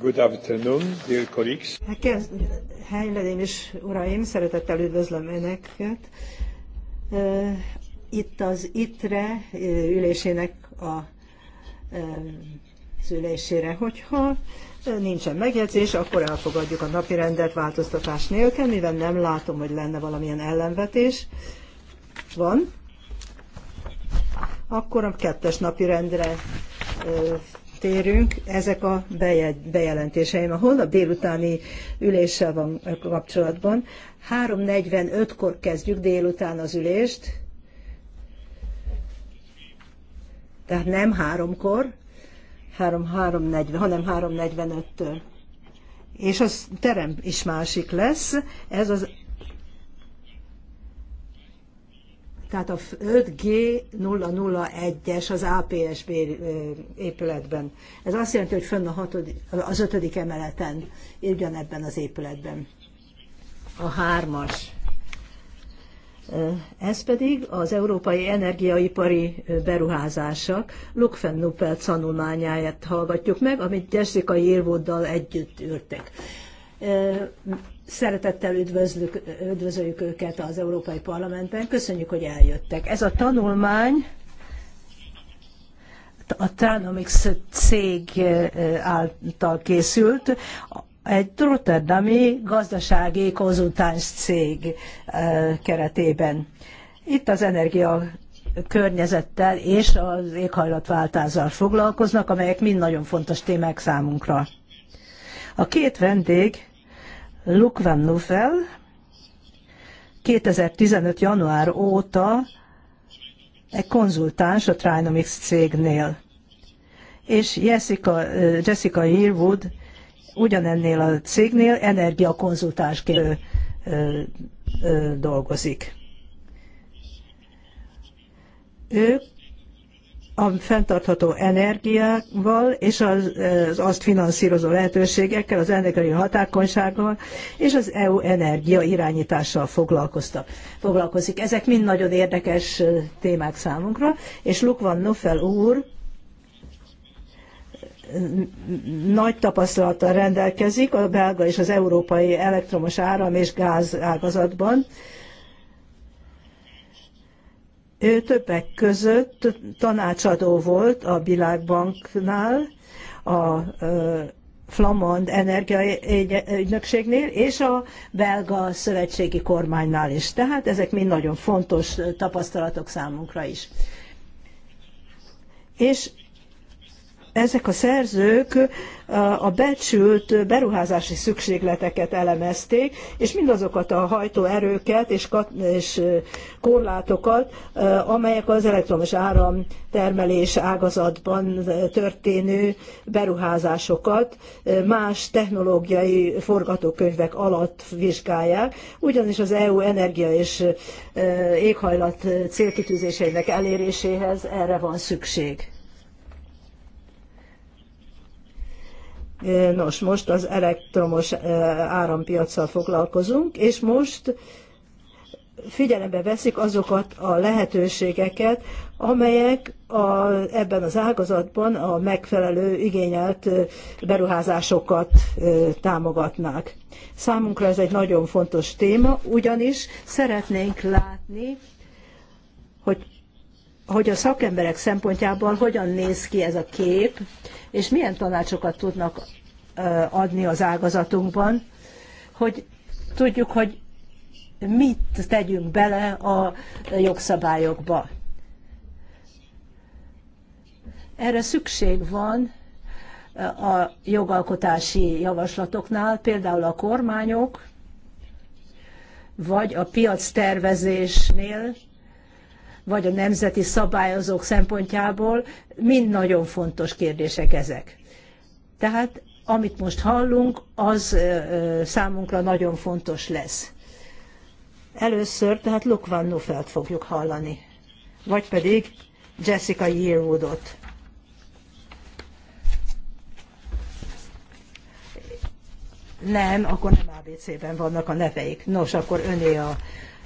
Good afternoon, dear colleagues. Helyledén is, uraim, szeretettel üdvözlöm Önöket. Itt az ITRE ülésének a szülésére, hogyha nincsen megjegyzés, akkor elfogadjuk a napi rendet változtatás nélkül, mivel nem látom, hogy lenne valamilyen ellenvetés. Van? Akkor a kettes napi rendre áttérünk, ezek a bejelentéseim. A holnap délutáni üléssel van kapcsolatban. 3.45-kor kezdjük délután az ülést, tehát nem háromkor, 3, 340, hanem 3.45-től. És az terem is másik lesz, ez az Tehát a 5G001-es az APSB épületben. Ez azt jelenti, hogy fönn a hatodik, az ötödik emeleten, ugyanebben az épületben. A hármas. Ez pedig az Európai Energiaipari Beruházások Lukfen Nupel tanulmányáját hallgatjuk meg, amit Jessica Yearwooddal együtt űrtek. Szeretettel üdvözlük, üdvözöljük őket az Európai Parlamentben. Köszönjük, hogy eljöttek. Ez a tanulmány a Tranomics cég eh, által készült, egy Rotterdami gazdasági konzultáns cég eh, keretében. Itt az energia környezettel és az éghajlatváltással foglalkoznak, amelyek mind nagyon fontos témák számunkra. A két vendég Luc Van Nuffel 2015. január óta egy konzultáns a Trinomix cégnél. És Jessica, eh, Jessica Yearwood ugyanennél a cégnél energiakonzultánsként eh, eh, dolgozik. Ők a fenntartható energiával és az, az azt finanszírozó lehetőségekkel, az energiai határkonysággal és az EU energia irányítással foglalkoztak. foglalkozik. Ezek mind nagyon érdekes témák számunkra, és Luk van Nofel úr nagy tapasztalattal rendelkezik a belga és az európai elektromos áram és gáz ágazatban, ő többek között tanácsadó volt a Világbanknál, a Flamand energiaügynökségnél és a belga szövetségi kormánynál is. Tehát ezek mind nagyon fontos tapasztalatok számunkra is. És ezek a szerzők a becsült beruházási szükségleteket elemezték, és mindazokat a hajtóerőket és, és korlátokat, amelyek az elektromos áramtermelés ágazatban történő beruházásokat más technológiai forgatókönyvek alatt vizsgálják, ugyanis az EU energia és éghajlat célkitűzéseinek eléréséhez erre van szükség. Nos, most az elektromos eh, árampiacsal foglalkozunk, és most figyelembe veszik azokat a lehetőségeket, amelyek a, ebben az ágazatban a megfelelő igényelt eh, beruházásokat eh, támogatnák. Számunkra ez egy nagyon fontos téma, ugyanis szeretnénk látni, hogy, hogy a szakemberek szempontjából hogyan néz ki ez a kép, és milyen tanácsokat tudnak adni az ágazatunkban, hogy tudjuk, hogy mit tegyünk bele a jogszabályokba. Erre szükség van a jogalkotási javaslatoknál, például a kormányok, vagy a piac tervezésnél vagy a nemzeti szabályozók szempontjából mind nagyon fontos kérdések ezek. Tehát amit most hallunk, az számunkra nagyon fontos lesz. Először tehát Lukván Nufelt fogjuk hallani, vagy pedig Jessica Yearwoodot. Nem, akkor nem ABC-ben vannak a neveik. Nos, akkor öné a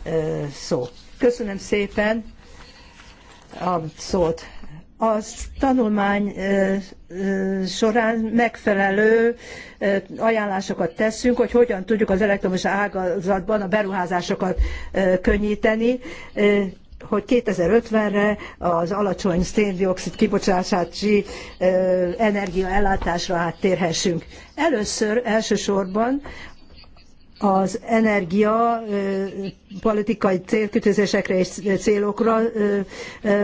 ö, szó. Köszönöm szépen a szót. A tanulmány során megfelelő ajánlásokat teszünk, hogy hogyan tudjuk az elektromos ágazatban a beruházásokat könnyíteni, hogy 2050-re az alacsony széndiokszid kibocsátási energiaellátásra áttérhessünk. Először elsősorban az energia politikai célkütőzésekre és célokra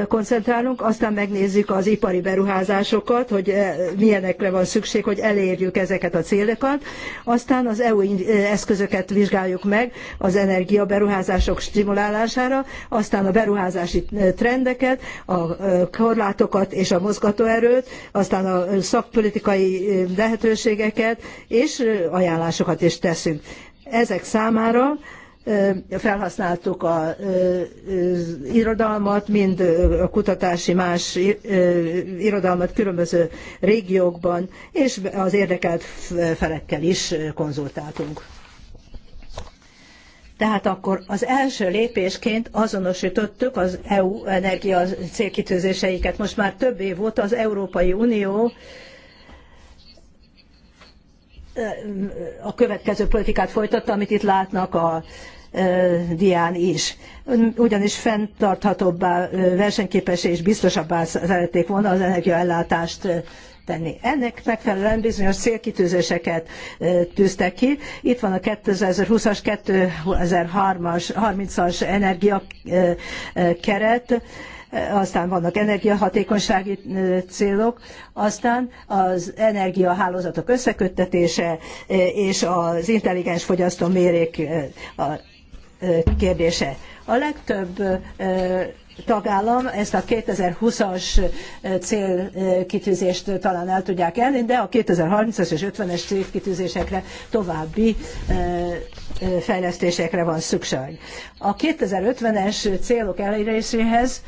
koncentrálunk, aztán megnézzük az ipari beruházásokat, hogy milyenekre van szükség, hogy elérjük ezeket a célokat, aztán az EU eszközöket vizsgáljuk meg az energiaberuházások stimulálására, aztán a beruházási trendeket, a korlátokat és a mozgatóerőt, aztán a szakpolitikai lehetőségeket és ajánlásokat is teszünk. Ezek számára felhasználtuk a irodalmat, mind a kutatási más irodalmat különböző régiókban, és az érdekelt felekkel is konzultáltunk. Tehát akkor az első lépésként azonosítottuk az EU energia célkitűzéseiket. Most már több év óta az Európai Unió a következő politikát folytatta, amit itt látnak a dián is. Ugyanis fenntarthatóbbá, versenyképessé és biztosabbá szerették volna az energiaellátást tenni. Ennek megfelelően bizonyos célkitűzéseket tűztek ki. Itt van a 2020-as, 2030-as energiakeret, aztán vannak energiahatékonysági célok, aztán az energiahálózatok összeköttetése és az intelligens fogyasztó mérék kérdése. A legtöbb tagállam ezt a 2020-as célkitűzést talán el tudják elni, de a 2030-as és 50-es célkitűzésekre további fejlesztésekre van szükség. A 2050-es célok eléréséhez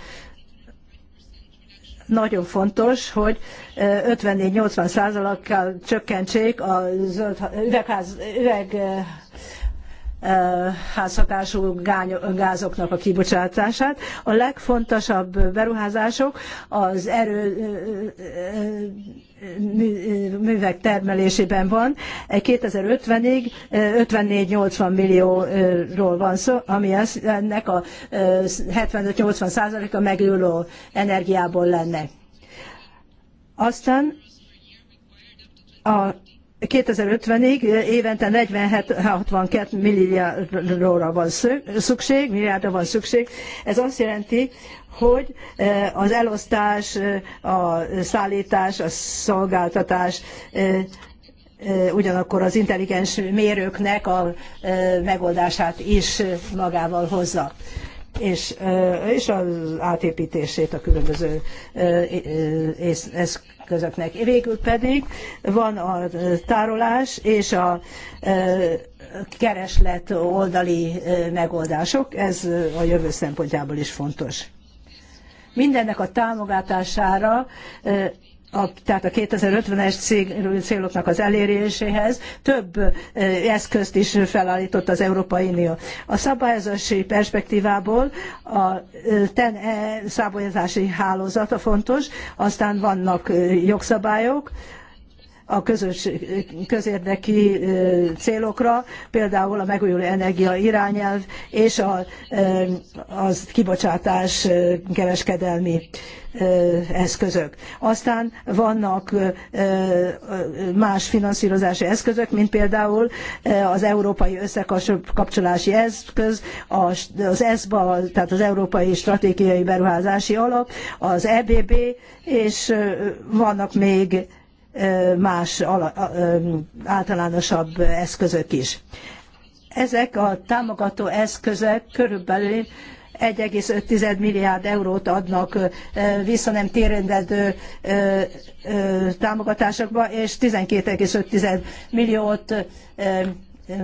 nagyon fontos, hogy 54-80 százalékkal csökkentsék a zöld üvegház, üveg házhatású gázoknak a kibocsátását. A legfontosabb beruházások az erő művek termelésében van. 2050-ig e 54-80 e millióról van szó, ami az, ennek a 75-80 e, százaléka megülő energiából lenne. Aztán a 2050-ig évente 47-62 milliárdra van szükség, milliárdra van szükség. Ez azt jelenti, hogy eh, az elosztás, eh, a szállítás, a szolgáltatás eh, ugyanakkor az intelligens mérőknek a megoldását is magával hozza és, és az átépítését a különböző eszközöknek. Végül pedig van a tárolás és a kereslet oldali megoldások, ez a jövő szempontjából is fontos. Mindennek a támogatására a, tehát a 2050-es céloknak az eléréséhez több eszközt is felállított az Európai Unió. A szabályozási perspektívából a TEN-E szabályozási hálózata fontos, aztán vannak jogszabályok, a közös, közérdekű célokra, például a megújuló energia irányelv és a, az kibocsátás kereskedelmi eszközök. Aztán vannak más finanszírozási eszközök, mint például az Európai Összekapcsolási Eszköz, az ESBA, tehát az Európai Stratégiai Beruházási Alap, az EBB, és vannak még más általánosabb eszközök is. Ezek a támogató eszközök körülbelül 1,5 milliárd eurót adnak vissza nem térendedő támogatásokba, és 12,5 milliót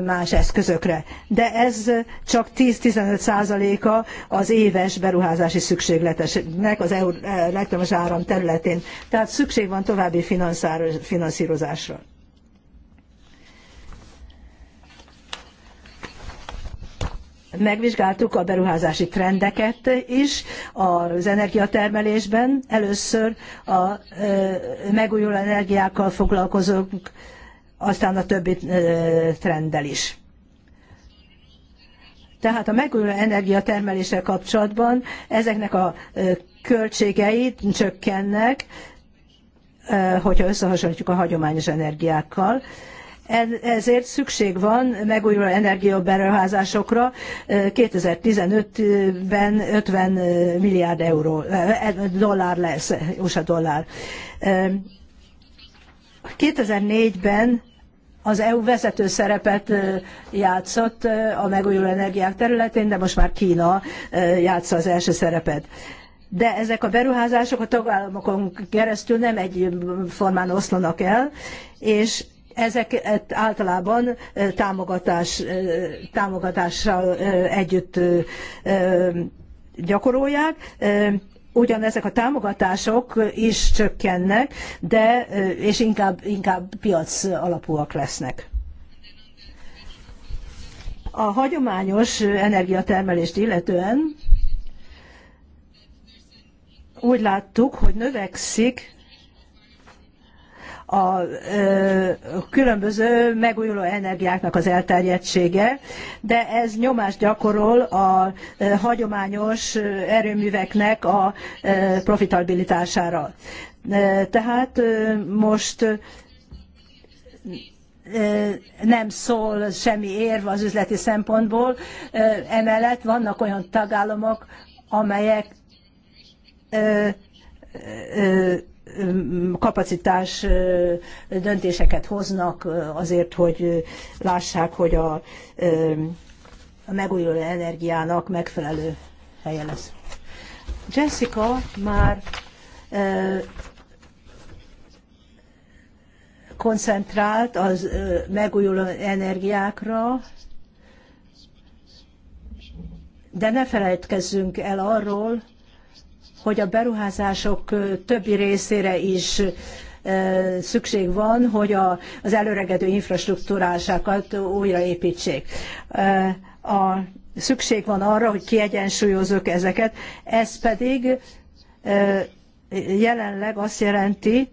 más eszközökre. De ez csak 10-15 százaléka az éves beruházási szükségletesnek az elektromos áram területén. Tehát szükség van további finanszírozásra. Megvizsgáltuk a beruházási trendeket is az energiatermelésben. Először a megújuló energiákkal foglalkozunk aztán a többi trenddel is. Tehát a megújuló energiatermeléssel kapcsolatban ezeknek a költségei csökkennek, hogyha összehasonlítjuk a hagyományos energiákkal. Ezért szükség van megújuló energiaberuházásokra 2015-ben 50 milliárd euró, dollár lesz, USA dollár. 2004-ben az EU vezető szerepet játszott a megújuló energiák területén, de most már Kína játsza az első szerepet. De ezek a beruházások a tagállamokon keresztül nem egyformán oszlanak el, és ezeket általában támogatás, támogatással együtt gyakorolják, ugyan ezek a támogatások is csökkennek, de, és inkább, inkább piac alapúak lesznek. A hagyományos energiatermelést illetően úgy láttuk, hogy növekszik a különböző megújuló energiáknak az elterjedtsége, de ez nyomást gyakorol a hagyományos erőműveknek a profitabilitására. Tehát most nem szól semmi érv az üzleti szempontból. Emellett vannak olyan tagállamok, amelyek kapacitás döntéseket hoznak azért, hogy lássák, hogy a, a megújuló energiának megfelelő helye lesz. Jessica már koncentrált az megújuló energiákra, de ne felejtkezzünk el arról, hogy a beruházások többi részére is szükség van, hogy a, az előregedő infrastruktúrásákat újraépítsék. A, szükség van arra, hogy kiegyensúlyozzuk ezeket, ez pedig jelenleg azt jelenti,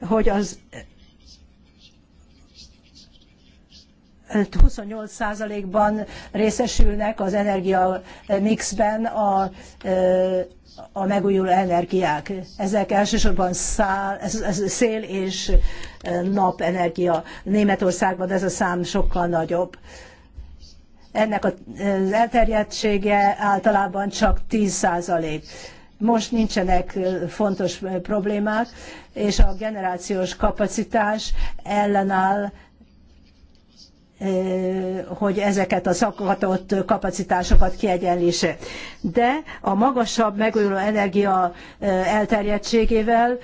hogy az 28%-ban részesülnek az energia mixben a, a megújuló energiák. Ezek elsősorban szál, szél és napenergia. Németországban ez a szám sokkal nagyobb. Ennek az elterjedtsége általában csak 10%. Most nincsenek fontos problémák, és a generációs kapacitás ellenáll hogy ezeket a szakadott kapacitásokat kiegyenlítse. De a magasabb megújuló energia elterjedtségével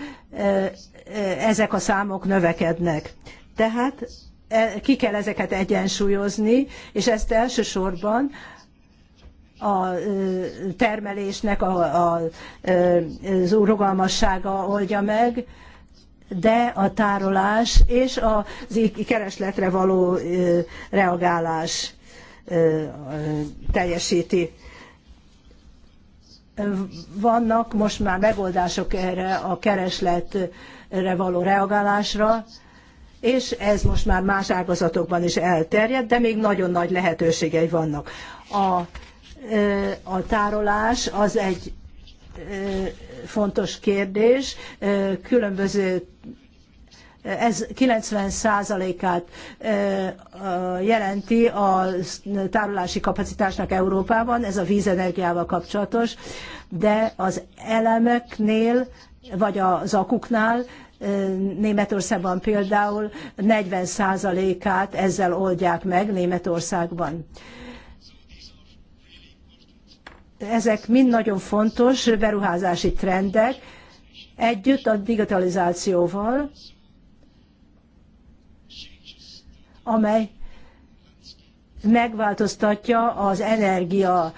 ezek a számok növekednek. Tehát e, ki kell ezeket egyensúlyozni, és ezt elsősorban a termelésnek a, a, az rugalmassága oldja meg, de a tárolás és a keresletre való reagálás teljesíti. Vannak most már megoldások erre a keresletre való reagálásra, és ez most már más ágazatokban is elterjedt, de még nagyon nagy lehetőségei vannak. A, a tárolás az egy fontos kérdés. Különböző ez 90%-át jelenti a tárolási kapacitásnak Európában, ez a vízenergiával kapcsolatos, de az elemeknél, vagy az akuknál Németországban például 40%-át ezzel oldják meg Németországban. Ezek mind nagyon fontos beruházási trendek, együtt a digitalizációval, amely megváltoztatja az energia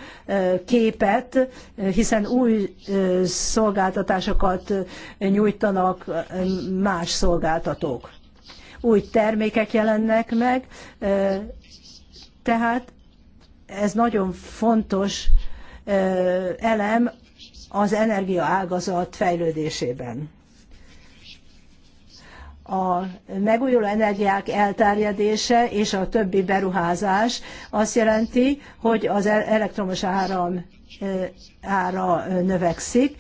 képet, hiszen új szolgáltatásokat nyújtanak más szolgáltatók. Új termékek jelennek meg, tehát ez nagyon fontos elem az energiaágazat fejlődésében. A megújuló energiák elterjedése és a többi beruházás azt jelenti, hogy az elektromos áram ára növekszik,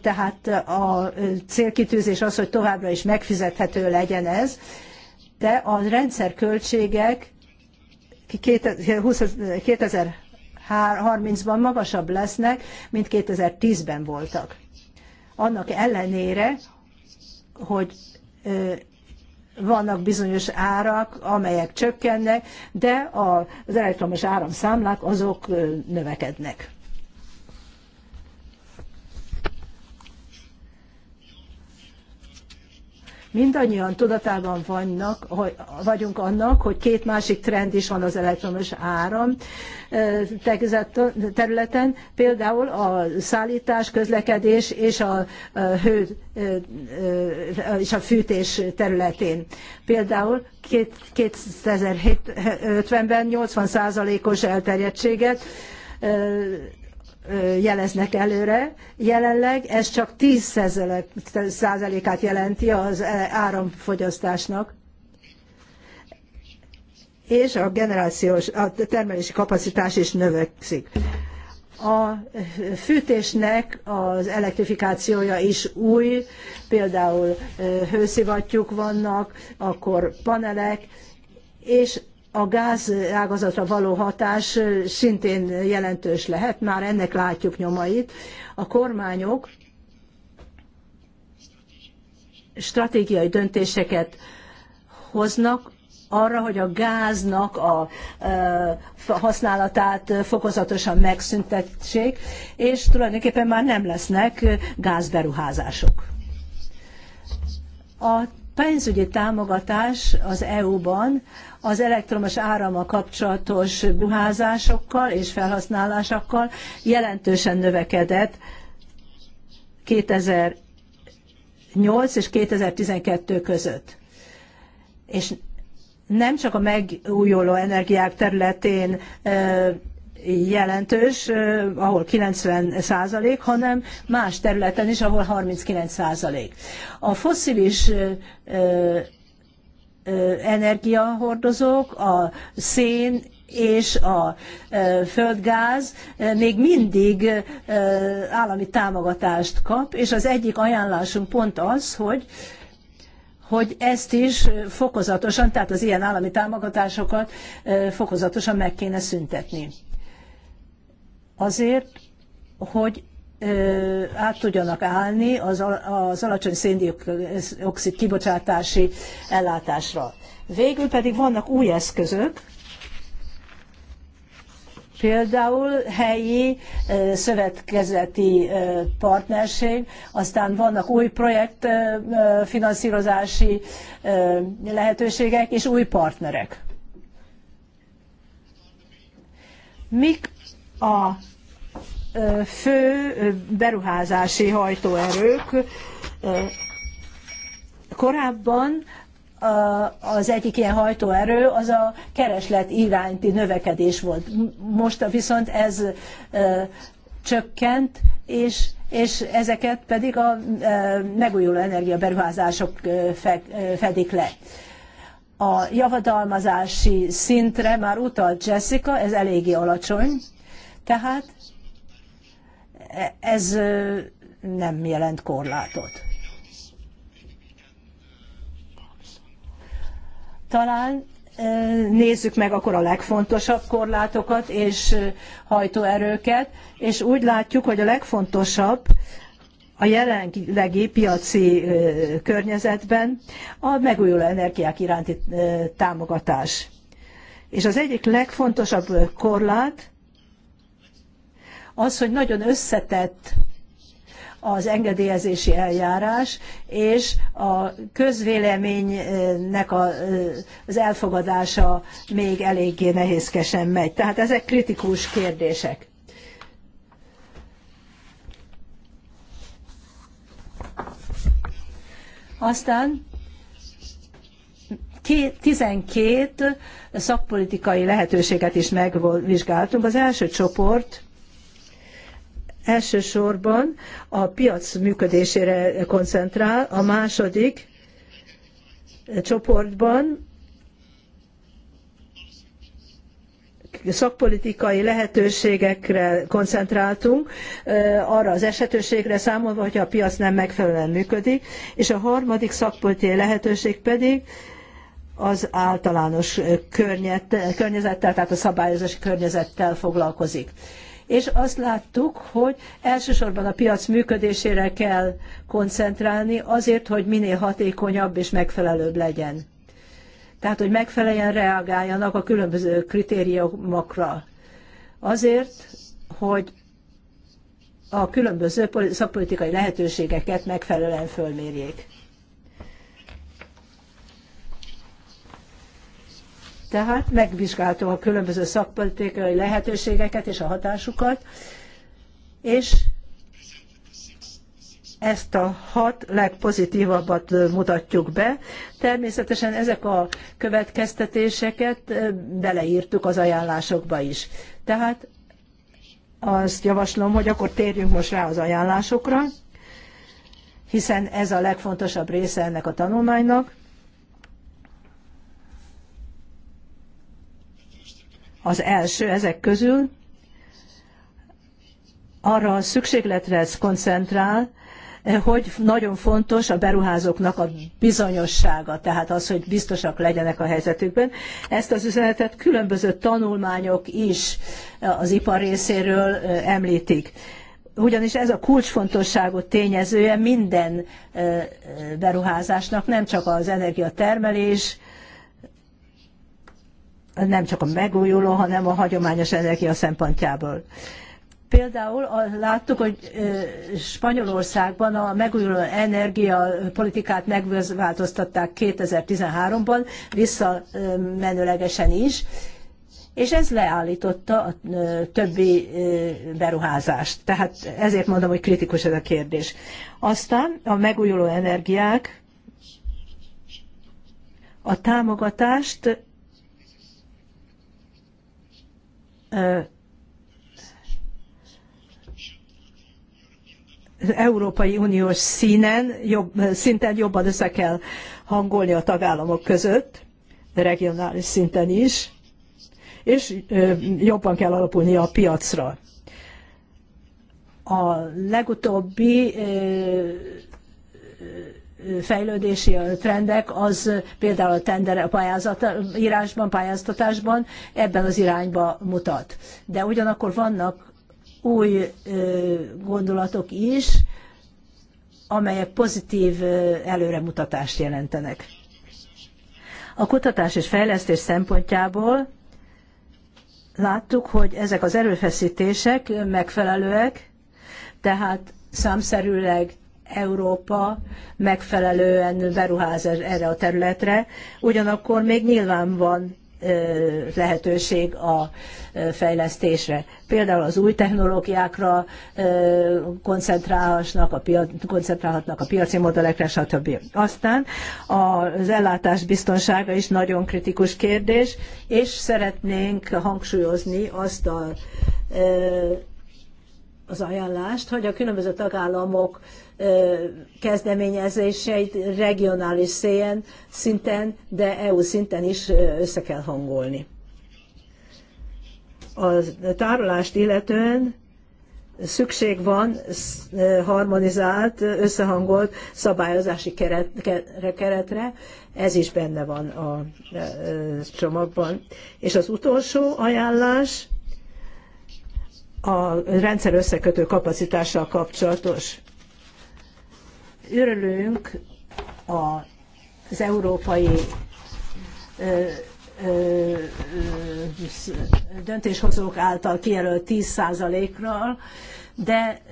tehát a célkitűzés az, hogy továbbra is megfizethető legyen ez, de a rendszerköltségek költségek 2000 2030-ban magasabb lesznek, mint 2010-ben voltak. Annak ellenére, hogy vannak bizonyos árak, amelyek csökkennek, de az elektromos áramszámlák azok növekednek. Mindannyian tudatában vannak, vagyunk annak, hogy két másik trend is van az elektromos áram területen, például a szállítás, közlekedés és a, hő, és a fűtés területén. Például 2050-ben 80%-os elterjedtséget jeleznek előre. Jelenleg ez csak 10%-át jelenti az e, áramfogyasztásnak és a generációs, a termelési kapacitás is növekszik. A fűtésnek az elektrifikációja is új, például hőszivattyúk vannak, akkor panelek, és a gáz ágazatra való hatás szintén jelentős lehet, már ennek látjuk nyomait. A kormányok stratégiai döntéseket hoznak arra, hogy a gáznak a használatát fokozatosan megszüntetsék, és tulajdonképpen már nem lesznek gázberuházások. A pénzügyi támogatás az EU-ban az elektromos árammal kapcsolatos beruházásokkal és felhasználásokkal jelentősen növekedett 2008 és 2012 között. És nem csak a megújuló energiák területén jelentős, ahol 90 százalék, hanem más területen is, ahol 39 százalék. A fosszilis energiahordozók, a szén és a földgáz még mindig állami támogatást kap, és az egyik ajánlásunk pont az, hogy hogy ezt is fokozatosan, tehát az ilyen állami támogatásokat fokozatosan meg kéne szüntetni. Azért, hogy át tudjanak állni az, az alacsony széndiokszid kibocsátási ellátásra. Végül pedig vannak új eszközök, például helyi szövetkezeti partnerség, aztán vannak új projektfinanszírozási lehetőségek és új partnerek. Mik a fő beruházási hajtóerők. Korábban az egyik ilyen hajtóerő az a kereslet irányti növekedés volt. Most viszont ez csökkent, és, és ezeket pedig a megújuló energiaberuházások fedik le. A javadalmazási szintre már utalt Jessica, ez eléggé alacsony, tehát ez nem jelent korlátot. Talán nézzük meg akkor a legfontosabb korlátokat és hajtóerőket, és úgy látjuk, hogy a legfontosabb a jelenlegi piaci környezetben a megújuló energiák iránti támogatás. És az egyik legfontosabb korlát az, hogy nagyon összetett az engedélyezési eljárás, és a közvéleménynek a, az elfogadása még eléggé nehézkesen megy. Tehát ezek kritikus kérdések. Aztán 12 szakpolitikai lehetőséget is megvizsgáltunk. Az első csoport Elsősorban a piac működésére koncentrál, a második csoportban szakpolitikai lehetőségekre koncentráltunk, arra az esetőségre számolva, hogyha a piac nem megfelelően működik, és a harmadik szakpolitikai lehetőség pedig az általános környezettel, tehát a szabályozási környezettel foglalkozik és azt láttuk, hogy elsősorban a piac működésére kell koncentrálni azért, hogy minél hatékonyabb és megfelelőbb legyen. Tehát, hogy megfeleljen reagáljanak a különböző kritériumokra. Azért, hogy a különböző szakpolitikai lehetőségeket megfelelően fölmérjék. Tehát megvizsgáltuk a különböző szakpolitikai lehetőségeket és a hatásukat, és ezt a hat legpozitívabbat mutatjuk be. Természetesen ezek a következtetéseket beleírtuk az ajánlásokba is. Tehát azt javaslom, hogy akkor térjünk most rá az ajánlásokra, hiszen ez a legfontosabb része ennek a tanulmánynak. Az első ezek közül arra a szükségletre ez koncentrál, eh, hogy nagyon fontos a beruházóknak a bizonyossága, tehát az, hogy biztosak legyenek a helyzetükben. Ezt az üzenetet különböző tanulmányok is eh, az ipar részéről eh, említik. Ugyanis ez a kulcsfontosságú tényezője minden beruházásnak, nem csak az energiatermelés, nem csak a megújuló, hanem a hagyományos energia szempontjából. Például láttuk, hogy Spanyolországban a megújuló energia politikát megváltoztatták 2013-ban, visszamenőlegesen is, és ez leállította a többi beruházást. Tehát ezért mondom, hogy kritikus ez a kérdés. Aztán a megújuló energiák a támogatást Európai Uniós színen, jobb, szinten jobban össze kell hangolni a tagállamok között, regionális szinten is, és jobban kell alapulni a piacra. A legutóbbi fejlődési trendek, az például a tender a pályázat, írásban, pályáztatásban ebben az irányba mutat. De ugyanakkor vannak új gondolatok is, amelyek pozitív előremutatást jelentenek. A kutatás és fejlesztés szempontjából láttuk, hogy ezek az erőfeszítések megfelelőek, tehát számszerűleg Európa megfelelően beruház er-, erre a területre, ugyanakkor még nyilván van lehetőség a fejlesztésre. Például az új technológiákra koncentrálhatnak a, piac, koncentrálhatnak a piaci modellekre, stb. Aztán az ellátás biztonsága is nagyon kritikus kérdés, és szeretnénk hangsúlyozni azt a, az ajánlást, hogy a különböző tagállamok kezdeményezéseit regionális szélyen, szinten, de EU szinten is össze kell hangolni. A tárolást illetően szükség van harmonizált, összehangolt szabályozási keretre, ez is benne van a csomagban. És az utolsó ajánlás a rendszer összekötő kapacitással kapcsolatos örülünk az európai döntéshozók által kijelölt 10%-ral, de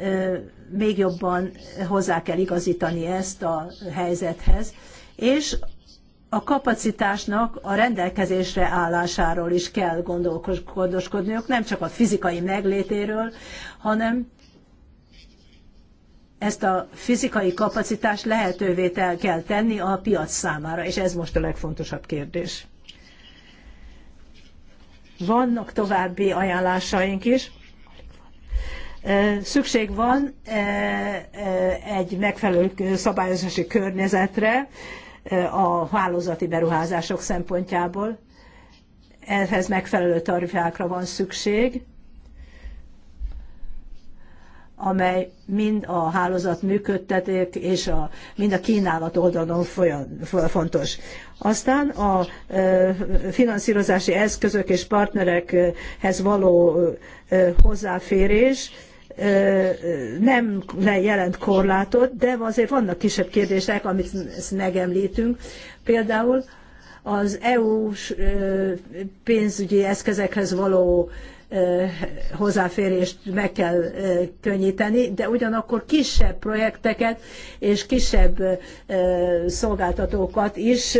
még jobban hozzá kell igazítani ezt a helyzethez, és a kapacitásnak a rendelkezésre állásáról is kell gondoskodniuk, nem csak a fizikai meglétéről, hanem ezt a fizikai kapacitást lehetővé kell tenni a piac számára, és ez most a legfontosabb kérdés. Vannak további ajánlásaink is. Szükség van egy megfelelő szabályozási környezetre a hálózati beruházások szempontjából. Ehhez megfelelő tarifákra van szükség amely mind a hálózat működtetők és a, mind a kínálat oldalon folyan, fontos. Aztán a finanszírozási eszközök és partnerekhez való hozzáférés nem jelent korlátot, de azért vannak kisebb kérdések, amit megemlítünk. Például az EU-s pénzügyi eszközekhez való hozzáférést meg kell könnyíteni, de ugyanakkor kisebb projekteket és kisebb szolgáltatókat is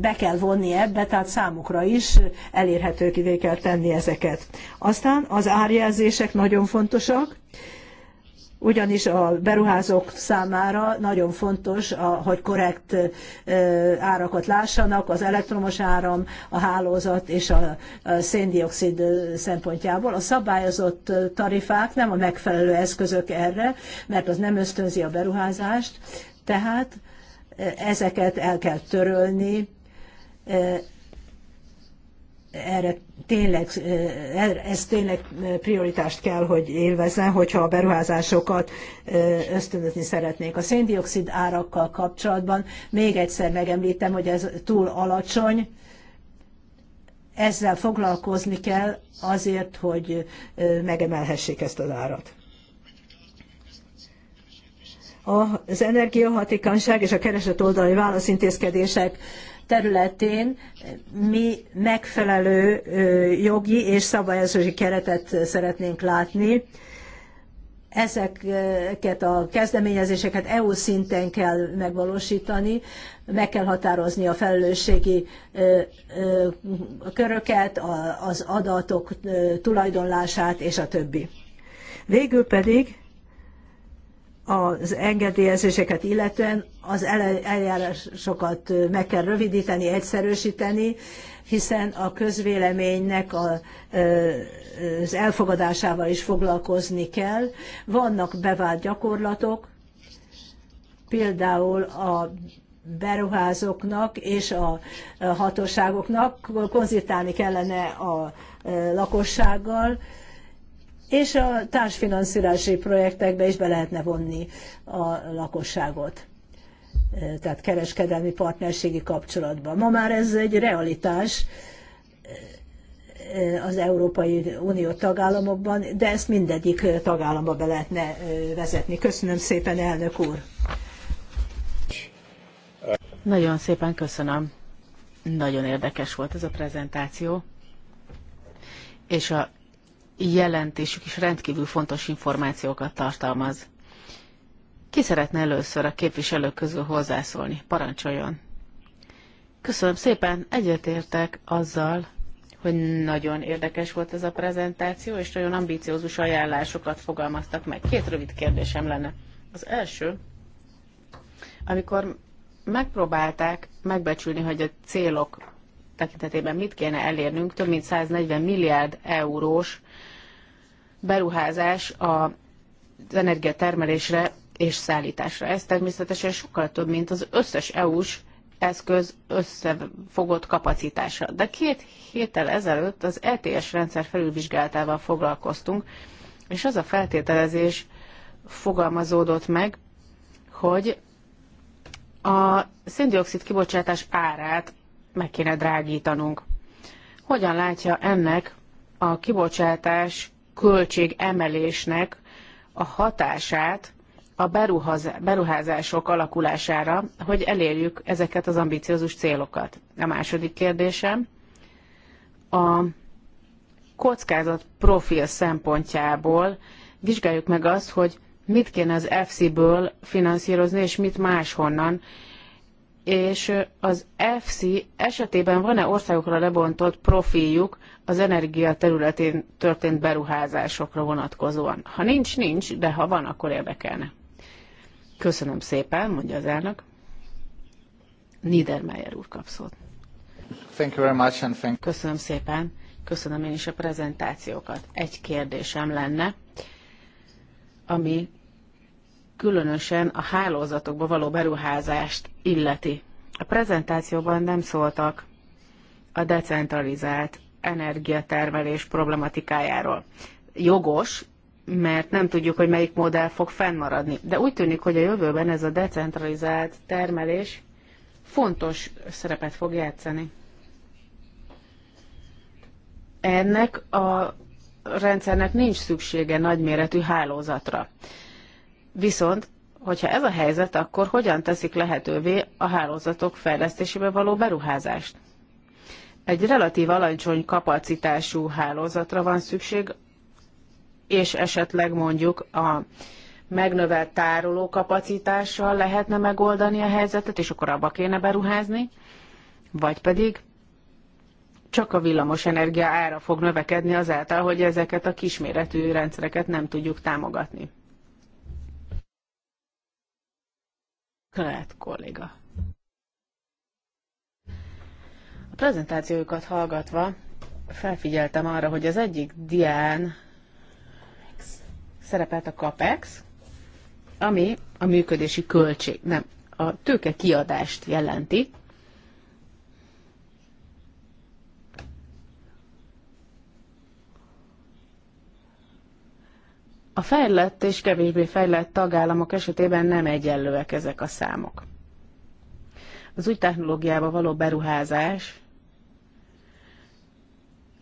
be kell vonni ebbe, tehát számukra is elérhetővé kell tenni ezeket. Aztán az árjelzések nagyon fontosak, ugyanis a beruházók számára nagyon fontos, hogy korrekt árakat lássanak, az elektromos áram, a hálózat és a széndiokszid szempontjából. A szabályozott tarifák nem a megfelelő eszközök erre, mert az nem ösztönzi a beruházást, tehát ezeket el kell törölni, erre tényleg, ez tényleg prioritást kell, hogy élvezzen, hogyha a beruházásokat ösztönözni szeretnék. A széndiokszid árakkal kapcsolatban még egyszer megemlítem, hogy ez túl alacsony, ezzel foglalkozni kell azért, hogy megemelhessék ezt az árat. Az energiahatékonyság és a kereslet oldali válaszintézkedések területén mi megfelelő jogi és szabályozási keretet szeretnénk látni. Ezeket a kezdeményezéseket EU szinten kell megvalósítani, meg kell határozni a felelősségi köröket, az adatok tulajdonlását és a többi. Végül pedig az engedélyezéseket illetően az eljárásokat meg kell rövidíteni, egyszerűsíteni, hiszen a közvéleménynek a, az elfogadásával is foglalkozni kell. Vannak bevált gyakorlatok, például a beruházóknak és a hatóságoknak konzultálni kellene a lakossággal, és a társfinanszírozási projektekbe is be lehetne vonni a lakosságot tehát kereskedelmi partnerségi kapcsolatban. Ma már ez egy realitás az Európai Unió tagállamokban, de ezt mindegyik tagállamba be lehetne vezetni. Köszönöm szépen, elnök úr! Nagyon szépen köszönöm. Nagyon érdekes volt ez a prezentáció, és a jelentésük is rendkívül fontos információkat tartalmaz. Ki szeretne először a képviselők közül hozzászólni? Parancsoljon! Köszönöm szépen, egyetértek azzal, hogy nagyon érdekes volt ez a prezentáció, és nagyon ambiciózus ajánlásokat fogalmaztak meg. Két rövid kérdésem lenne. Az első, amikor megpróbálták megbecsülni, hogy a célok tekintetében mit kéne elérnünk, több mint 140 milliárd eurós beruházás a az energiatermelésre és szállításra. Ez természetesen sokkal több, mint az összes EU-s eszköz összefogott kapacitása. De két héttel ezelőtt az ETS rendszer felülvizsgálatával foglalkoztunk, és az a feltételezés fogalmazódott meg, hogy a széndiokszid kibocsátás árát meg kéne drágítanunk. Hogyan látja ennek a kibocsátás költségemelésnek a hatását a beruházások alakulására, hogy elérjük ezeket az ambiciózus célokat. A második kérdésem a kockázat profil szempontjából vizsgáljuk meg azt, hogy mit kéne az EFSI-ből finanszírozni, és mit máshonnan, és az FC esetében van-e országokra lebontott profiljuk az energia területén történt beruházásokra vonatkozóan? Ha nincs, nincs, de ha van, akkor érdekelne. Köszönöm szépen, mondja az elnök. Niedermeyer úr kap szót. Thank you very much and thank Köszönöm szépen. Köszönöm én is a prezentációkat. Egy kérdésem lenne, ami különösen a hálózatokba való beruházást illeti. A prezentációban nem szóltak a decentralizált energiatermelés problematikájáról. Jogos, mert nem tudjuk, hogy melyik modell fog fennmaradni. De úgy tűnik, hogy a jövőben ez a decentralizált termelés fontos szerepet fog játszani. Ennek a rendszernek nincs szüksége nagyméretű hálózatra. Viszont, hogyha ez a helyzet, akkor hogyan teszik lehetővé a hálózatok fejlesztésébe való beruházást? Egy relatív alacsony kapacitású hálózatra van szükség, és esetleg mondjuk a megnövelt tároló kapacitással lehetne megoldani a helyzetet, és akkor abba kéne beruházni, vagy pedig csak a villamos energia ára fog növekedni azáltal, hogy ezeket a kisméretű rendszereket nem tudjuk támogatni. Krát kolléga. A prezentációjukat hallgatva felfigyeltem arra, hogy az egyik dián szerepelt a CAPEX, ami a működési költség, nem, a tőke kiadást jelenti, A fejlett és kevésbé fejlett tagállamok esetében nem egyenlőek ezek a számok. Az új technológiába való beruházás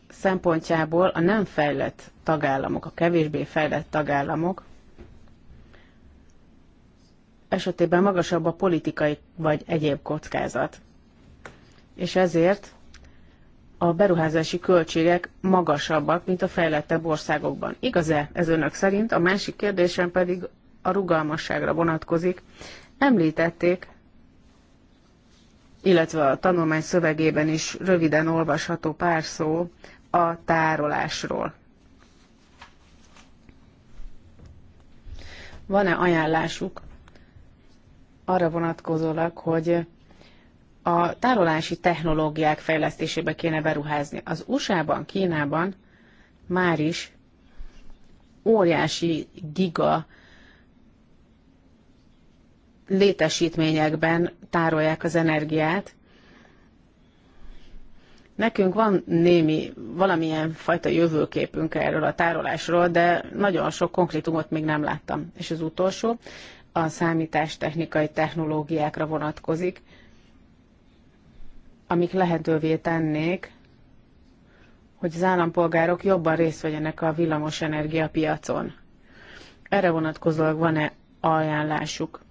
szempontjából a nem fejlett tagállamok, a kevésbé fejlett tagállamok esetében magasabb a politikai vagy egyéb kockázat. És ezért a beruházási költségek magasabbak, mint a fejlettebb országokban. Igaz-e ez önök szerint? A másik kérdésem pedig a rugalmasságra vonatkozik. Említették, illetve a tanulmány szövegében is röviden olvasható pár szó a tárolásról. Van-e ajánlásuk arra vonatkozólag, hogy a tárolási technológiák fejlesztésébe kéne beruházni. Az USA-ban, Kínában már is óriási giga létesítményekben tárolják az energiát. Nekünk van némi, valamilyen fajta jövőképünk erről a tárolásról, de nagyon sok konkrétumot még nem láttam. És az utolsó a számítástechnikai technológiákra vonatkozik amik lehetővé tennék, hogy az állampolgárok jobban részt vegyenek a villamos piacon. Erre vonatkozólag van-e ajánlásuk?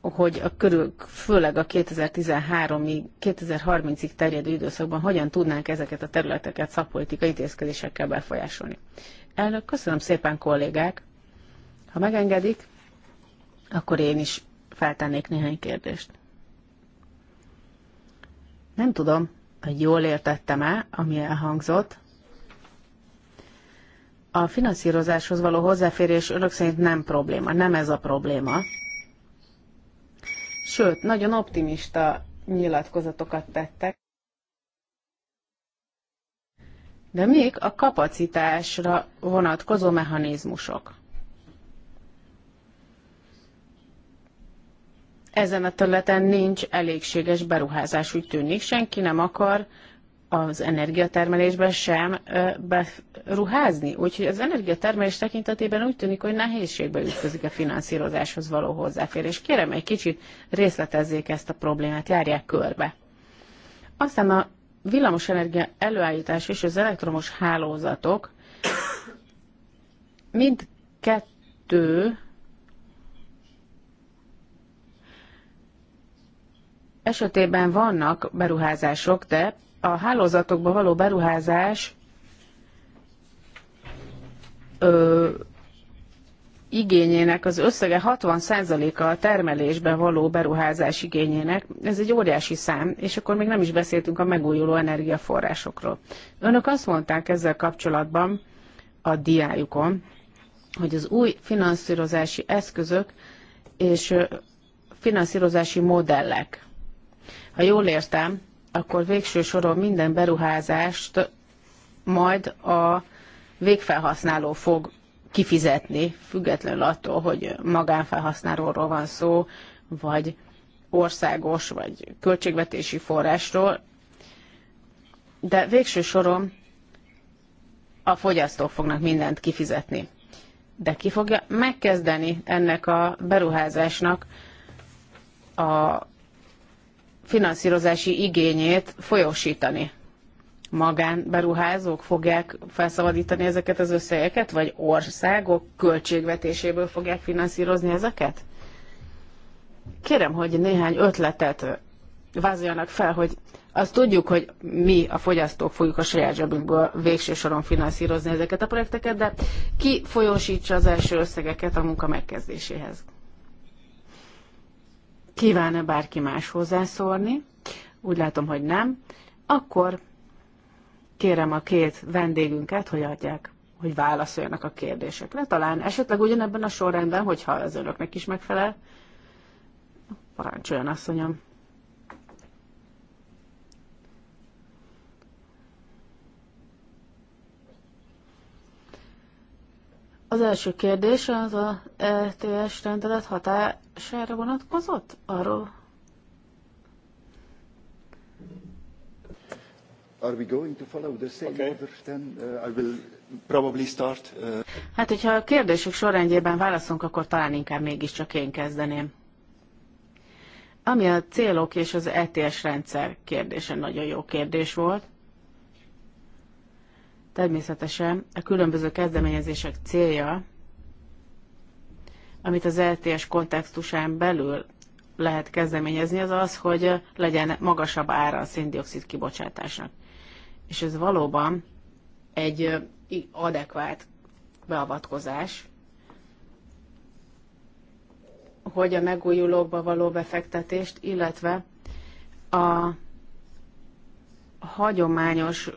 hogy a körül, főleg a 2013-ig, 2030-ig terjedő időszakban hogyan tudnánk ezeket a területeket szakpolitikai intézkedésekkel befolyásolni. Elnök, köszönöm szépen kollégák! Ha megengedik, akkor én is feltennék néhány kérdést. Nem tudom, hogy jól értettem-e, ami elhangzott. A finanszírozáshoz való hozzáférés önök szerint nem probléma, nem ez a probléma. Sőt, nagyon optimista nyilatkozatokat tettek. De még a kapacitásra vonatkozó mechanizmusok. ezen a területen nincs elégséges beruházás, úgy tűnik. Senki nem akar az energiatermelésbe sem beruházni. Úgyhogy az energiatermelés tekintetében úgy tűnik, hogy nehézségbe ütközik a finanszírozáshoz való hozzáférés. Kérem, egy kicsit részletezzék ezt a problémát, járják körbe. Aztán a villamosenergia előállítás és az elektromos hálózatok mind kettő esetében vannak beruházások, de a hálózatokba való beruházás ö, igényének az összege 60%-a a termelésbe való beruházás igényének. Ez egy óriási szám, és akkor még nem is beszéltünk a megújuló energiaforrásokról. Önök azt mondták ezzel kapcsolatban a diájukon, hogy az új finanszírozási eszközök és finanszírozási modellek ha jól értem, akkor végső soron minden beruházást majd a végfelhasználó fog kifizetni, függetlenül attól, hogy magánfelhasználóról van szó, vagy országos, vagy költségvetési forrásról, de végső soron a fogyasztók fognak mindent kifizetni. De ki fogja megkezdeni ennek a beruházásnak a finanszírozási igényét folyósítani. Magánberuházók fogják felszabadítani ezeket az összegeket, vagy országok költségvetéséből fogják finanszírozni ezeket? Kérem, hogy néhány ötletet vázoljanak fel, hogy azt tudjuk, hogy mi a fogyasztók fogjuk a saját zsebünkből végső soron finanszírozni ezeket a projekteket, de ki folyósítsa az első összegeket a munka megkezdéséhez? Kíván-e bárki más hozzászólni? Úgy látom, hogy nem. Akkor kérem a két vendégünket, hogy adják, hogy válaszoljanak a kérdésekre. Talán esetleg ugyanebben a sorrendben, hogyha az önöknek is megfelel. Parancsoljon, asszonyom. Az első kérdés az a LTS e rendelet hatására vonatkozott? Arról? Are we going to follow the same okay. order then? Uh, I will probably start. Uh... Hát, hogyha a kérdések sorrendjében válaszolunk, akkor talán inkább mégiscsak én kezdeném. Ami a célok és az ETS rendszer kérdése nagyon jó kérdés volt. Természetesen a különböző kezdeményezések célja, amit az LTS e kontextusán belül lehet kezdeményezni, az az, hogy legyen magasabb ára a széndiokszid kibocsátásnak. És ez valóban egy adekvát beavatkozás, hogy a megújulókba való befektetést, illetve a hagyományos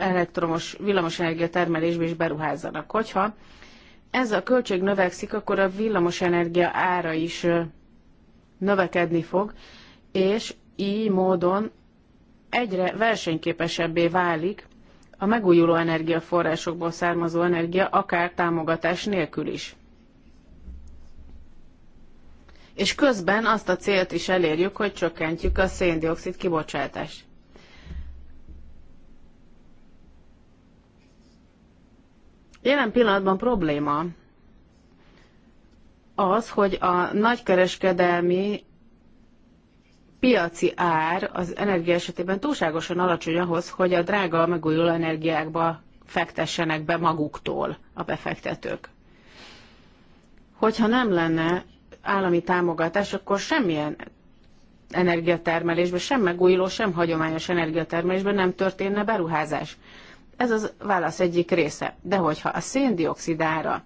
elektromos villamosenergia termelésbe is beruházzanak. Hogyha ez a költség növekszik, akkor a villamosenergia ára is növekedni fog, és így módon egyre versenyképesebbé válik a megújuló energiaforrásokból származó energia, akár támogatás nélkül is. És közben azt a célt is elérjük, hogy csökkentjük a széndiokszid kibocsátást. Jelen pillanatban probléma az, hogy a nagykereskedelmi piaci ár az energia esetében túlságosan alacsony ahhoz, hogy a drága megújuló energiákba fektessenek be maguktól a befektetők. Hogyha nem lenne állami támogatás, akkor semmilyen energiatermelésben, sem megújuló, sem hagyományos energiatermelésben nem történne beruházás. Ez az válasz egyik része. De hogyha a széndiokszidára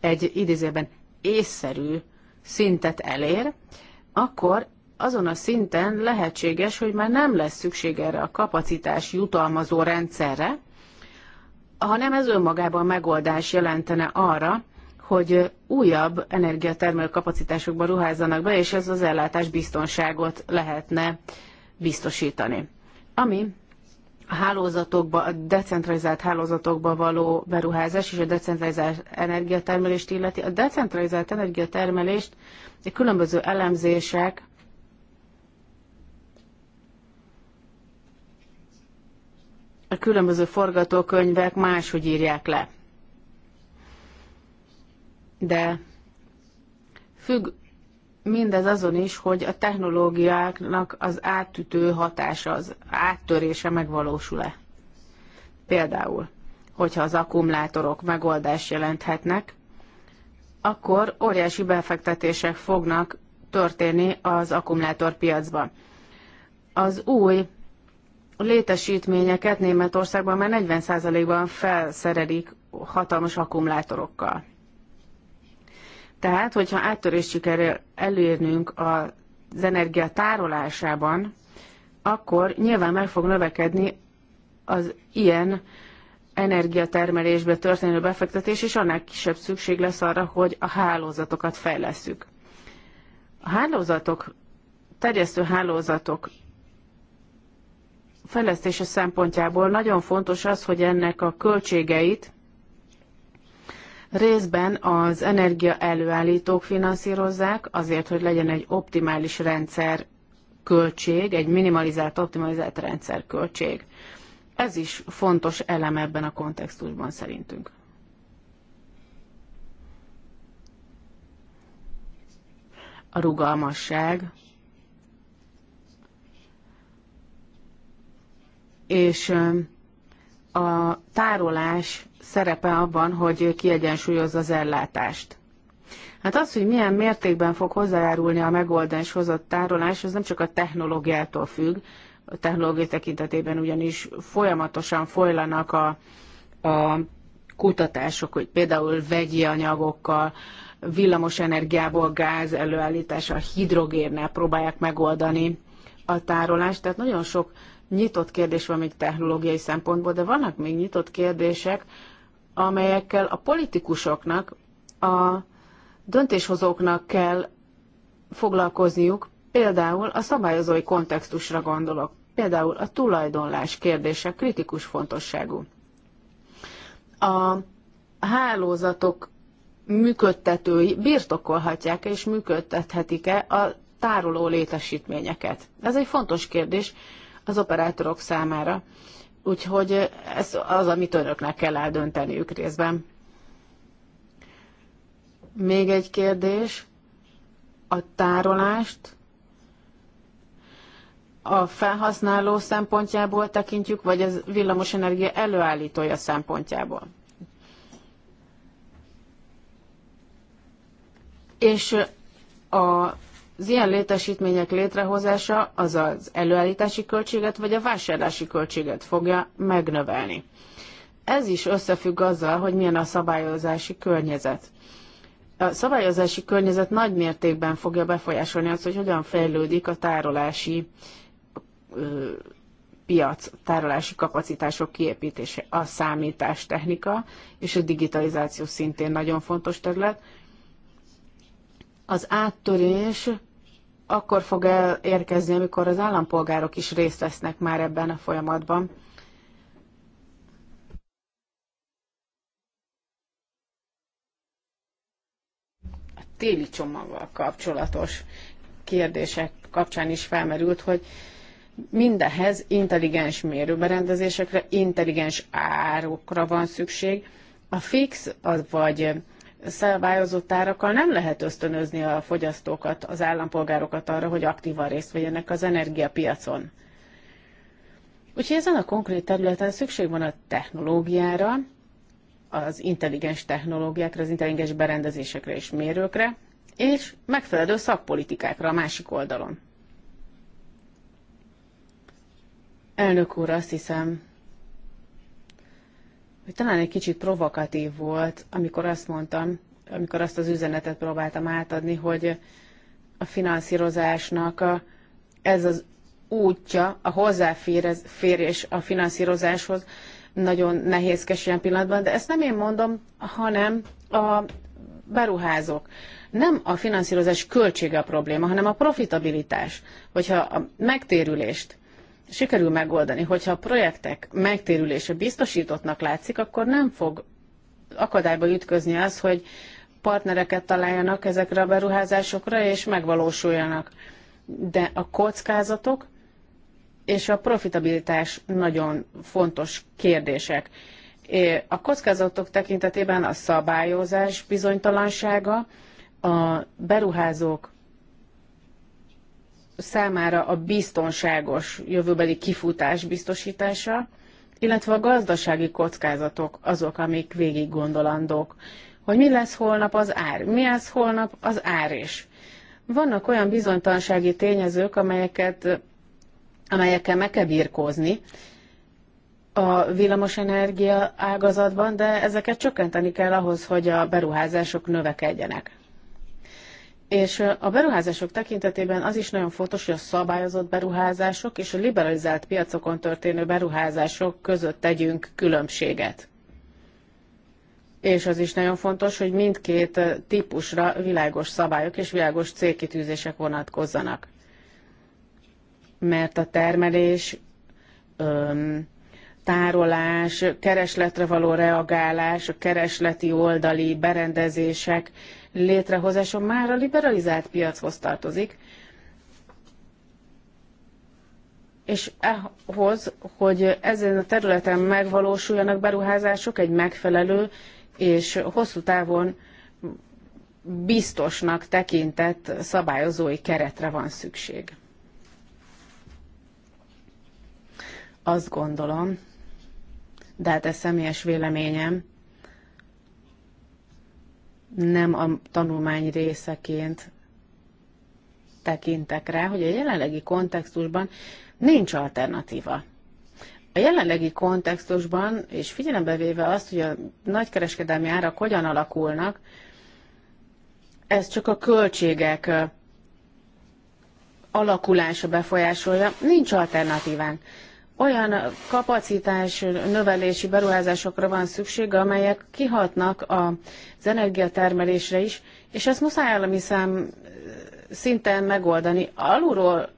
egy idézőben észszerű szintet elér, akkor azon a szinten lehetséges, hogy már nem lesz szükség erre a kapacitás jutalmazó rendszerre, hanem ez önmagában megoldás jelentene arra, hogy újabb energiatermelő kapacitásokba ruházzanak be, és ez az ellátás biztonságot lehetne biztosítani. Ami a hálózatokba, a decentralizált hálózatokba való beruházás és a decentralizált energiatermelést illeti. A decentralizált energiatermelést a különböző elemzések a különböző forgatókönyvek máshogy írják le. De függ mindez azon is, hogy a technológiáknak az átütő hatása, az áttörése megvalósul-e. Például, hogyha az akkumulátorok megoldást jelenthetnek, akkor óriási befektetések fognak történni az akkumulátorpiacban. Az új létesítményeket Németországban már 40%-ban felszerelik hatalmas akkumulátorokkal. Tehát, hogyha áttörést sikerül elérnünk az energia tárolásában, akkor nyilván meg fog növekedni az ilyen energiatermelésbe történő befektetés, és annál kisebb szükség lesz arra, hogy a hálózatokat fejlesszük. A hálózatok, terjesztő hálózatok fejlesztése szempontjából nagyon fontos az, hogy ennek a költségeit Részben az energia előállítók finanszírozzák, azért, hogy legyen egy optimális rendszer költség, egy minimalizált, optimalizált rendszer költség. Ez is fontos elem ebben a kontextusban szerintünk. A rugalmasság és a tárolás szerepe abban, hogy kiegyensúlyozza az ellátást. Hát az, hogy milyen mértékben fog hozzájárulni a megoldáshoz a tárolás, az nem csak a technológiától függ, a technológia tekintetében ugyanis folyamatosan folylanak a, a kutatások, hogy például vegyi anyagokkal, villamosenergiából gáz előállítása, hidrogénnel próbálják megoldani a tárolást, tehát nagyon sok nyitott kérdés van még technológiai szempontból, de vannak még nyitott kérdések, amelyekkel a politikusoknak, a döntéshozóknak kell foglalkozniuk, például a szabályozói kontextusra gondolok, például a tulajdonlás kérdése kritikus fontosságú. A hálózatok működtetői birtokolhatják és működtethetik-e a tároló létesítményeket? Ez egy fontos kérdés, az operátorok számára. Úgyhogy ez az, amit önöknek kell eldönteniük részben. Még egy kérdés. A tárolást a felhasználó szempontjából tekintjük, vagy az villamosenergia előállítója szempontjából? És a az ilyen létesítmények létrehozása az az előállítási költséget vagy a vásárlási költséget fogja megnövelni. Ez is összefügg azzal, hogy milyen a szabályozási környezet. A szabályozási környezet nagy mértékben fogja befolyásolni azt, hogy hogyan fejlődik a tárolási ö, piac, tárolási kapacitások kiépítése, a számítástechnika és a digitalizáció szintén nagyon fontos terület. Az áttörés akkor fog elérkezni, amikor az állampolgárok is részt vesznek már ebben a folyamatban. A téli csomaggal kapcsolatos kérdések kapcsán is felmerült, hogy mindehhez intelligens mérőberendezésekre, intelligens árokra van szükség. A fix, az vagy szabályozott árakkal nem lehet ösztönözni a fogyasztókat, az állampolgárokat arra, hogy aktívan részt vegyenek az energiapiacon. Úgyhogy ezen a konkrét területen szükség van a technológiára, az intelligens technológiákra, az intelligens berendezésekre és mérőkre, és megfelelő szakpolitikákra a másik oldalon. Elnök úr, azt hiszem, hogy talán egy kicsit provokatív volt, amikor azt mondtam, amikor azt az üzenetet próbáltam átadni, hogy a finanszírozásnak a, ez az útja, a hozzáférés a finanszírozáshoz nagyon nehézkes ilyen pillanatban, de ezt nem én mondom, hanem a beruházók. Nem a finanszírozás költsége a probléma, hanem a profitabilitás, hogyha a megtérülést sikerül megoldani, hogyha a projektek megtérülése biztosítottnak látszik, akkor nem fog akadályba ütközni az, hogy partnereket találjanak ezekre a beruházásokra, és megvalósuljanak. De a kockázatok és a profitabilitás nagyon fontos kérdések. A kockázatok tekintetében a szabályozás bizonytalansága, a beruházók számára a biztonságos jövőbeli kifutás biztosítása, illetve a gazdasági kockázatok azok, amik végig gondolandók. Hogy mi lesz holnap az ár, mi lesz holnap az ár is. Vannak olyan bizonytalansági tényezők, amelyeket, amelyekkel meg kell birkózni a villamosenergia ágazatban, de ezeket csökkenteni kell ahhoz, hogy a beruházások növekedjenek. És a beruházások tekintetében az is nagyon fontos, hogy a szabályozott beruházások és a liberalizált piacokon történő beruházások között tegyünk különbséget. És az is nagyon fontos, hogy mindkét típusra világos szabályok és világos célkitűzések vonatkozzanak. Mert a termelés, tárolás, keresletre való reagálás, a keresleti oldali berendezések, létrehozása már a liberalizált piachoz tartozik, és ahhoz, hogy ezen a területen megvalósuljanak beruházások, egy megfelelő és hosszú távon biztosnak tekintett szabályozói keretre van szükség. Azt gondolom, de hát ez személyes véleményem, nem a tanulmány részeként tekintek rá, hogy a jelenlegi kontextusban nincs alternatíva. A jelenlegi kontextusban, és figyelembe véve azt, hogy a nagykereskedelmi árak hogyan alakulnak, ez csak a költségek alakulása befolyásolja, nincs alternatívánk olyan kapacitás növelési beruházásokra van szükség, amelyek kihatnak az energiatermelésre is, és ezt muszáj állami szám szinten megoldani. Alulról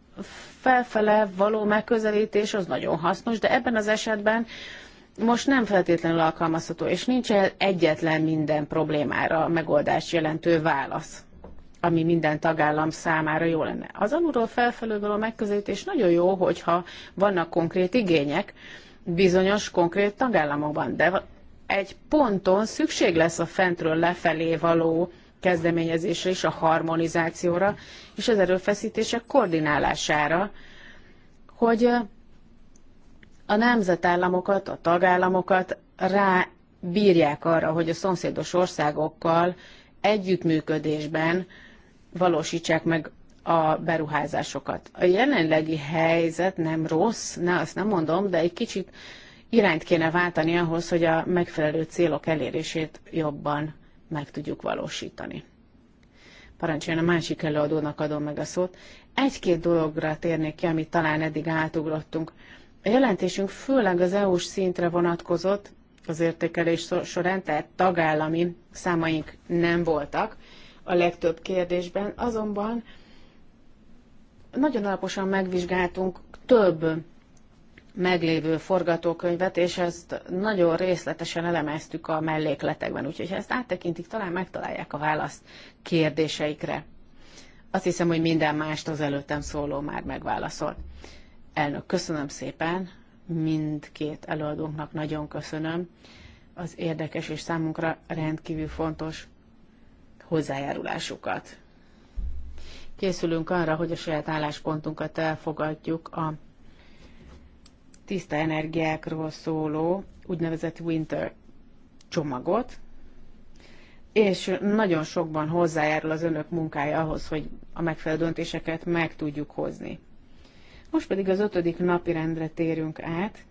felfele való megközelítés az nagyon hasznos, de ebben az esetben most nem feltétlenül alkalmazható, és nincs egyetlen minden problémára megoldást jelentő válasz ami minden tagállam számára jó lenne. Az alulról felfelőből a megközelítés nagyon jó, hogyha vannak konkrét igények bizonyos konkrét tagállamokban, de egy ponton szükség lesz a fentről lefelé való kezdeményezésre és a harmonizációra és az erőfeszítések koordinálására, hogy a nemzetállamokat, a tagállamokat rá bírják arra, hogy a szomszédos országokkal együttműködésben valósítsák meg a beruházásokat. A jelenlegi helyzet nem rossz, ne, azt nem mondom, de egy kicsit irányt kéne váltani ahhoz, hogy a megfelelő célok elérését jobban meg tudjuk valósítani. Parancsoljon a másik előadónak adom meg a szót. Egy-két dologra térnék ki, amit talán eddig átugrottunk. A jelentésünk főleg az EU-s szintre vonatkozott az értékelés során, tehát tagállami számaink nem voltak, a legtöbb kérdésben, azonban nagyon alaposan megvizsgáltunk több meglévő forgatókönyvet, és ezt nagyon részletesen elemeztük a mellékletekben, úgyhogy ha ezt áttekintik, talán megtalálják a választ kérdéseikre. Azt hiszem, hogy minden mást az előttem szóló már megválaszolt. Elnök, köszönöm szépen, mindkét előadónknak nagyon köszönöm. Az érdekes és számunkra rendkívül fontos hozzájárulásukat. Készülünk arra, hogy a saját álláspontunkat elfogadjuk a tiszta energiákról szóló úgynevezett winter csomagot, és nagyon sokban hozzájárul az önök munkája ahhoz, hogy a megfelelő döntéseket meg tudjuk hozni. Most pedig az ötödik napi rendre térünk át,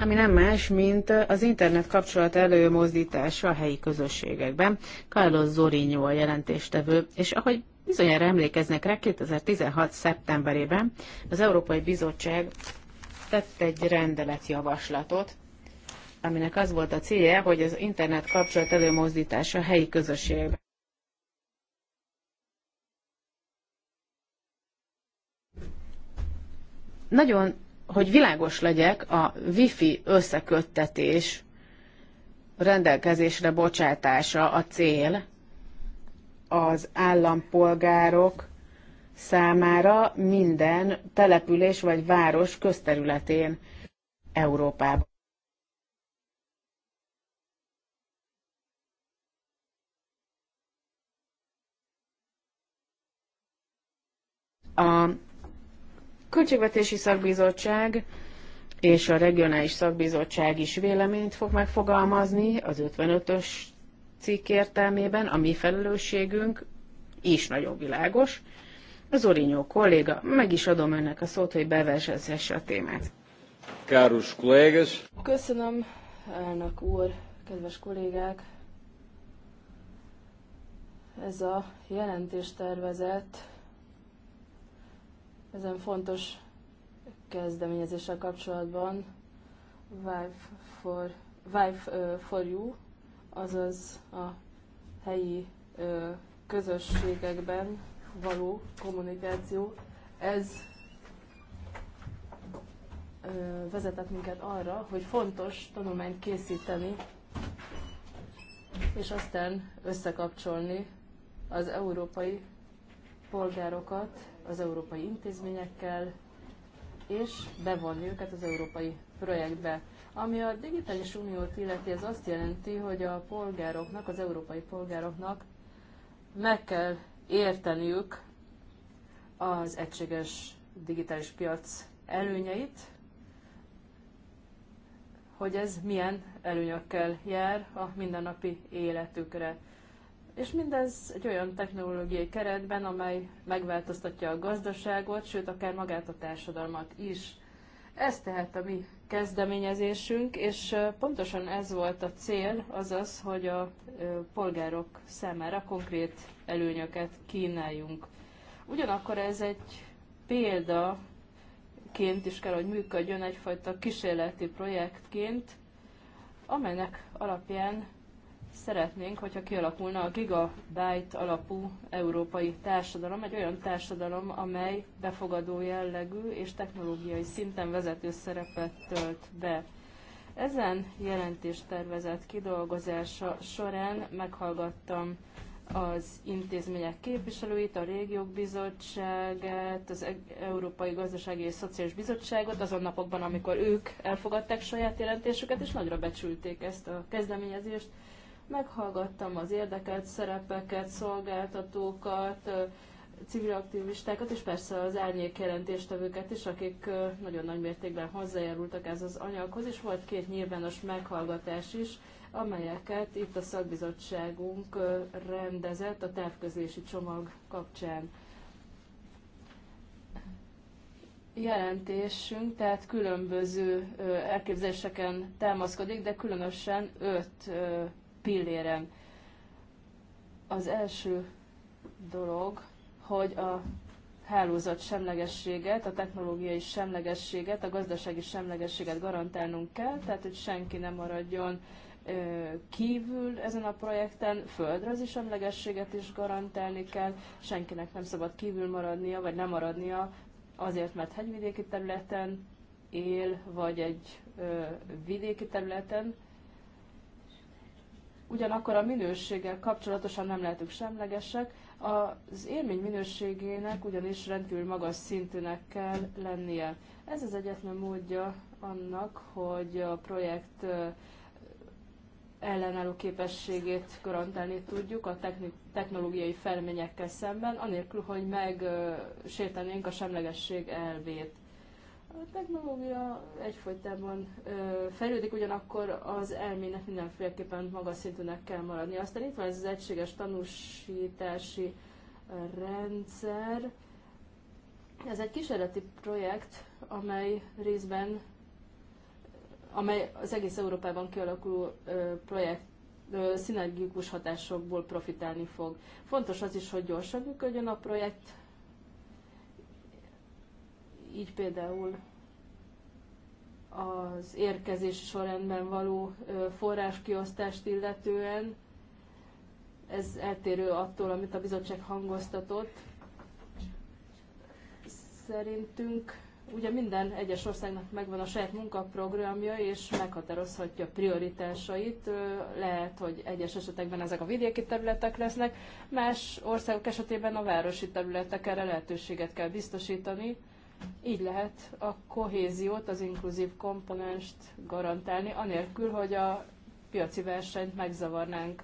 ami nem más, mint az internet kapcsolat előmozdítása a helyi közösségekben. Carlos Zorinho a jelentéstevő, és ahogy bizonyára emlékeznek rá, 2016. szeptemberében az Európai Bizottság tett egy rendeletjavaslatot, aminek az volt a célja, hogy az internet kapcsolat előmozdítása a helyi közösségekben. Nagyon hogy világos legyek, a wifi összeköttetés rendelkezésre bocsátása a cél az állampolgárok számára minden település vagy város közterületén Európában. A Költségvetési Szakbizottság és a Regionális Szakbizottság is véleményt fog megfogalmazni az 55-ös cikk értelmében, a mi felelősségünk is nagyon világos. Az Orinyó kolléga, meg is adom önnek a szót, hogy bevezesse a témát. Káros kollégás! Köszönöm, elnök úr, kedves kollégák! Ez a jelentéstervezet ezen fontos kezdeményezéssel kapcsolatban Vive for, Vive, uh, for You, azaz a helyi uh, közösségekben való kommunikáció, ez uh, vezetett minket arra, hogy fontos tanulmányt készíteni, és aztán összekapcsolni az európai polgárokat az európai intézményekkel, és bevonni őket az európai projektbe. Ami a digitális uniót illeti, ez azt jelenti, hogy a polgároknak, az európai polgároknak meg kell érteniük az egységes digitális piac előnyeit, hogy ez milyen előnyökkel jár a mindennapi életükre. És mindez egy olyan technológiai keretben, amely megváltoztatja a gazdaságot, sőt, akár magát a társadalmat is. Ez tehát a mi kezdeményezésünk, és pontosan ez volt a cél, azaz, hogy a polgárok számára konkrét előnyöket kínáljunk. Ugyanakkor ez egy példa ként is kell, hogy működjön egyfajta kísérleti projektként, amelynek alapján Szeretnénk, hogyha kialakulna a gigabyte alapú európai társadalom, egy olyan társadalom, amely befogadó jellegű és technológiai szinten vezető szerepet tölt be. Ezen jelentéstervezet kidolgozása során meghallgattam az intézmények képviselőit, a régiók bizottságát, az e- Európai Gazdasági és Szociális Bizottságot azon napokban, amikor ők elfogadták saját jelentésüket, és nagyra becsülték ezt a kezdeményezést, Meghallgattam az érdekelt szerepeket, szolgáltatókat, civil aktivistákat, és persze az árnyék jelentéstevőket is, akik nagyon nagy mértékben hozzájárultak ez az anyaghoz, és volt két nyilvános meghallgatás is, amelyeket itt a szakbizottságunk rendezett a távközlési csomag kapcsán. Jelentésünk tehát különböző elképzeléseken támaszkodik, de különösen öt pilléren. Az első dolog, hogy a hálózat semlegességet, a technológiai semlegességet, a gazdasági semlegességet garantálnunk kell, tehát hogy senki nem maradjon kívül ezen a projekten földrajzi semlegességet is garantálni kell, senkinek nem szabad kívül maradnia, vagy nem maradnia azért, mert hegyvidéki területen él, vagy egy ö, vidéki területen ugyanakkor a minőséggel kapcsolatosan nem lehetünk semlegesek, az élmény minőségének ugyanis rendkívül magas szintűnek kell lennie. Ez az egyetlen módja annak, hogy a projekt ellenálló képességét garantálni tudjuk a technológiai felményekkel szemben, anélkül, hogy megsértenénk a semlegesség elvét. A technológia egyfolytában ö, fejlődik, ugyanakkor az elmének mindenféleképpen magas szintűnek kell maradni. Aztán itt van ez az egységes tanúsítási rendszer. Ez egy kísérleti projekt, amely részben, amely az egész Európában kialakuló ö, projekt ö, szinergikus hatásokból profitálni fog. Fontos az is, hogy gyorsan működjön a projekt, így például az érkezés sorrendben való forráskiosztást illetően. Ez eltérő attól, amit a bizottság hangoztatott. Szerintünk ugye minden egyes országnak megvan a saját munkaprogramja, és meghatározhatja prioritásait. Lehet, hogy egyes esetekben ezek a vidéki területek lesznek, más országok esetében a városi területek erre lehetőséget kell biztosítani így lehet a kohéziót, az inkluzív komponenst garantálni, anélkül, hogy a piaci versenyt megzavarnánk.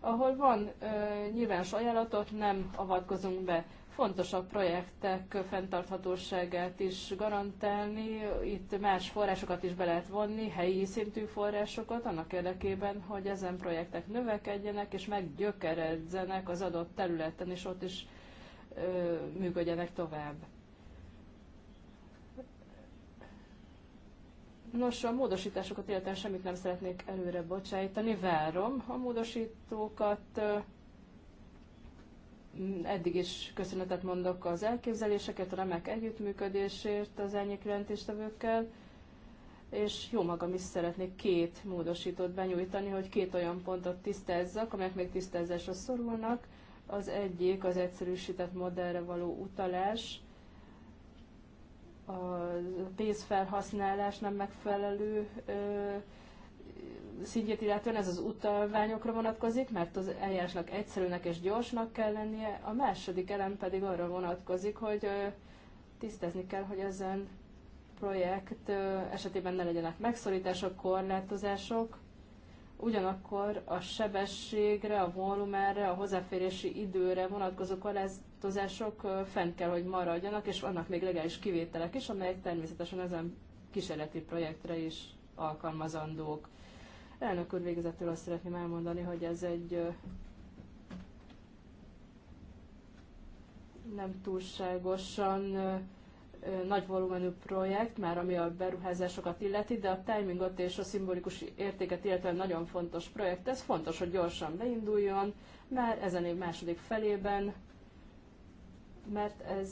Ahol van ö, nyilvános ajánlatot, nem avatkozunk be. Fontos a projektek fenntarthatóságát is garantálni, itt más forrásokat is be lehet vonni, helyi szintű forrásokat, annak érdekében, hogy ezen projektek növekedjenek és meggyökeredzenek az adott területen, és ott is ö, működjenek tovább. Nos, a módosításokat illetően semmit nem szeretnék előre bocsájtani, várom a módosítókat. Eddig is köszönetet mondok az elképzeléseket, a remek együttműködésért az elnyék jelentéstevőkkel, és jó magam is szeretnék két módosítót benyújtani, hogy két olyan pontot tisztázzak, amelyek még tisztázásra szorulnak. Az egyik az egyszerűsített modellre való utalás, a pénzfelhasználás nem megfelelő szintjét illetően ez az utalványokra vonatkozik, mert az eljárásnak egyszerűnek és gyorsnak kell lennie, a második elem pedig arra vonatkozik, hogy tisztázni kell, hogy ezen projekt esetében ne legyenek megszorítások, korlátozások, ugyanakkor a sebességre, a volumenre, a hozzáférési időre vonatkozó korlátozások korlátozások fent kell, hogy maradjanak, és vannak még legális kivételek is, amelyek természetesen ezen kísérleti projektre is alkalmazandók. Elnök úr, végezetül azt szeretném elmondani, hogy ez egy nem túlságosan nagy volumenű projekt, már ami a beruházásokat illeti, de a timingot és a szimbolikus értéket illetően nagyon fontos projekt. Ez fontos, hogy gyorsan beinduljon, mert ezen év második felében mert ez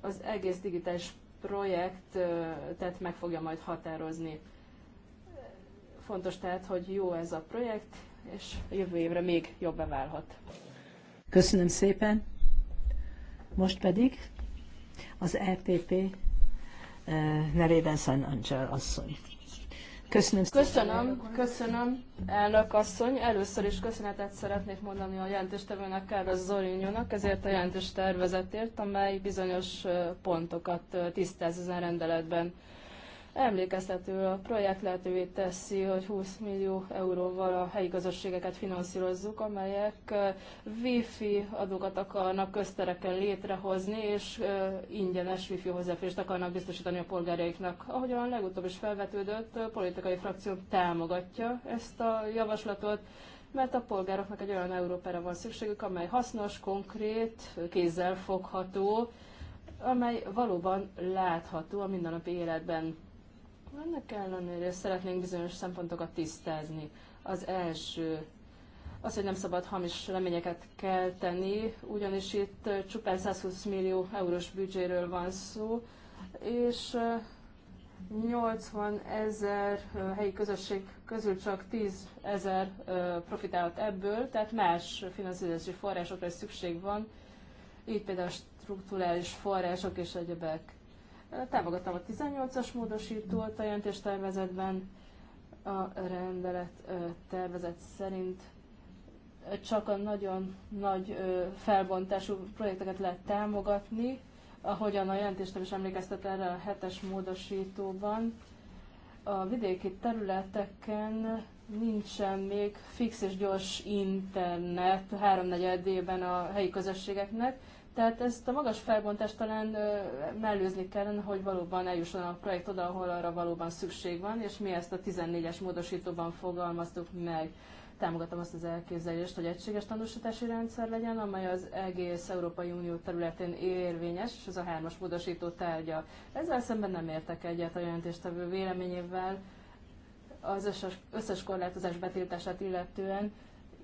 az egész digitális projektet meg fogja majd határozni. Fontos tehát, hogy jó ez a projekt, és a jövő évre még jobban válhat. Köszönöm szépen. Most pedig az RTP e eh, nevében San Angel asszonyt. Köszönöm. Köszönöm, köszönöm, elnök asszony. Először is köszönetet szeretnék mondani a jelentéstevőnek, Carlos Zorinyónak, ezért a jelentéstervezetért, amely bizonyos pontokat tisztáz ezen rendeletben. Emlékeztető a projekt lehetővé teszi, hogy 20 millió euróval a helyi közösségeket finanszírozzuk, amelyek wifi adókat akarnak köztereken létrehozni, és ingyenes wifi hozzáférést akarnak biztosítani a polgáraiknak. Ahogyan a legutóbb is felvetődött, a politikai frakció támogatja ezt a javaslatot, mert a polgároknak egy olyan Európára van szükségük, amely hasznos, konkrét, kézzel fogható, amely valóban látható a mindennapi életben. Ennek ellenére szeretnénk bizonyos szempontokat tisztázni. Az első, az, hogy nem szabad hamis reményeket kelteni, ugyanis itt csupán 120 millió eurós büdzséről van szó, és 80 ezer helyi közösség közül csak 10 ezer profitált ebből, tehát más finanszírozási forrásokra is szükség van, így például strukturális források és egyebek. Támogattam a 18-as módosítót a jelentéstervezetben. A rendelet tervezet szerint csak a nagyon nagy felbontású projekteket lehet támogatni, ahogyan a jelentéstől is emlékeztet erre a hetes módosítóban. A vidéki területeken nincsen még fix és gyors internet háromnegyedében a helyi közösségeknek, tehát ezt a magas felbontást talán mellőzni kellene, hogy valóban eljusson a projekt oda, ahol arra valóban szükség van, és mi ezt a 14-es módosítóban fogalmaztuk meg. Támogatom azt az elképzelést, hogy egységes tanúsítási rendszer legyen, amely az egész Európai Unió területén érvényes, és ez a hármas módosító tárgya. Ezzel szemben nem értek egyet a jelentéstevő véleményével az összes, összes korlátozás betiltását illetően,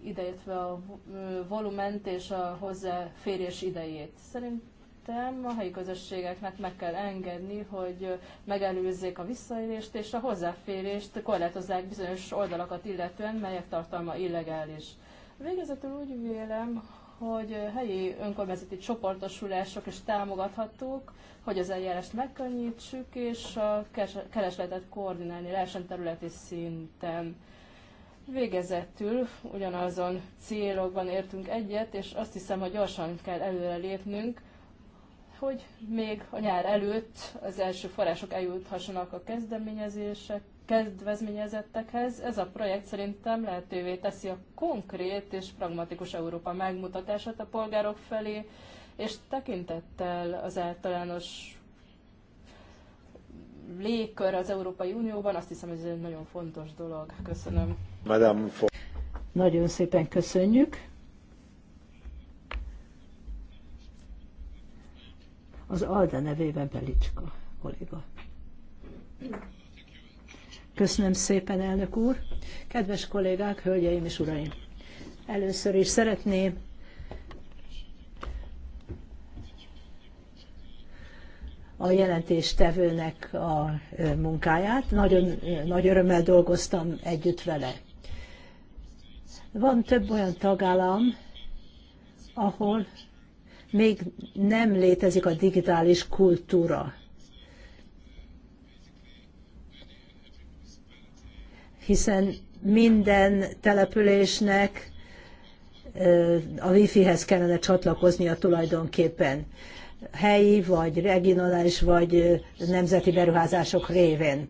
ideértve a volument és a hozzáférés idejét. Szerintem a helyi közösségeknek meg kell engedni, hogy megelőzzék a visszaélést és a hozzáférést korlátozzák bizonyos oldalakat illetően, melyek tartalma illegális. Végezetül úgy vélem, hogy helyi önkormányzati csoportosulások is támogathatók, hogy az eljárást megkönnyítsük, és a keresletet koordinálni lehessen területi szinten. Végezetül ugyanazon célokban értünk egyet, és azt hiszem, hogy gyorsan kell előre lépnünk, hogy még a nyár előtt az első források eljuthassanak a kezdeményezések, kedvezményezettekhez. Ez a projekt szerintem lehetővé teszi a konkrét és pragmatikus Európa megmutatását a polgárok felé, és tekintettel az általános légkör az Európai Unióban, azt hiszem, ez egy nagyon fontos dolog. Köszönöm. Nagyon szépen köszönjük. Az Alda nevében Belicska kolléga. Köszönöm szépen, elnök úr. Kedves kollégák, hölgyeim és uraim! Először is szeretném a jelentéstevőnek a munkáját. Nagyon nagy örömmel dolgoztam együtt vele. Van több olyan tagállam, ahol még nem létezik a digitális kultúra. Hiszen minden településnek a wifi-hez kellene csatlakoznia tulajdonképpen helyi, vagy regionális, vagy nemzeti beruházások révén.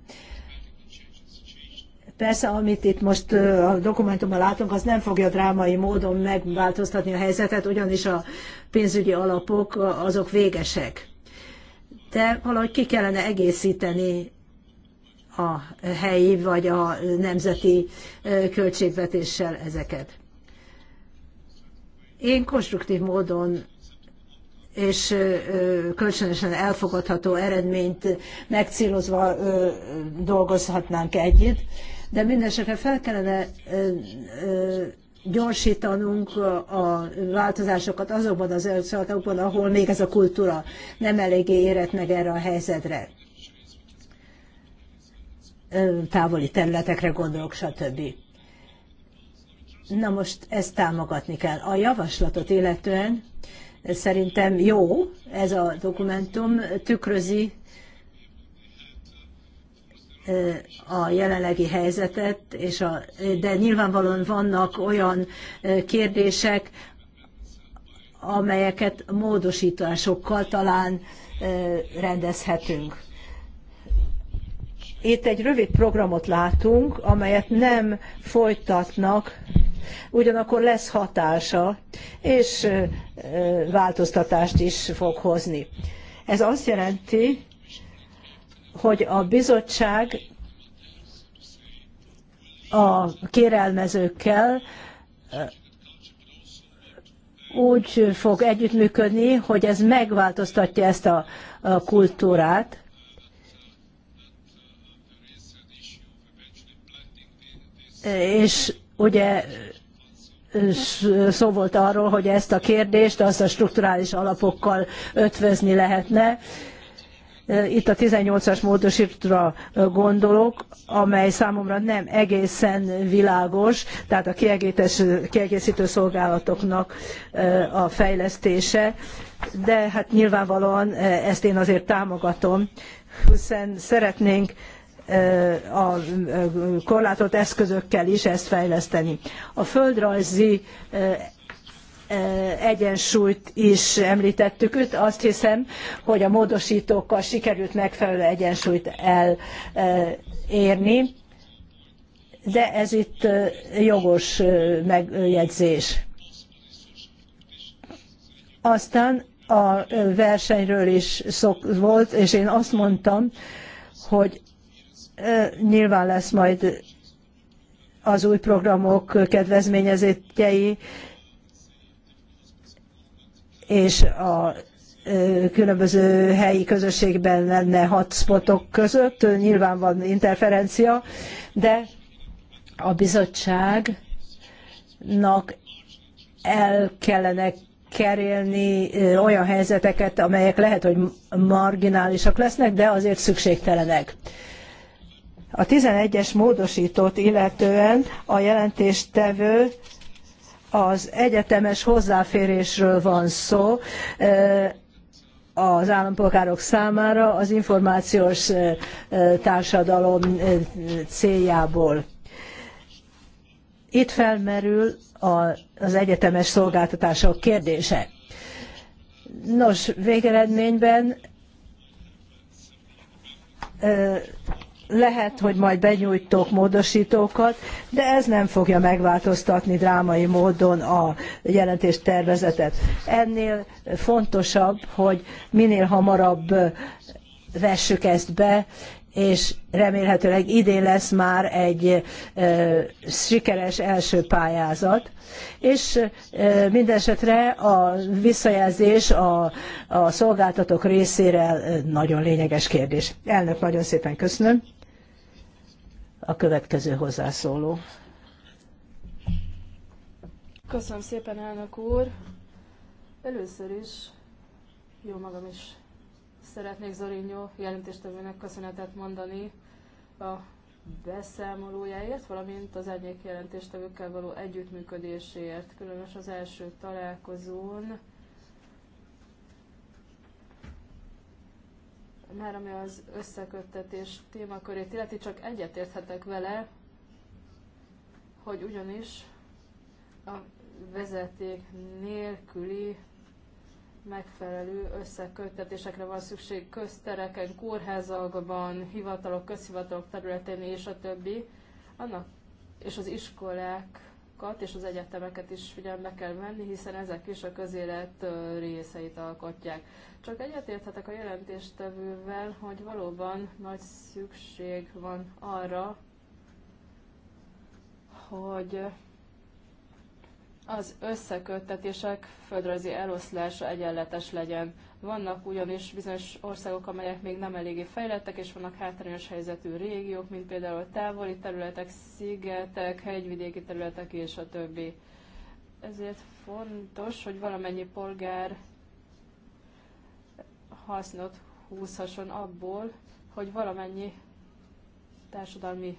Persze, amit itt most a dokumentumban látunk, az nem fogja drámai módon megváltoztatni a helyzetet, ugyanis a pénzügyi alapok azok végesek. De valahogy ki kellene egészíteni a helyi vagy a nemzeti költségvetéssel ezeket. Én konstruktív módon és kölcsönösen elfogadható eredményt megcélozva dolgozhatnánk együtt, de mindesetre fel kellene gyorsítanunk a változásokat azokban az országokban, ahol még ez a kultúra nem eléggé érett meg erre a helyzetre. Távoli területekre gondolok, stb. Na most ezt támogatni kell. A javaslatot illetően szerintem jó, ez a dokumentum tükrözi a jelenlegi helyzetet, és a, de nyilvánvalóan vannak olyan kérdések, amelyeket módosításokkal talán rendezhetünk. Itt egy rövid programot látunk, amelyet nem folytatnak, ugyanakkor lesz hatása, és változtatást is fog hozni. Ez azt jelenti, hogy a bizottság a kérelmezőkkel úgy fog együttműködni, hogy ez megváltoztatja ezt a, kultúrát. És ugye szó volt arról, hogy ezt a kérdést azt a strukturális alapokkal ötvözni lehetne itt a 18-as módosítra gondolok, amely számomra nem egészen világos, tehát a kiegészítő szolgálatoknak e, a fejlesztése, de hát nyilvánvalóan e, ezt én azért támogatom, hiszen szeretnénk e, a korlátolt eszközökkel is ezt fejleszteni. A földrajzi egyensúlyt is említettük őt. Azt hiszem, hogy a módosítókkal sikerült megfelelő egyensúlyt elérni, de ez itt jogos megjegyzés. Aztán a versenyről is szok volt, és én azt mondtam, hogy nyilván lesz majd az új programok kedvezményezettjei, és a különböző helyi közösségben lenne hotspotok között, nyilván van interferencia, de a bizottságnak el kellene kerélni olyan helyzeteket, amelyek lehet, hogy marginálisak lesznek, de azért szükségtelenek. A 11-es módosítót illetően a jelentéstevő az egyetemes hozzáférésről van szó e, az állampolgárok számára az információs e, e, társadalom céljából. Itt felmerül az egyetemes szolgáltatások kérdése. Nos, végeredményben lehet, hogy majd benyújtok módosítókat, de ez nem fogja megváltoztatni drámai módon a jelentés tervezetet. Ennél fontosabb, hogy minél hamarabb vessük ezt be, és remélhetőleg idén lesz már egy e, sikeres első pályázat, és e, mindesetre a visszajelzés a, a szolgáltatók részére nagyon lényeges kérdés. Elnök, nagyon szépen köszönöm a következő hozzászóló. Köszönöm szépen, elnök úr! Először is jó magam is szeretnék Zorinyó jelentéstevőnek köszönetet mondani a beszámolójáért, valamint az egyik jelentéstevőkkel való együttműködéséért, különös az első találkozón már ami az összeköttetés témakörét illeti, csak egyetérthetek vele, hogy ugyanis a vezeték nélküli megfelelő összeköttetésekre van szükség köztereken, kórházakban, hivatalok, közhivatalok területén és a többi, annak és az iskolák iskolákat és az egyetemeket is figyelme kell venni, hiszen ezek is a közélet részeit alkotják. Csak egyetérthetek a jelentéstevővel, hogy valóban nagy szükség van arra, hogy az összeköttetések földrajzi eloszlása egyenletes legyen. Vannak ugyanis bizonyos országok, amelyek még nem eléggé fejlettek, és vannak hátrányos helyzetű régiók, mint például a távoli területek, szigetek, hegyvidéki területek és a többi. Ezért fontos, hogy valamennyi polgár hasznot húzhasson abból, hogy valamennyi társadalmi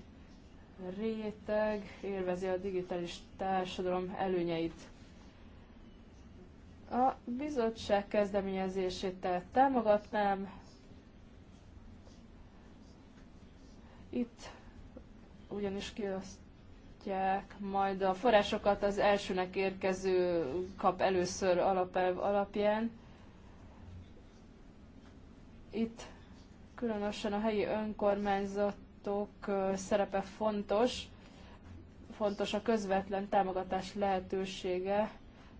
réteg élvezi a digitális társadalom előnyeit. A bizottság kezdeményezését támogatnám. Itt ugyanis kiosztják majd a forrásokat az elsőnek érkező kap először alapelv alapján. Itt különösen a helyi önkormányzatok szerepe fontos, fontos a közvetlen támogatás lehetősége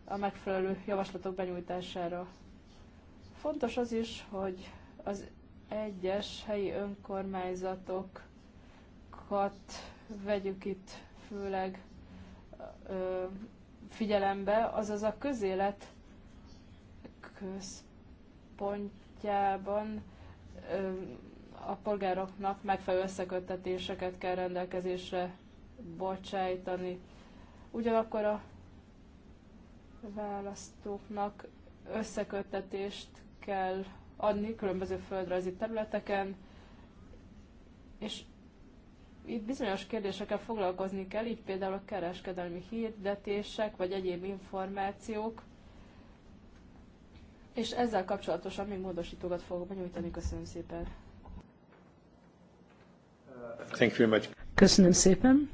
a megfelelő javaslatok benyújtására. Fontos az is, hogy az egyes helyi önkormányzatokat vegyük itt főleg ö, figyelembe, azaz a közélet központjában ö, a polgároknak megfelelő összeköttetéseket kell rendelkezésre bocsájtani. Ugyanakkor a választóknak összeköttetést kell adni különböző földrajzi területeken, és itt bizonyos kérdésekkel foglalkozni kell, így például a kereskedelmi hirdetések, vagy egyéb információk, és ezzel kapcsolatosan még módosítókat fogok benyújtani. Köszönöm szépen. Thank you much. Köszönöm szépen.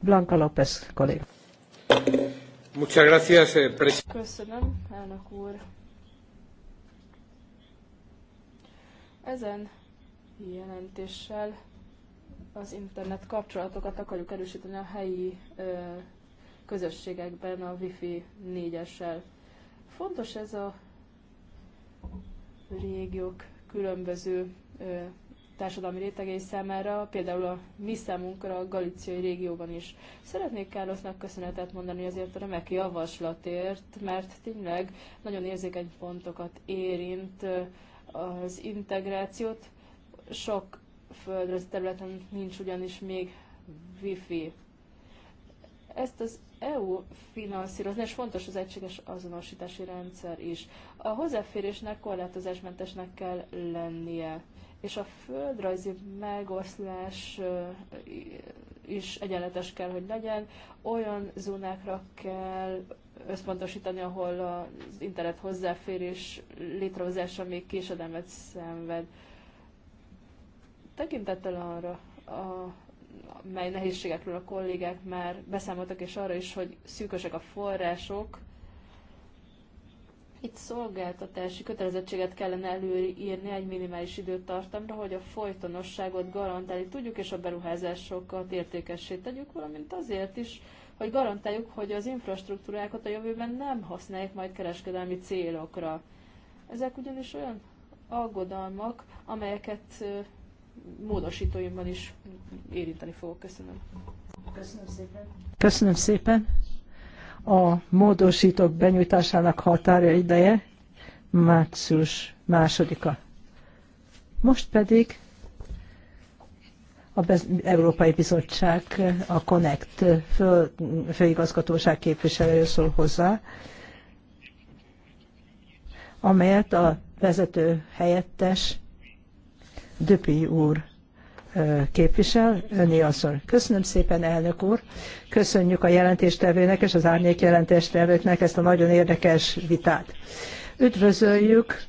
Blanca López kollégám. Muchas gracias, eh, presidente. Köszönöm, elnök úr. Ezen jelentéssel az internet kapcsolatokat akarjuk erősíteni a helyi ö, közösségekben a Wi-Fi 4-essel. Fontos ez a régiók különböző ö, társadalmi rétegei számára, például a mi számunkra a galiciai régióban is. Szeretnék Carlosnak köszönetet mondani azért a remek javaslatért, mert tényleg nagyon érzékeny pontokat érint az integrációt. Sok földrajzi területen nincs ugyanis még wifi. Ezt az EU finanszírozni, és fontos az egységes azonosítási rendszer is. A hozzáférésnek korlátozásmentesnek kell lennie és a földrajzi megoszlás is egyenletes kell, hogy legyen. Olyan zónákra kell összpontosítani, ahol az internet hozzáférés létrehozása még késedelmet szenved. Tekintettel arra, a, mely nehézségekről a kollégák már beszámoltak, és arra is, hogy szűkösek a források, itt szolgáltatási kötelezettséget kellene előírni egy minimális időtartamra, hogy a folytonosságot garantálni tudjuk, és a beruházásokat értékessé tegyük, valamint azért is, hogy garantáljuk, hogy az infrastruktúrákat a jövőben nem használják majd kereskedelmi célokra. Ezek ugyanis olyan aggodalmak, amelyeket módosítóimban is érinteni fogok. Köszönöm. Köszönöm szépen. Köszönöm szépen. A módosítók benyújtásának határa ideje március másodika. Most pedig a Bez Európai Bizottság, a Connect fő, főigazgatóság képviselője szól hozzá, amelyet a vezető helyettes Döpi úr képvisel, öni asszony. Köszönöm szépen, elnök úr. Köszönjük a jelentéstevőnek és az árnyék jelentéstevőknek ezt a nagyon érdekes vitát. Üdvözöljük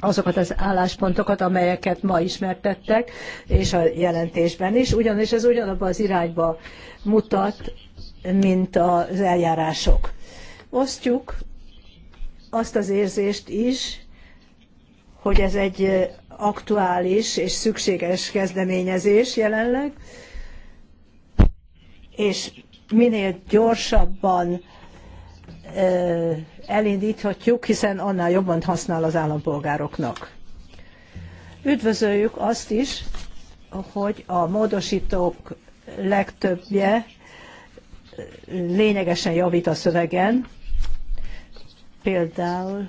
azokat az álláspontokat, amelyeket ma ismertettek, és a jelentésben is, ugyanis ez ugyanabba az irányba mutat, mint az eljárások. Osztjuk azt az érzést is, hogy ez egy aktuális és szükséges kezdeményezés jelenleg, és minél gyorsabban elindíthatjuk, hiszen annál jobban használ az állampolgároknak. Üdvözöljük azt is, hogy a módosítók legtöbbje lényegesen javít a szövegen, például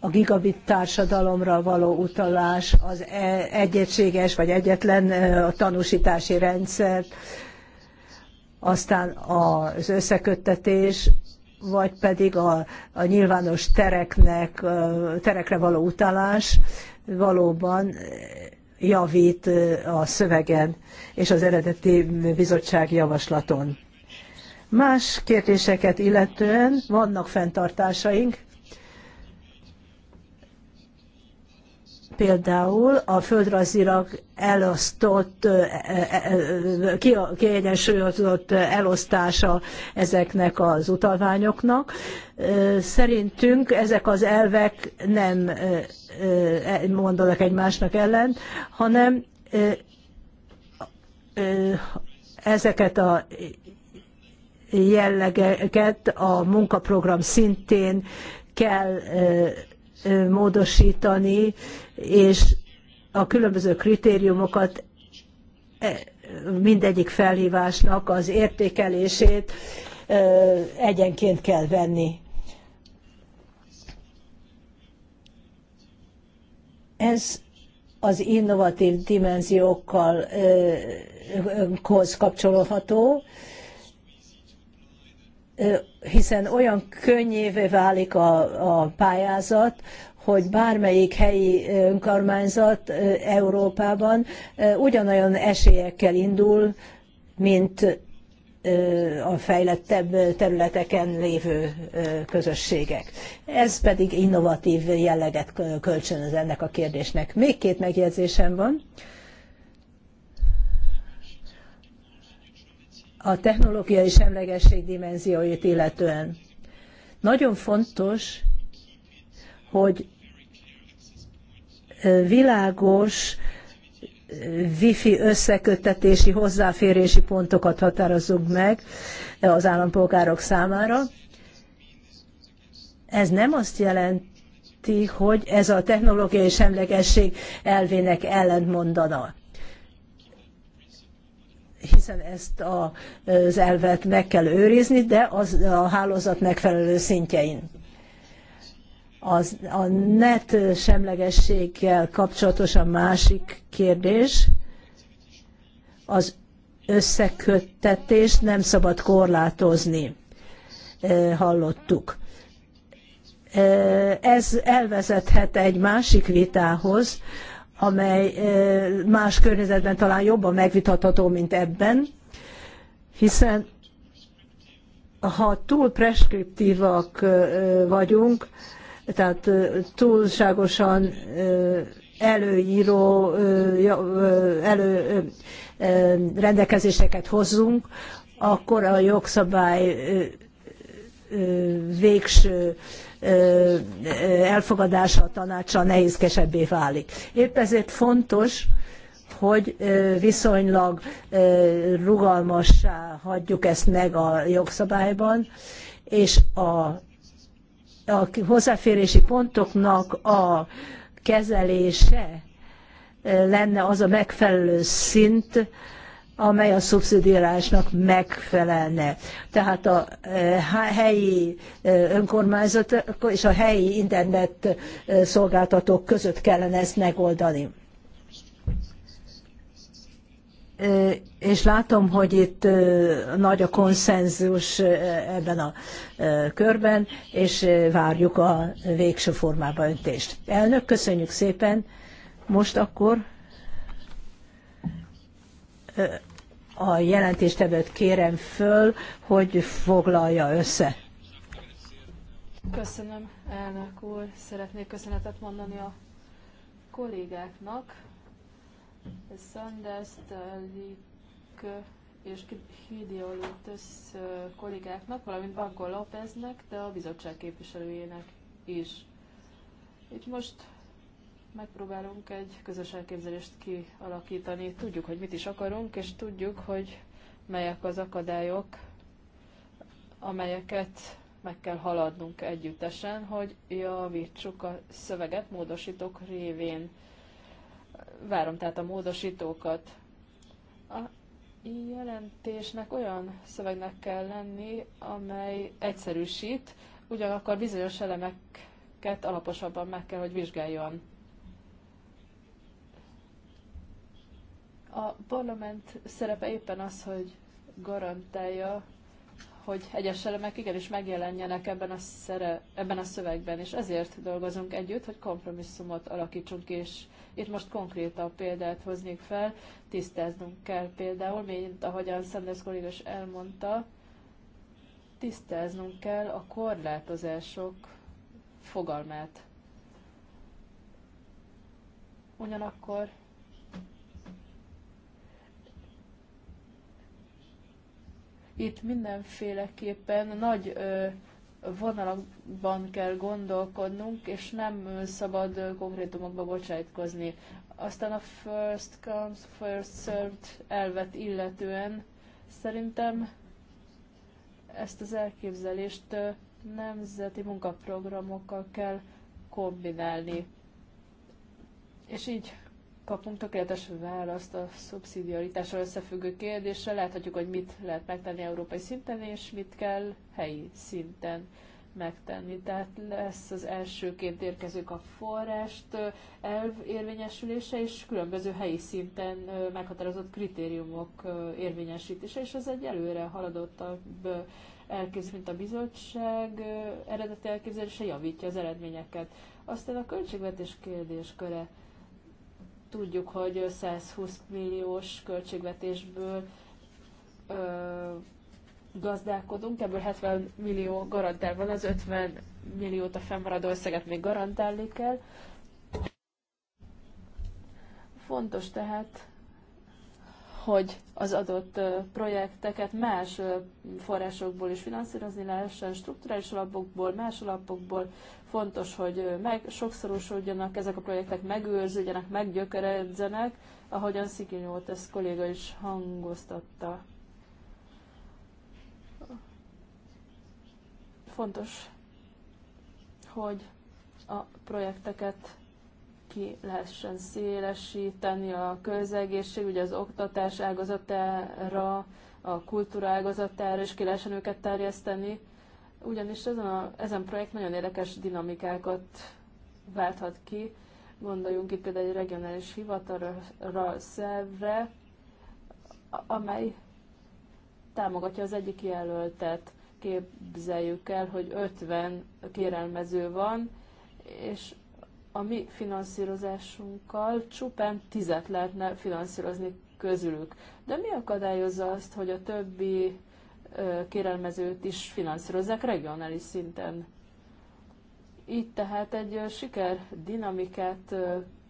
a gigabit társadalomra való utalás, az e, egységes vagy egyetlen e, tanúsítási rendszer, aztán az összeköttetés, vagy pedig a, a nyilvános tereknek, e, terekre való utalás valóban javít a szövegen és az eredeti bizottság javaslaton. Más kérdéseket illetően vannak fenntartásaink, például a földrajzilag elosztott, kiegyensúlyozott elosztása ezeknek az utalványoknak. Szerintünk ezek az elvek nem e, mondanak egymásnak ellen, hanem ezeket a jellegeket a munkaprogram szintén kell módosítani, és a különböző kritériumokat e, mindegyik felhívásnak az értékelését egyenként kell venni. Ez az innovatív dimenziókkal hoz kapcsolható, hiszen olyan könnyévé válik a, a pályázat, hogy bármelyik helyi önkormányzat Európában ugyanolyan esélyekkel indul, mint a fejlettebb területeken lévő közösségek. Ez pedig innovatív jelleget kölcsönöz ennek a kérdésnek. Még két megjegyzésem van. a technológiai semlegesség dimenzióit illetően. Nagyon fontos, hogy világos wifi összeköttetési hozzáférési pontokat határozzunk meg az állampolgárok számára. Ez nem azt jelenti, hogy ez a technológiai semlegesség elvének ellentmondana hiszen ezt az elvet meg kell őrizni, de az a hálózat megfelelő szintjein. Az, a net semlegességgel kapcsolatos a másik kérdés. Az összeköttetést nem szabad korlátozni, hallottuk. Ez elvezethet egy másik vitához, amely más környezetben talán jobban megvitatható, mint ebben, hiszen ha túl preskriptívak vagyunk, tehát túlságosan előíró elő, rendelkezéseket hozzunk, akkor a jogszabály végső elfogadása a tanácssal nehézkesebbé válik. Épp ezért fontos, hogy viszonylag rugalmassá hagyjuk ezt meg a jogszabályban, és a, a hozzáférési pontoknak a kezelése lenne az a megfelelő szint, amely a szubszidiálásnak megfelelne. Tehát a e, helyi e, önkormányzatok és a helyi internet e, szolgáltatók között kellene ezt megoldani. És látom, hogy itt nagy a konszenzus ebben a körben, és várjuk a végső formába öntést. Elnök, köszönjük szépen. Most akkor a jelentéstevőt kérem föl, hogy foglalja össze. Köszönöm, elnök úr. Szeretnék köszönetet mondani a kollégáknak, Sanders, Lik és Hideolutus kollégáknak, valamint Banco Lópeznek, de a bizottság képviselőjének is. Itt most megpróbálunk egy közös elképzelést kialakítani. Tudjuk, hogy mit is akarunk, és tudjuk, hogy melyek az akadályok, amelyeket meg kell haladnunk együttesen, hogy javítsuk a szöveget módosítók révén. Várom tehát a módosítókat. A jelentésnek olyan szövegnek kell lenni, amely egyszerűsít, ugyanakkor bizonyos elemeket alaposabban meg kell, hogy vizsgáljon. A parlament szerepe éppen az, hogy garantálja, hogy egyes elemek igenis megjelenjenek ebben a, szere, ebben a szövegben, és ezért dolgozunk együtt, hogy kompromisszumot alakítsunk, és itt most konkrétabb példát hoznék fel, tisztáznunk kell például, mint ahogyan Sanders kollégás elmondta, tisztáznunk kell a korlátozások fogalmát. Ugyanakkor Itt mindenféleképpen nagy vonalakban kell gondolkodnunk, és nem szabad konkrétumokba bocsájtkozni. Aztán a first comes, first served elvet illetően szerintem ezt az elképzelést nemzeti munkaprogramokkal kell kombinálni. És így kapunk tökéletes választ a szubszidiaritásról összefüggő kérdésre. Láthatjuk, hogy mit lehet megtenni európai szinten, és mit kell helyi szinten megtenni. Tehát lesz az elsőként érkezők a forrást elv érvényesülése, és különböző helyi szinten meghatározott kritériumok érvényesítése, és ez egy előre haladottabb elképzelés, mint a bizottság eredeti elképzelése javítja az eredményeket. Aztán a költségvetés kérdésköre. köre Tudjuk, hogy 120 milliós költségvetésből ö, gazdálkodunk, ebből 70 millió garantál van, az 50 milliót a fennmaradó összeget még garantálni kell. Fontos tehát hogy az adott projekteket más forrásokból is finanszírozni lehessen, strukturális alapokból, más alapokból. Fontos, hogy meg, sokszorosodjanak ezek a projektek, megőrződjenek, meggyökeredzenek, ahogyan Szikinyót ez kolléga is hangoztatta. Fontos, hogy a projekteket ki lehessen szélesíteni a közegészség, ugye az oktatás ágazatára, a kultúra ágazatára, és ki lehessen őket terjeszteni. Ugyanis ezen a, ezen projekt nagyon érdekes dinamikákat válthat ki. Gondoljunk itt például egy regionális hivatalra, szervre, amely támogatja az egyik jelöltet. Képzeljük el, hogy 50 kérelmező van, és a mi finanszírozásunkkal csupán tizet lehetne finanszírozni közülük. De mi akadályozza azt, hogy a többi kérelmezőt is finanszírozzák regionális szinten? Így tehát egy siker dinamikát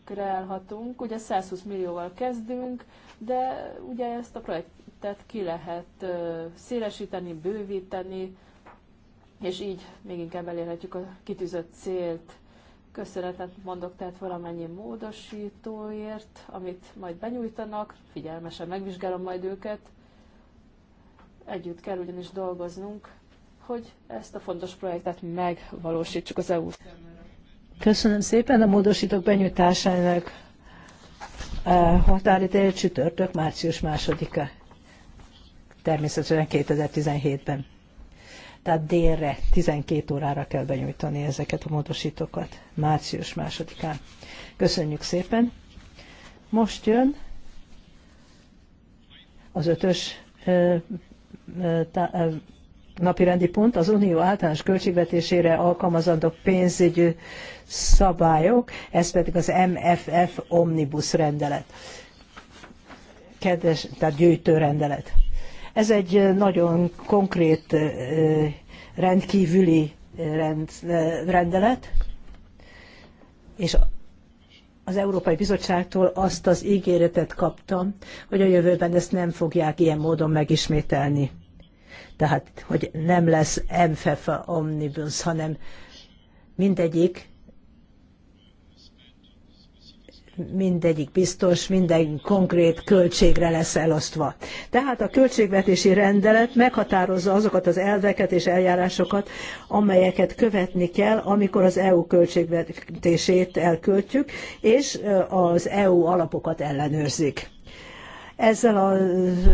kreálhatunk. Ugye 120 millióval kezdünk, de ugye ezt a projektet ki lehet szélesíteni, bővíteni, és így még inkább elérhetjük a kitűzött célt. Köszönetet mondok tehát valamennyi módosítóért, amit majd benyújtanak, figyelmesen megvizsgálom majd őket. Együtt kell ugyanis dolgoznunk, hogy ezt a fontos projektet megvalósítsuk az EU t Köszönöm szépen a módosítók benyújtásának eh, határidője csütörtök március 2-a, Természetesen 2017-ben tehát délre 12 órára kell benyújtani ezeket a módosítókat, március másodikán. Köszönjük szépen! Most jön az ötös napirendi pont az unió általános költségvetésére alkalmazandó pénzügyi szabályok, ez pedig az MFF omnibus rendelet. Kedves, tehát gyűjtő rendelet. Ez egy nagyon konkrét rendkívüli rend, rendelet, és az Európai Bizottságtól azt az ígéretet kaptam, hogy a jövőben ezt nem fogják ilyen módon megismételni. Tehát, hogy nem lesz MFF omnibus, hanem mindegyik mindegyik biztos, minden konkrét költségre lesz elosztva. Tehát a költségvetési rendelet meghatározza azokat az elveket és eljárásokat, amelyeket követni kell, amikor az EU költségvetését elköltjük, és az EU alapokat ellenőrzik. Ezzel a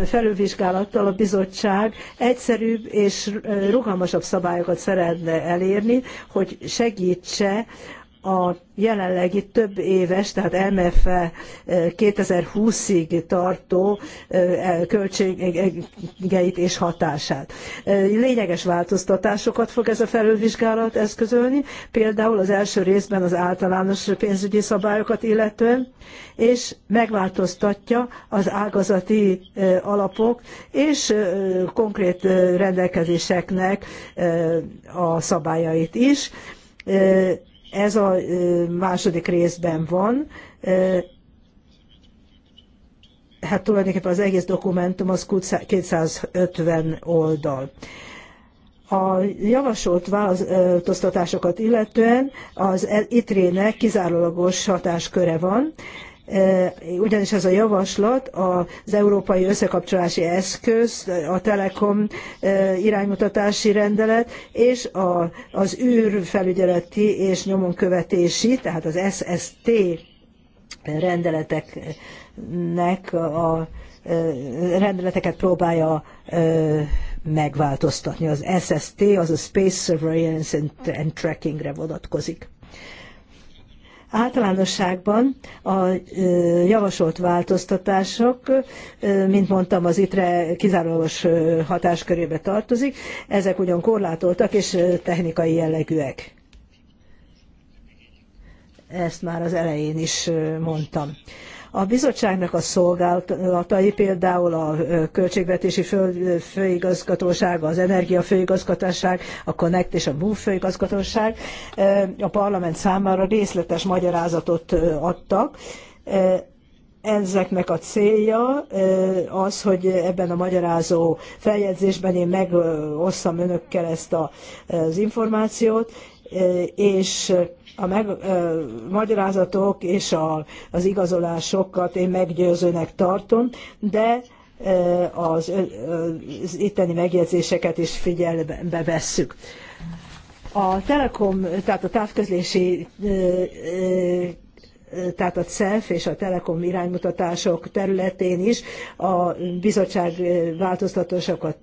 felülvizsgálattal a bizottság egyszerűbb és rugalmasabb szabályokat szeretne elérni, hogy segítse a jelenlegi több éves, tehát MF 2020-ig e, eh, tartó eh, költségeit és hatását. Eh, lényeges változtatásokat fog ez a felülvizsgálat eszközölni, például az első részben az általános pénzügyi szabályokat illetően, és megváltoztatja az ágazati alapok és konkrét rendelkezéseknek a szabályait is ez a második részben van. Hát tulajdonképpen az egész dokumentum az 250 oldal. A javasolt változtatásokat illetően az e- ITRÉ-nek kizárólagos hatásköre van, E, ugyanis ez a javaslat az európai összekapcsolási eszköz, a Telekom e, iránymutatási rendelet és a, az űrfelügyeleti és nyomonkövetési, tehát az SST rendeleteknek a e, rendeleteket próbálja megváltoztatni. Az SST, az a Space Surveillance and Trackingre vonatkozik. Általánosságban a javasolt változtatások, mint mondtam, az ITRE kizárólagos hatáskörébe tartozik, ezek ugyan korlátoltak és technikai jellegűek. Ezt már az elején is mondtam. A bizottságnak a szolgálatai, például a költségvetési fő, főigazgatóság, az energia főigazgatóság, a Connect és a MOVE főigazgatóság a parlament számára részletes magyarázatot adtak, ezeknek a célja az, hogy ebben a magyarázó feljegyzésben én megosszam önökkel ezt az információt, és a meg, magyarázatok és a, az igazolásokat én meggyőzőnek tartom, de az, az itteni megjegyzéseket is figyelbe vesszük. A Telekom, tehát a távközlési tehát a CEF és a Telekom iránymutatások területén is a bizottság változtatósokat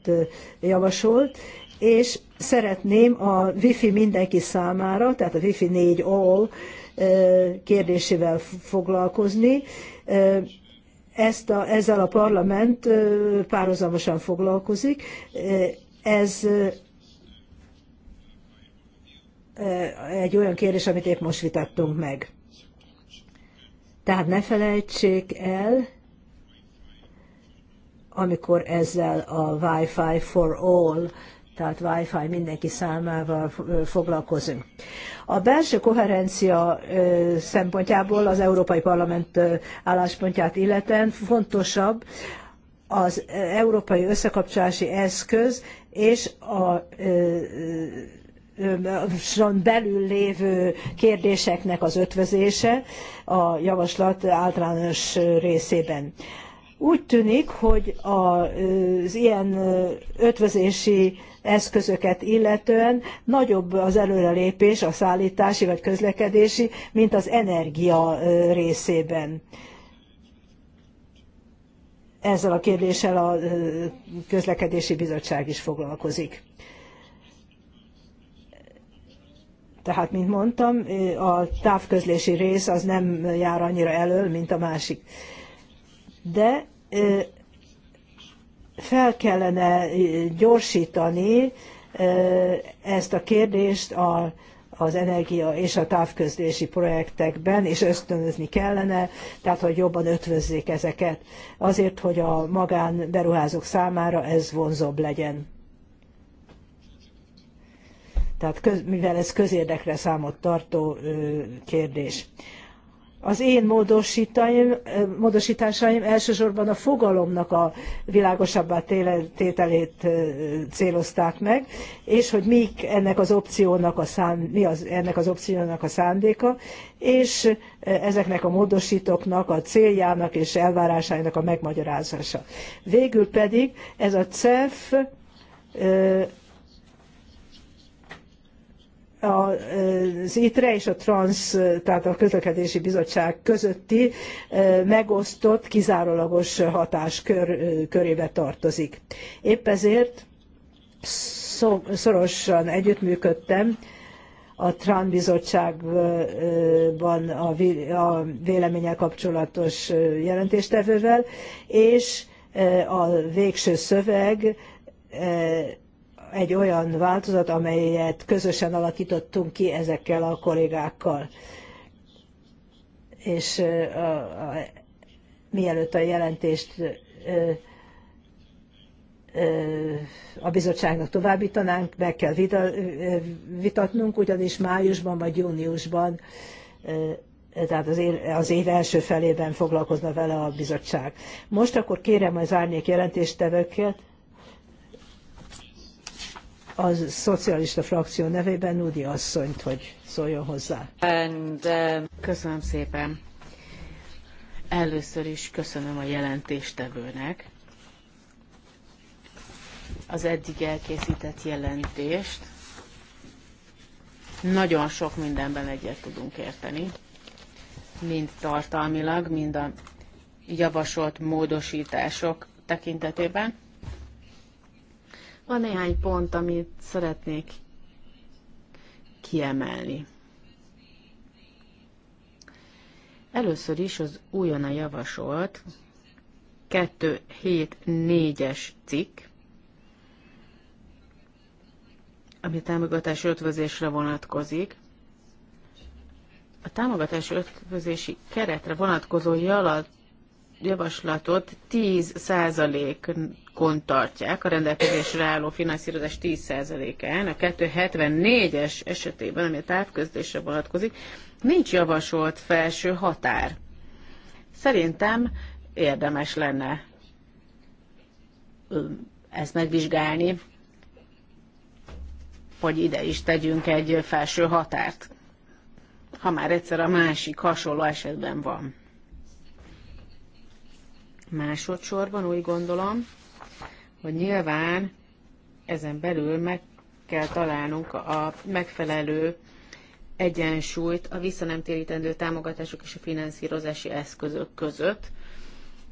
javasolt, és szeretném a Wi-Fi mindenki számára, tehát a Wi-Fi 4 All kérdésével foglalkozni. Ezt a, ezzel a parlament párhuzamosan foglalkozik. Ez egy olyan kérdés, amit épp most vitattunk meg. Tehát ne felejtsék el, amikor ezzel a Wi-Fi for All tehát Wi-Fi mindenki számával foglalkozunk. A belső koherencia szempontjából az Európai Parlament álláspontját illeten fontosabb az európai összekapcsolási eszköz és a belül lévő kérdéseknek az ötvözése a javaslat általános részében. Úgy tűnik, hogy az ilyen ötvözési eszközöket illetően nagyobb az előrelépés a szállítási vagy közlekedési, mint az energia részében. Ezzel a kérdéssel a közlekedési bizottság is foglalkozik. Tehát, mint mondtam, a távközlési rész az nem jár annyira elől, mint a másik. De fel kellene gyorsítani ezt a kérdést a, az energia és a távközlési projektekben, és ösztönözni kellene, tehát hogy jobban ötvözzék ezeket, azért, hogy a magán beruházók számára ez vonzóbb legyen. Tehát köz, mivel ez közérdekre számot tartó kérdés az én módosítaim, módosításaim elsősorban a fogalomnak a világosabbá tételét célozták meg, és hogy mi ennek az opciónak a, szán, mi az, ennek az opciónak a szándéka, és ezeknek a módosítóknak a céljának és elvárásainak a megmagyarázása. Végül pedig ez a CEF az ITRE és a TRANS, tehát a Közlekedési Bizottság közötti megosztott, kizárólagos hatáskör körébe tartozik. Épp ezért szorosan együttműködtem a TRAN bizottságban a véleménye kapcsolatos jelentéstevővel, és a végső szöveg egy olyan változat, amelyet közösen alakítottunk ki ezekkel a kollégákkal. És a, a, mielőtt a jelentést ö, a bizottságnak továbbítanánk, meg kell vitatnunk, ugyanis májusban vagy júniusban, tehát az év, az év első felében foglalkozna vele a bizottság. Most akkor kérem az árnyék jelentéstevőket, a szocialista frakció nevében Nudi asszonyt, hogy szóljon hozzá. And, um... Köszönöm szépen. Először is köszönöm a jelentéstevőnek az eddig elkészített jelentést. Nagyon sok mindenben egyet tudunk érteni, mind tartalmilag, mind a javasolt módosítások tekintetében van néhány pont, amit szeretnék kiemelni. Először is az újonnan javasolt 274-es cikk, ami támogatási ötvözésre vonatkozik. A támogatási ötvözési keretre vonatkozó javaslatot 10%-on tartják, a rendelkezésre álló finanszírozás 10%-án, a 274-es esetében, ami a távközlésre vonatkozik, nincs javasolt felső határ. Szerintem érdemes lenne ezt megvizsgálni, hogy ide is tegyünk egy felső határt, ha már egyszer a másik hasonló esetben van. Másodszorban úgy gondolom, hogy nyilván ezen belül meg kell találnunk a megfelelő egyensúlyt a visszanemtérítendő támogatások és a finanszírozási eszközök között,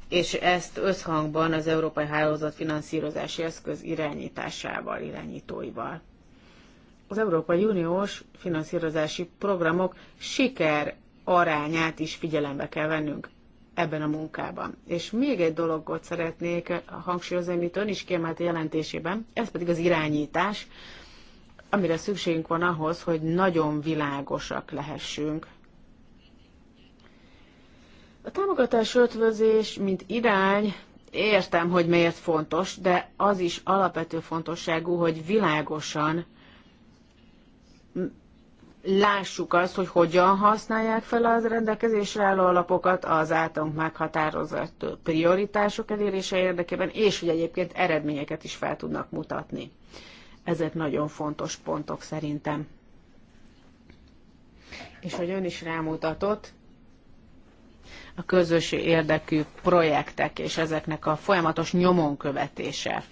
és ezt összhangban az Európai Hálózat finanszírozási eszköz irányításával, irányítóival. Az Európai Uniós finanszírozási programok siker arányát is figyelembe kell vennünk ebben a munkában. És még egy dologot szeretnék hangsúlyozni, amit ön is kiemelt a jelentésében, ez pedig az irányítás, amire szükségünk van ahhoz, hogy nagyon világosak lehessünk. A támogatás ötvözés, mint irány, értem, hogy miért fontos, de az is alapvető fontosságú, hogy világosan lássuk azt, hogy hogyan használják fel az rendelkezésre álló alapokat az általunk meghatározott prioritások elérése érdekében, és hogy egyébként eredményeket is fel tudnak mutatni. Ezek nagyon fontos pontok szerintem. És hogy ön is rámutatott, a közös érdekű projektek és ezeknek a folyamatos nyomon követése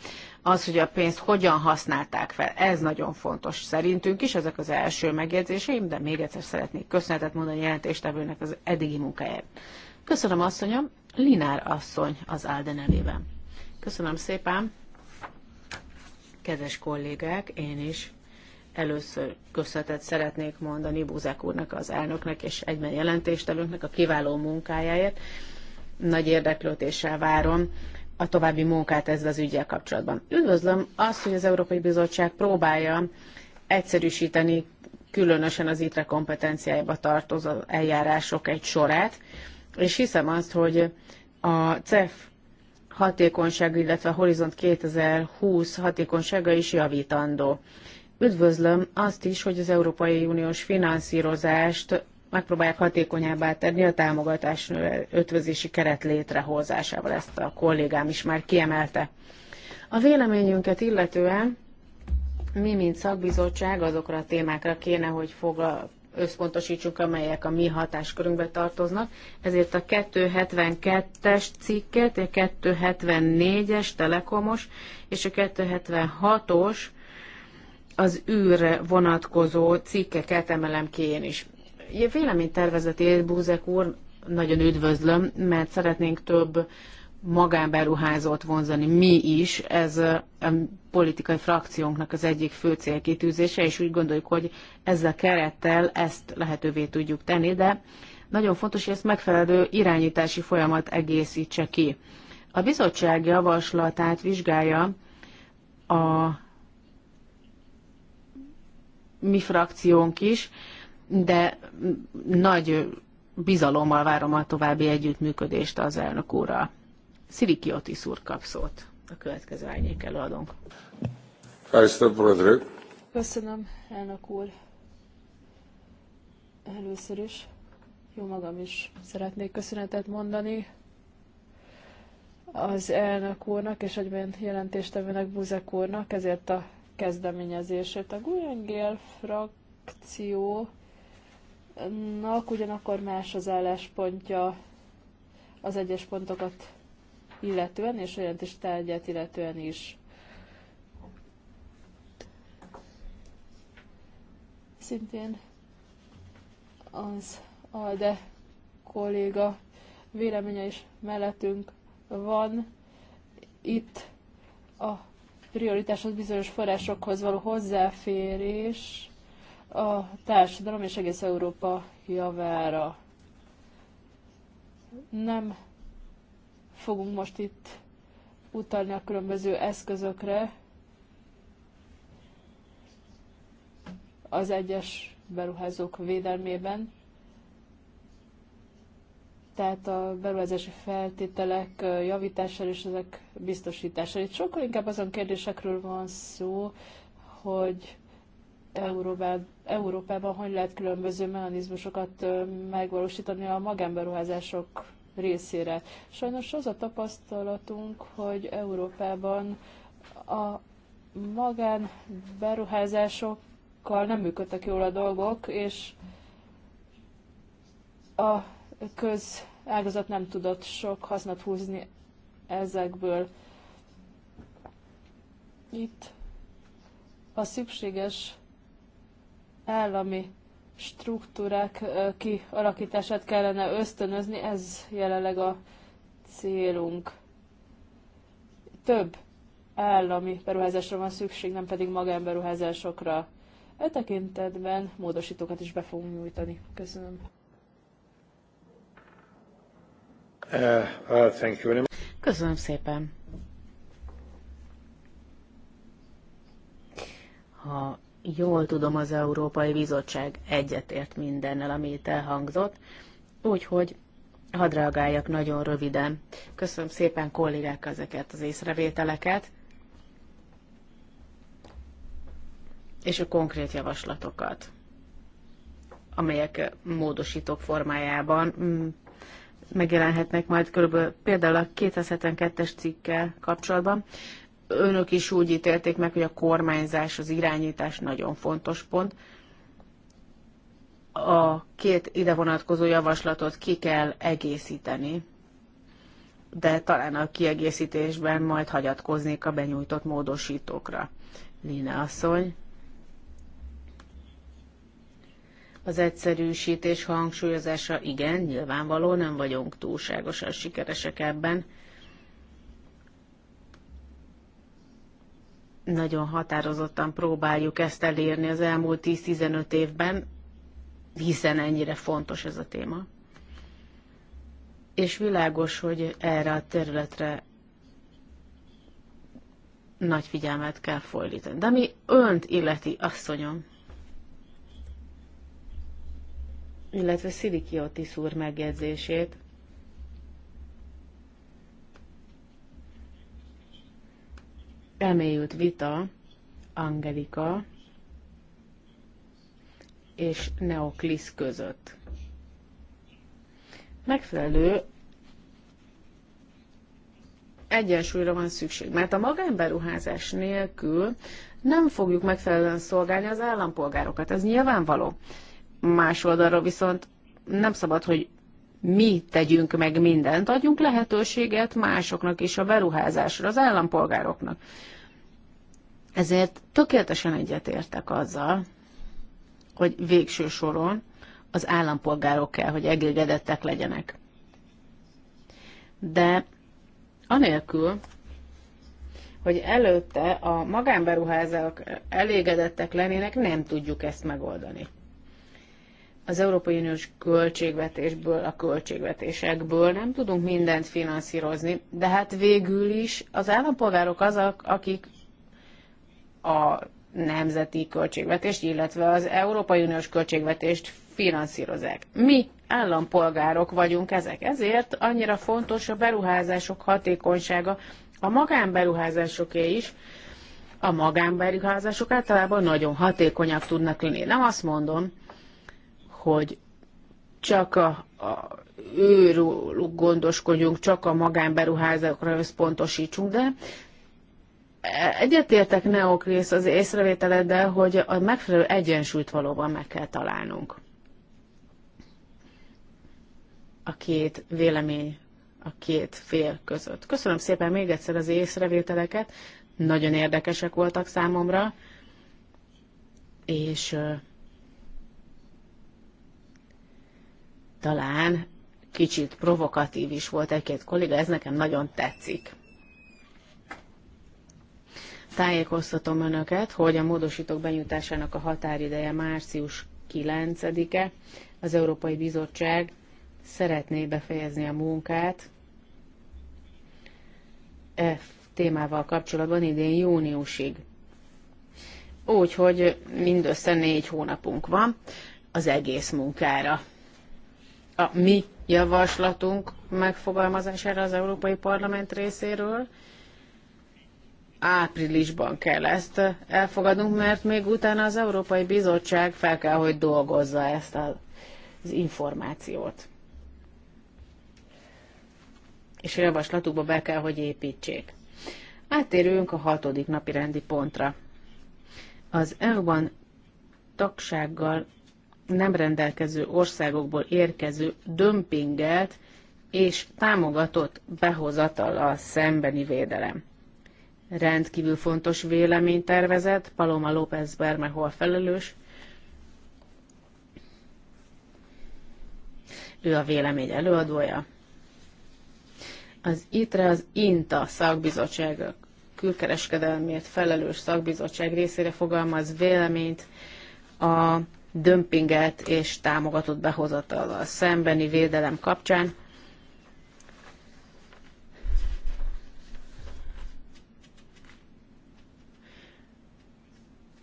az, hogy a pénzt hogyan használták fel, ez nagyon fontos szerintünk is, ezek az első megjegyzéseim, de még egyszer szeretnék köszönetet mondani a jelentéstevőnek az eddigi munkáját. Köszönöm asszonyom, Linár asszony az Alden nevében. Köszönöm szépen, kedves kollégák, én is először köszönetet szeretnék mondani Búzák úrnak, az elnöknek és egyben jelentéstevőnknek a kiváló munkájáért. Nagy érdeklődéssel várom a további munkát ezzel az ügyel kapcsolatban. Üdvözlöm azt, hogy az Európai Bizottság próbálja egyszerűsíteni különösen az ITRE kompetenciájába tartozó eljárások egy sorát, és hiszem azt, hogy a CEF hatékonyság, illetve a Horizont 2020 hatékonysága is javítandó. Üdvözlöm azt is, hogy az Európai Uniós finanszírozást megpróbálják hatékonyabbá tenni a támogatás ötvözési keret létrehozásával. Ezt a kollégám is már kiemelte. A véleményünket illetően mi, mint szakbizottság, azokra a témákra kéne, hogy foglal, összpontosítsunk, amelyek a mi hatáskörünkbe tartoznak. Ezért a 272-es cikket, a 274-es telekomos és a 276-os az űrre vonatkozó cikkeket emelem ki én is véleménytervezetét Búzek úr nagyon üdvözlöm, mert szeretnénk több magánberuházót vonzani mi is. Ez a politikai frakciónknak az egyik fő célkitűzése, és úgy gondoljuk, hogy ezzel kerettel ezt lehetővé tudjuk tenni, de nagyon fontos, hogy ezt megfelelő irányítási folyamat egészítse ki. A bizottság javaslatát vizsgálja a mi frakciónk is, de nagy bizalommal várom a további együttműködést az elnök úrral. Sziriki Otis úr kap szót. A következő árnyék előadónk. Köszönöm, elnök úr. Először is jó magam is szeretnék köszönetet mondani az elnök úrnak és egyben jelentéstevőnek Buzek úrnak ezért a kezdeményezését. A Gurengél frakció nak ugyanakkor más az álláspontja az egyes pontokat illetően, és a jelentés tárgyát illetően is. Szintén az ALDE kolléga véleménye is mellettünk van. Itt a prioritás az bizonyos forrásokhoz való hozzáférés, a társadalom és egész Európa javára. Nem fogunk most itt utalni a különböző eszközökre, az egyes beruházók védelmében. Tehát a beruházási feltételek javítására és ezek biztosítására. Itt sokkal inkább azon kérdésekről van szó, hogy Európában hogy lehet különböző mechanizmusokat megvalósítani a magánberuházások részére. Sajnos az a tapasztalatunk, hogy Európában a magánberuházásokkal nem működtek jól a dolgok, és a közágazat nem tudott sok hasznot húzni ezekből. Itt a szükséges állami struktúrák kialakítását kellene ösztönözni, ez jelenleg a célunk. Több állami beruházásra van szükség, nem pedig magánberuházásokra. E tekintetben módosítókat is be fogunk nyújtani. Köszönöm. Uh, uh, Köszönöm szépen. Ha jól tudom, az Európai Bizottság egyetért mindennel, ami itt elhangzott, úgyhogy hadd reagáljak nagyon röviden. Köszönöm szépen kollégák ezeket az észrevételeket, és a konkrét javaslatokat, amelyek módosítók formájában mm, megjelenhetnek majd körülbelül például a 272-es cikkel kapcsolatban önök is úgy ítélték meg, hogy a kormányzás, az irányítás nagyon fontos pont. A két ide vonatkozó javaslatot ki kell egészíteni, de talán a kiegészítésben majd hagyatkoznék a benyújtott módosítókra. Lina asszony. Az egyszerűsítés hangsúlyozása igen, nyilvánvaló, nem vagyunk túlságosan sikeresek ebben nagyon határozottan próbáljuk ezt elérni az elmúlt 10-15 évben, hiszen ennyire fontos ez a téma. És világos, hogy erre a területre nagy figyelmet kell fordítani. De mi önt illeti, asszonyom, illetve Szilikiotis úr megjegyzését, elmélyült vita Angelika és Neoklis között. Megfelelő egyensúlyra van szükség, mert a magánberuházás nélkül nem fogjuk megfelelően szolgálni az állampolgárokat. Ez nyilvánvaló. Más oldalról viszont nem szabad, hogy mi tegyünk meg mindent, adjunk lehetőséget másoknak is a beruházásra, az állampolgároknak. Ezért tökéletesen egyetértek azzal, hogy végső soron az állampolgárok kell, hogy elégedettek legyenek. De anélkül, hogy előtte a magánberuházók elégedettek lennének, nem tudjuk ezt megoldani az Európai Uniós költségvetésből, a költségvetésekből nem tudunk mindent finanszírozni, de hát végül is az állampolgárok azok, akik a nemzeti költségvetést, illetve az Európai Uniós költségvetést finanszírozák. Mi állampolgárok vagyunk ezek, ezért annyira fontos a beruházások hatékonysága, a magánberuházásoké is, a magánberuházások általában nagyon hatékonyak tudnak lenni. Nem azt mondom, hogy csak a, a őróluk gondoskodjunk, csak a magánberuházakra összpontosítsunk, de egyetértek Neokrész az észrevételeddel, hogy a megfelelő egyensúlyt valóban meg kell találnunk. A két vélemény a két fél között. Köszönöm szépen még egyszer az észrevételeket, nagyon érdekesek voltak számomra, és talán kicsit provokatív is volt egy-két kolléga, ez nekem nagyon tetszik. Tájékoztatom Önöket, hogy a módosítók benyújtásának a határideje március 9-e. Az Európai Bizottság szeretné befejezni a munkát e témával kapcsolatban idén júniusig. Úgyhogy mindössze négy hónapunk van az egész munkára a mi javaslatunk megfogalmazására az Európai Parlament részéről. Áprilisban kell ezt elfogadnunk, mert még utána az Európai Bizottság fel kell, hogy dolgozza ezt az információt. És a javaslatukba be kell, hogy építsék. Áttérünk a hatodik napi rendi pontra. Az EU-ban tagsággal nem rendelkező országokból érkező dömpingelt és támogatott behozatallal szembeni védelem. Rendkívül fontos véleménytervezet, Paloma López Bermehol felelős, ő a vélemény előadója. Az ITRE az INTA szakbizottság, külkereskedelmért felelős szakbizottság részére fogalmaz véleményt a dömpinget és támogatott a szembeni védelem kapcsán.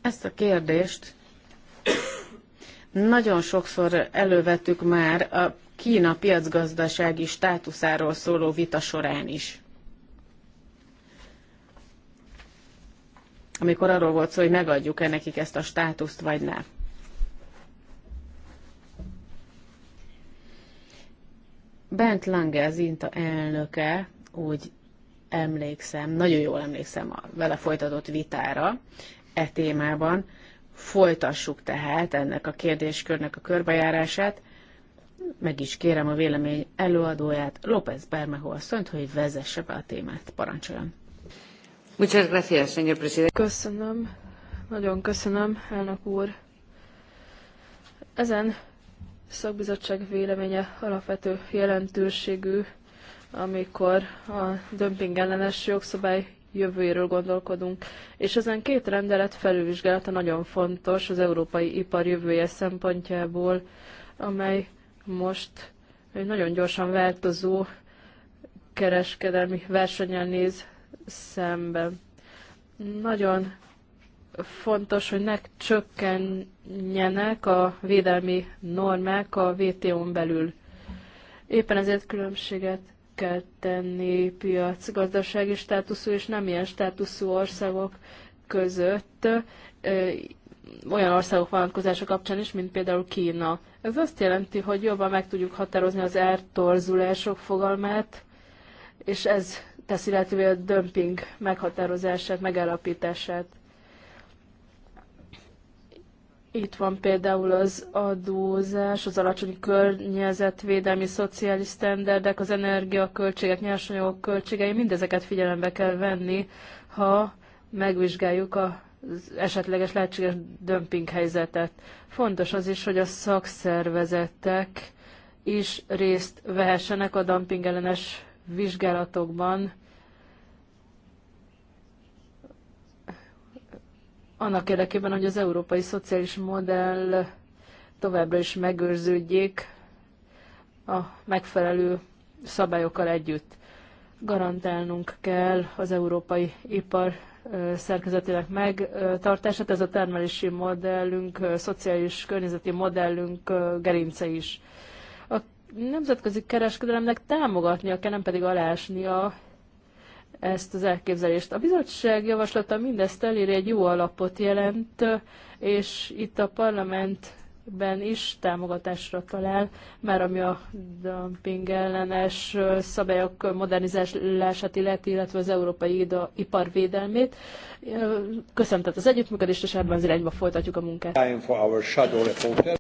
Ezt a kérdést nagyon sokszor elővettük már a Kína piacgazdasági státuszáról szóló vita során is. Amikor arról volt szó, hogy megadjuk-e nekik ezt a státuszt, vagy nem. Bent Lange, az INTA elnöke, úgy emlékszem, nagyon jól emlékszem a vele folytatott vitára e témában. Folytassuk tehát ennek a kérdéskörnek a körbejárását. Meg is kérem a vélemény előadóját, López Bermeho asszonyt, hogy vezesse be a témát. Parancsoljon! Muchas gracias, señor presidente. Köszönöm, nagyon köszönöm, elnök úr. Ezen szakbizottság véleménye alapvető jelentőségű, amikor a dömping ellenes jogszabály jövőjéről gondolkodunk, és ezen két rendelet felülvizsgálata nagyon fontos az európai ipar jövője szempontjából, amely most egy nagyon gyorsan változó kereskedelmi versenyen néz szembe. Nagyon fontos, hogy ne csökkenjenek a védelmi normák a WTO-n belül. Éppen ezért különbséget kell tenni piacgazdasági státuszú és nem ilyen státuszú országok között olyan országok vonatkozása kapcsán is, mint például Kína. Ez azt jelenti, hogy jobban meg tudjuk határozni az ártorzulások fogalmát, és ez teszi lehetővé a dömping meghatározását, megállapítását. Itt van például az adózás, az alacsony környezetvédelmi, szociális sztenderdek, az energiaköltségek, nyersanyagok költségei, mindezeket figyelembe kell venni, ha megvizsgáljuk a esetleges lehetséges dömping helyzetet. Fontos az is, hogy a szakszervezetek is részt vehessenek a dumping ellenes vizsgálatokban, annak érdekében, hogy az európai szociális modell továbbra is megőrződjék a megfelelő szabályokkal együtt. Garantálnunk kell az európai ipar szerkezetének megtartását, ez a termelési modellünk, szociális környezeti modellünk gerince is. A nemzetközi kereskedelemnek támogatnia kell, nem pedig alásnia ezt az elképzelést. A bizottság javaslata mindezt elér egy jó alapot jelent, és itt a parlamentben is támogatásra talál, már ami a dumping ellenes szabályok modernizálását illeti, illetve az európai iparvédelmét. Köszönöm tehát az együttműködést, és ebben az irányba folytatjuk a munkát.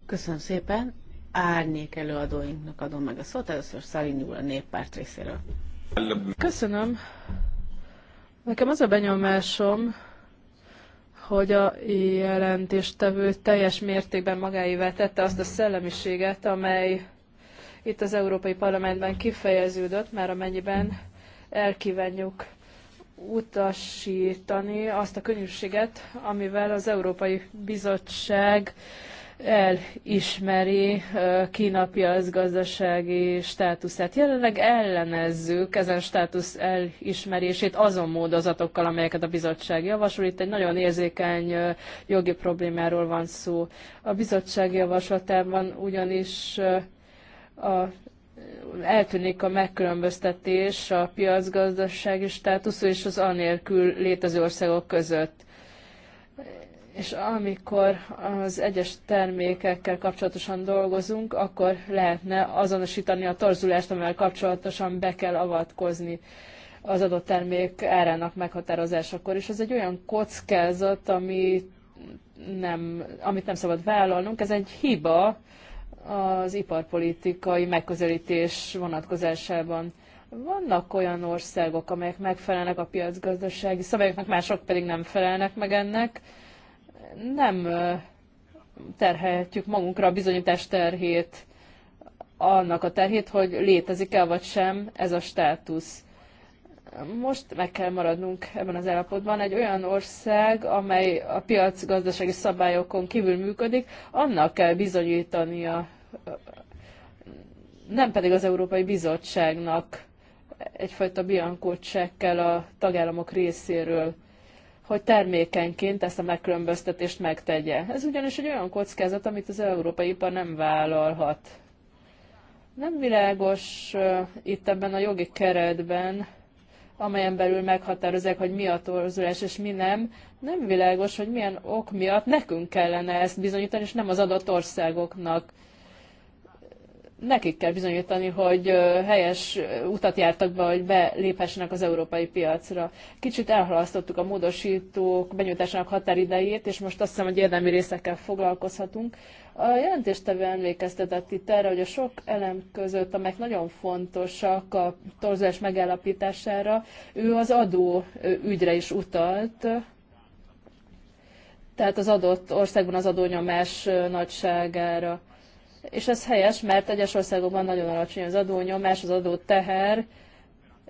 Köszönöm szépen. Árnyék előadóinknak adom meg a szót, először Szalini úr a néppárt részéről. Köszönöm. Nekem az a benyomásom, hogy a jelentéstevő teljes mértékben magáévá tette azt a szellemiséget, amely itt az Európai Parlamentben kifejeződött, már amennyiben elkívánjuk utasítani azt a könnyűséget, amivel az Európai Bizottság elismeri Kína piacgazdasági státuszát. Jelenleg ellenezzük ezen státusz elismerését azon módozatokkal, amelyeket a bizottság javasol. Itt egy nagyon érzékeny jogi problémáról van szó. A bizottság javaslatában ugyanis a eltűnik a megkülönböztetés a piacgazdasági státuszú és az anélkül létező országok között. És amikor az egyes termékekkel kapcsolatosan dolgozunk, akkor lehetne azonosítani a torzulást, amivel kapcsolatosan be kell avatkozni az adott termék árának meghatározásakor. És ez egy olyan kockázat, ami nem, amit nem szabad vállalnunk. Ez egy hiba az iparpolitikai megközelítés vonatkozásában. Vannak olyan országok, amelyek megfelelnek a piacgazdasági szabályoknak, mások pedig nem felelnek meg ennek nem terhetjük magunkra a bizonyítás terhét, annak a terhét, hogy létezik-e vagy sem ez a státusz. Most meg kell maradnunk ebben az állapotban. Egy olyan ország, amely a piac gazdasági szabályokon kívül működik, annak kell bizonyítania, nem pedig az Európai Bizottságnak egyfajta biankócsekkel a tagállamok részéről hogy termékenként ezt a megkülönböztetést megtegye. Ez ugyanis egy olyan kockázat, amit az európai ipar nem vállalhat. Nem világos uh, itt ebben a jogi keretben, amelyen belül meghatározzák, hogy mi a torzulás és mi nem, nem világos, hogy milyen ok miatt nekünk kellene ezt bizonyítani, és nem az adott országoknak nekik kell bizonyítani, hogy helyes utat jártak be, hogy beléphessenek az európai piacra. Kicsit elhalasztottuk a módosítók benyújtásának határidejét, és most azt hiszem, hogy érdemi részekkel foglalkozhatunk. A jelentéstevő emlékeztetett itt erre, hogy a sok elem között, amelyek nagyon fontosak a torzás megállapítására, ő az adó ügyre is utalt, tehát az adott országban az adónyomás nagyságára és ez helyes, mert egyes országokban nagyon alacsony az adónyomás, az adó teher,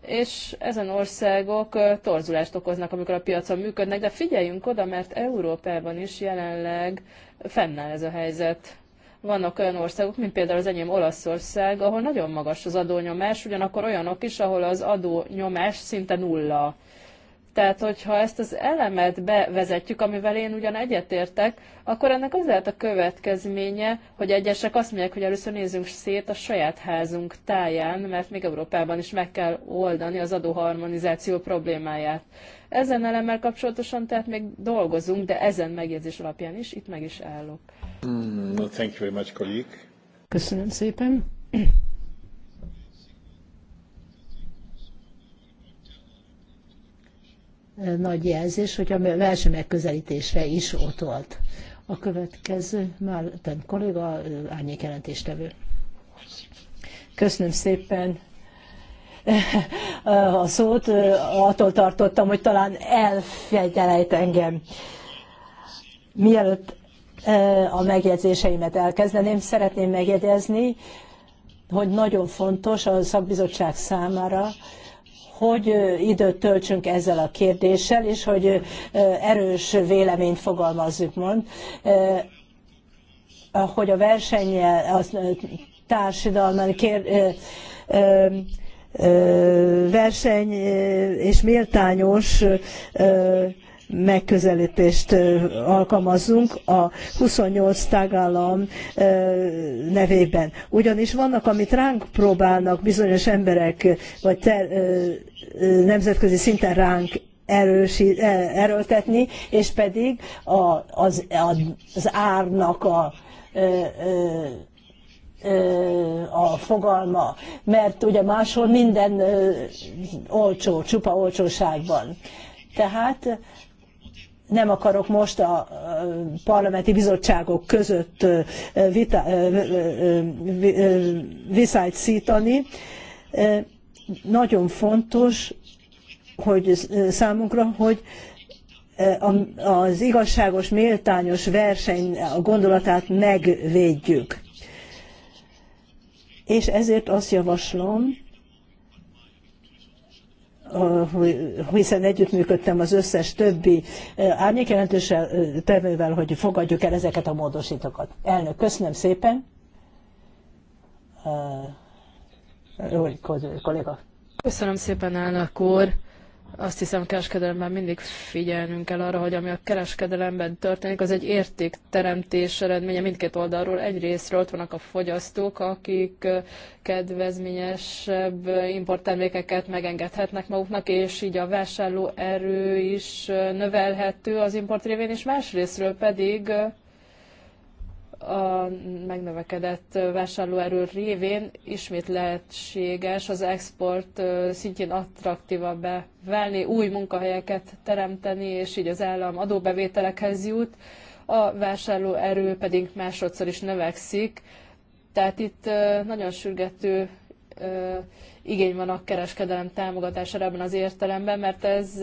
és ezen országok torzulást okoznak, amikor a piacon működnek, de figyeljünk oda, mert Európában is jelenleg fennáll ez a helyzet. Vannak olyan országok, mint például az enyém Olaszország, ahol nagyon magas az adónyomás, ugyanakkor olyanok is, ahol az adónyomás szinte nulla. Tehát, hogyha ezt az elemet bevezetjük, amivel én ugyan egyetértek, akkor ennek az lehet a következménye, hogy egyesek azt mondják, hogy először nézzünk szét a saját házunk táján, mert még Európában is meg kell oldani az adóharmonizáció problémáját. Ezen elemmel kapcsolatosan tehát még dolgozunk, de ezen megjegyzés alapján is itt meg is állok. Mm, thank you very much, colleague. Köszönöm szépen. nagy jelzés, hogy a verseny megközelítésre is ott volt. A következő, már ten kolléga, árnyék jelentéstevő. Köszönöm szépen eh, a szót, attól tartottam, hogy talán elfegyelejt engem. Mielőtt eh, a megjegyzéseimet elkezdeném, szeretném megjegyezni, hogy nagyon fontos a szakbizottság számára, hogy időt töltsünk ezzel a kérdéssel, és hogy erős véleményt fogalmazzuk mond, hogy a versennyel, a társadalmi kér, verseny és méltányos megközelítést alkalmazzunk a 28 tagállam nevében. Ugyanis vannak, amit ránk próbálnak bizonyos emberek, vagy nemzetközi szinten ránk erősi, e, erőltetni, és pedig a, az, az árnak a a fogalma, mert ugye máshol minden olcsó, csupa olcsóságban. Tehát nem akarok most a parlamenti bizottságok között viszályt szítani. Nagyon fontos hogy számunkra, hogy az igazságos, méltányos verseny gondolatát megvédjük. És ezért azt javaslom, hiszen együttműködtem az összes többi árnyékjelentőssel tevővel, hogy fogadjuk el ezeket a módosítókat. Elnök, köszönöm szépen. Jó, kolléga. Köszönöm szépen, elnök úr. Azt hiszem, kereskedelemben mindig figyelnünk kell arra, hogy ami a kereskedelemben történik, az egy értékteremtés eredménye mindkét oldalról. Egyrésztről ott vannak a fogyasztók, akik kedvezményesebb importtermékeket megengedhetnek maguknak, és így a vásárlóerő is növelhető az import révén, és másrésztről pedig a megnövekedett vásárlóerő révén ismét lehetséges az export szintjén attraktívabbá válni, új munkahelyeket teremteni, és így az állam adóbevételekhez jut, a vásárlóerő pedig másodszor is növekszik. Tehát itt nagyon sürgető igény van a kereskedelem támogatására ebben az értelemben, mert ez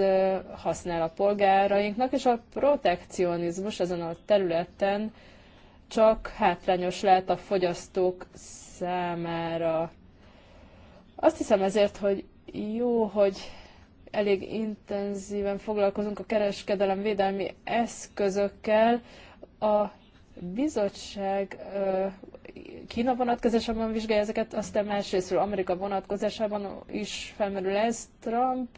használ a polgárainknak, és a protekcionizmus ezen a területen csak hátrányos lehet a fogyasztók számára. Azt hiszem ezért, hogy jó, hogy elég intenzíven foglalkozunk a kereskedelem védelmi eszközökkel. A bizottság Kína vonatkozásában vizsgálja ezeket, aztán másrésztről Amerika vonatkozásában is felmerül ez. Trump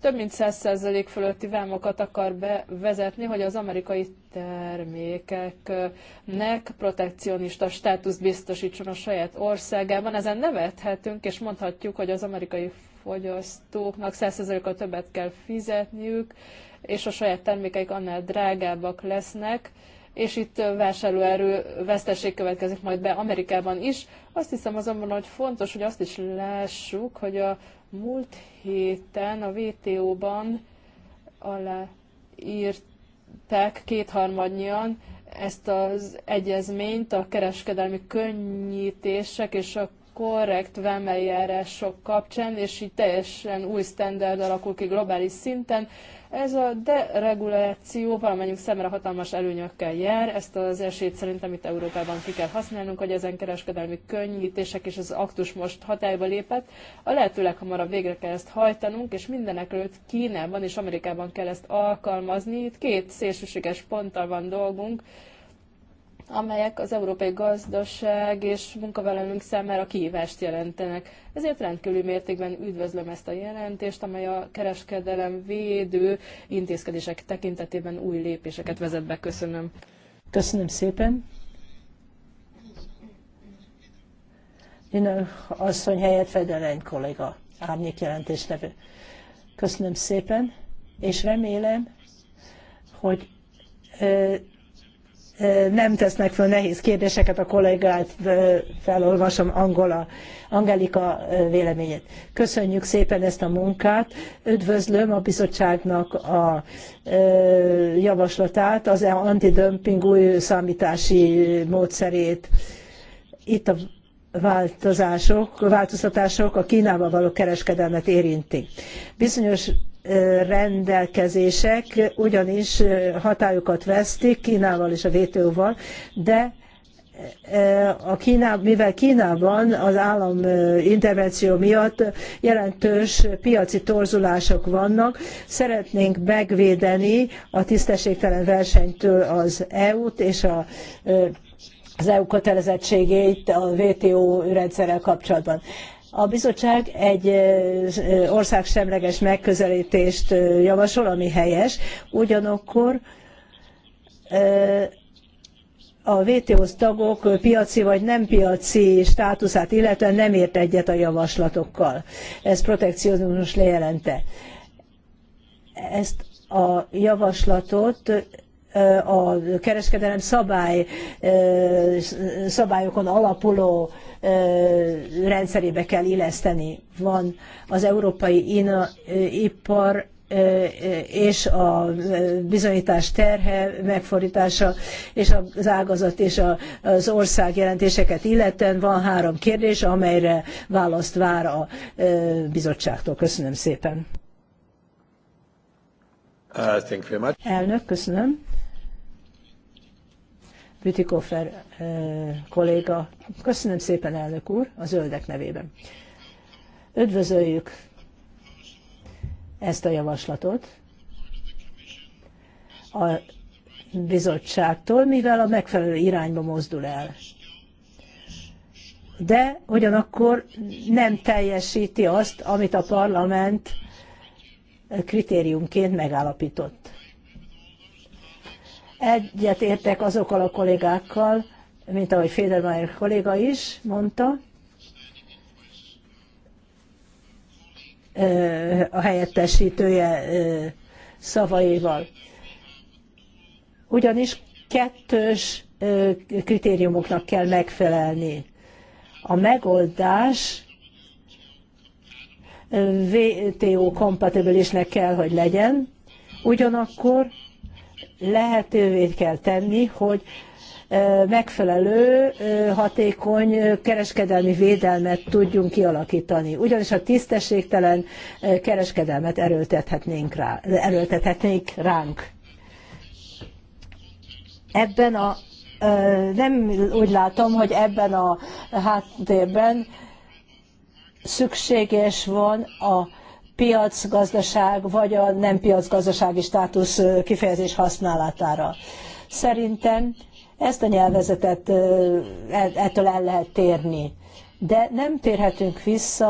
több mint 100% fölötti vámokat akar bevezetni, hogy az amerikai termékeknek protekcionista státuszt biztosítson a saját országában. Ezen nevethetünk, és mondhatjuk, hogy az amerikai fogyasztóknak 100%-kal többet kell fizetniük, és a saját termékeik annál drágábbak lesznek és itt vásárlóerő veszteség következik majd be Amerikában is. Azt hiszem azonban, hogy fontos, hogy azt is lássuk, hogy a múlt héten a WTO-ban aláírták kétharmadnyian ezt az egyezményt a kereskedelmi könnyítések és a korrekt vámeljárások kapcsán, és így teljesen új standard alakul ki globális szinten. Ez a dereguláció valamennyiünk szemre hatalmas előnyökkel jár, ezt az esélyt szerintem itt Európában ki kell használnunk, hogy ezen kereskedelmi könnyítések és az aktus most hatályba lépett. A lehető leghamarabb végre kell ezt hajtanunk, és mindenek előtt Kínában és Amerikában kell ezt alkalmazni. Itt két szélsőséges ponttal van dolgunk, amelyek az európai gazdaság és munkavállalóink számára kihívást jelentenek. Ezért rendkívül mértékben üdvözlöm ezt a jelentést, amely a kereskedelem védő intézkedések tekintetében új lépéseket vezet be. Köszönöm. Köszönöm szépen. Én asszony helyett Fedelány kolléga, árnyék nevű. Köszönöm szépen, és remélem, hogy nem tesznek föl nehéz kérdéseket, a kollégát felolvasom Angola, Angelika véleményét. Köszönjük szépen ezt a munkát, üdvözlöm a bizottságnak a javaslatát, az e antidömping új számítási módszerét. Itt a változások, változtatások a Kínával való kereskedelmet érintik. Bizonyos rendelkezések ugyanis hatályukat vesztik Kínával és a WTO-val, de a Kína, mivel Kínában az állam intervenció miatt jelentős piaci torzulások vannak, szeretnénk megvédeni a tisztességtelen versenytől az EU-t és a az EU kötelezettségeit a WTO rendszerrel kapcsolatban. A bizottság egy országsemleges megközelítést javasol, ami helyes, ugyanakkor a WTO tagok piaci vagy nem piaci státuszát illetően nem ért egyet a javaslatokkal. Ez protekcionizmus lejelente. Ezt a javaslatot a kereskedelem szabály, szabályokon alapuló rendszerébe kell illeszteni. Van az európai ina, ipar és a bizonyítás terhe megfordítása és az ágazat és az ország jelentéseket illetően van három kérdés, amelyre választ vár a bizottságtól. Köszönöm szépen. Uh, thank you very much. Elnök, köszönöm. Bütikofer kolléga. Köszönöm szépen, elnök úr, a zöldek nevében. Üdvözöljük ezt a javaslatot a bizottságtól, mivel a megfelelő irányba mozdul el. De ugyanakkor nem teljesíti azt, amit a parlament kritériumként megállapított. Egyet értek azokkal a kollégákkal, mint ahogy Federmeier kolléga is mondta, a helyettesítője szavaival. Ugyanis kettős kritériumoknak kell megfelelni. A megoldás VTO kompatibilisnek kell, hogy legyen, ugyanakkor lehetővé kell tenni, hogy megfelelő, hatékony kereskedelmi védelmet tudjunk kialakítani. Ugyanis a tisztességtelen kereskedelmet erőltethetnénk rá, erőltethetnénk ránk. Ebben a nem úgy látom, hogy ebben a háttérben szükséges van a piacgazdaság vagy a nem piacgazdasági státusz kifejezés használatára. Szerintem ezt a nyelvezetet e, ettől el lehet térni. De nem térhetünk vissza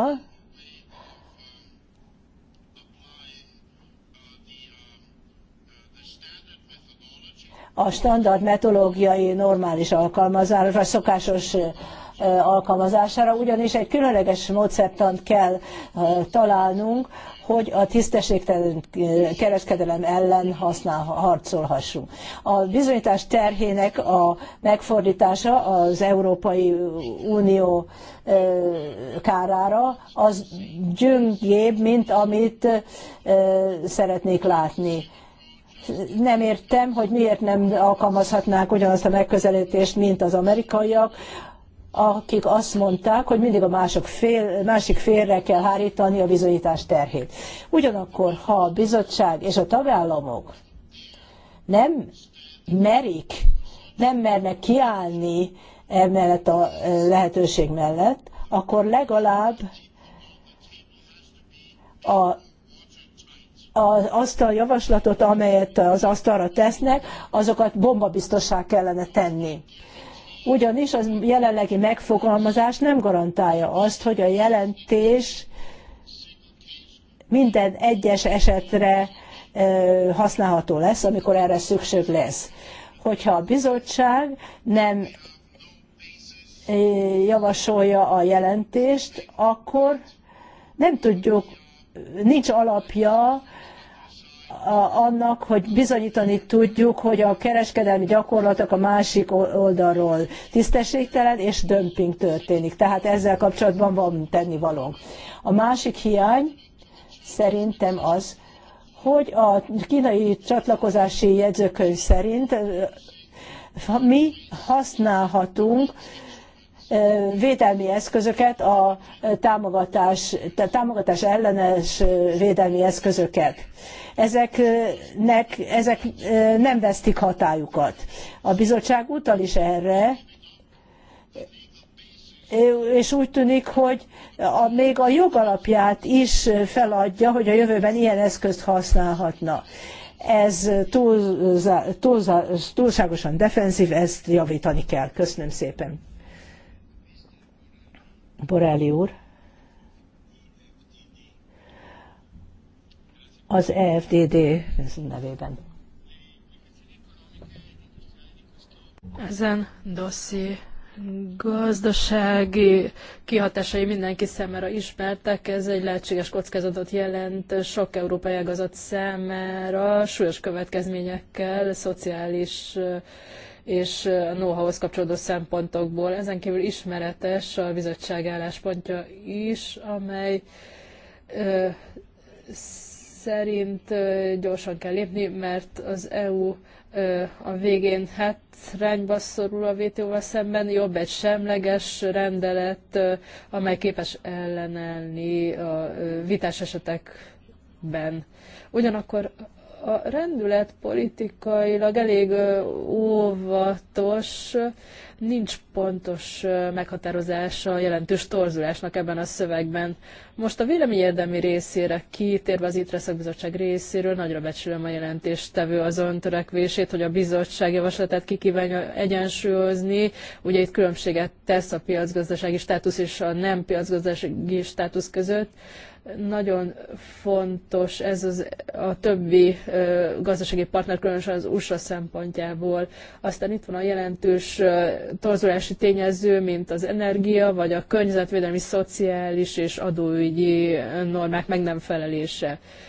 a standard metodológiai normális alkalmazásra, szokásos alkalmazására, ugyanis egy különleges módszertant kell találnunk, hogy a tisztességtelen kereskedelem ellen használ, harcolhassunk. A bizonyítás terhének a megfordítása az Európai Unió kárára az gyöngébb, mint amit szeretnék látni nem értem, hogy miért nem alkalmazhatnák ugyanazt a megközelítést, mint az amerikaiak, akik azt mondták, hogy mindig a mások fél, másik félre kell hárítani a bizonyítás terhét. Ugyanakkor, ha a bizottság és a tagállamok nem merik, nem mernek kiállni emellett a eh, lehetőség mellett, akkor legalább a az asztal javaslatot, amelyet az asztalra tesznek, azokat bombabiztossá kellene tenni ugyanis a jelenlegi megfogalmazás nem garantálja azt, hogy a jelentés minden egyes esetre használható lesz, amikor erre szükség lesz. Hogyha a bizottság nem javasolja a jelentést, akkor nem tudjuk, nincs alapja annak, hogy bizonyítani tudjuk, hogy a kereskedelmi gyakorlatok a másik oldalról tisztességtelen és dömping történik. Tehát ezzel kapcsolatban van tennivalónk. A másik hiány szerintem az, hogy a kínai csatlakozási jegyzőkönyv szerint mi használhatunk védelmi eszközöket, a támogatás, támogatás ellenes védelmi eszközöket ezeknek, ezek nem vesztik hatájukat. A bizottság utal is erre, és úgy tűnik, hogy a, még a jogalapját is feladja, hogy a jövőben ilyen eszközt használhatna. Ez túlza, túlságosan defenzív, ezt javítani kell. Köszönöm szépen. Borelli úr. az EFDD nevében. Ezen dosszi gazdasági kihatásai mindenki számára ismertek, ez egy lehetséges kockázatot jelent sok európai ágazat számára, súlyos következményekkel, szociális eh, és eh, know-how-hoz kapcsolódó szempontokból. Ezen kívül ismeretes a bizottság álláspontja is, amely ö, eh, szerint gyorsan kell lépni, mert az EU a végén rányba szorul a WTO-val szemben, jobb egy semleges rendelet, amely képes ellenállni a vitás esetekben. Ugyanakkor a rendület politikailag elég óvatos, nincs pontos meghatározása a jelentős torzulásnak ebben a szövegben. Most a véleményérdemi részére kitérve az ITRE szakbizottság részéről nagyra becsülöm a jelentéstevő azon törekvését, hogy a bizottság javaslatát kívánja egyensúlyozni. Ugye itt különbséget tesz a piacgazdasági státusz és a nem piacgazdasági státusz között nagyon fontos ez az, a többi ö, gazdasági partner, különösen az USA szempontjából. Aztán itt van a jelentős ö, torzulási tényező, mint az energia, vagy a környezetvédelmi, szociális és adóügyi normák meg nem felelése. Ö,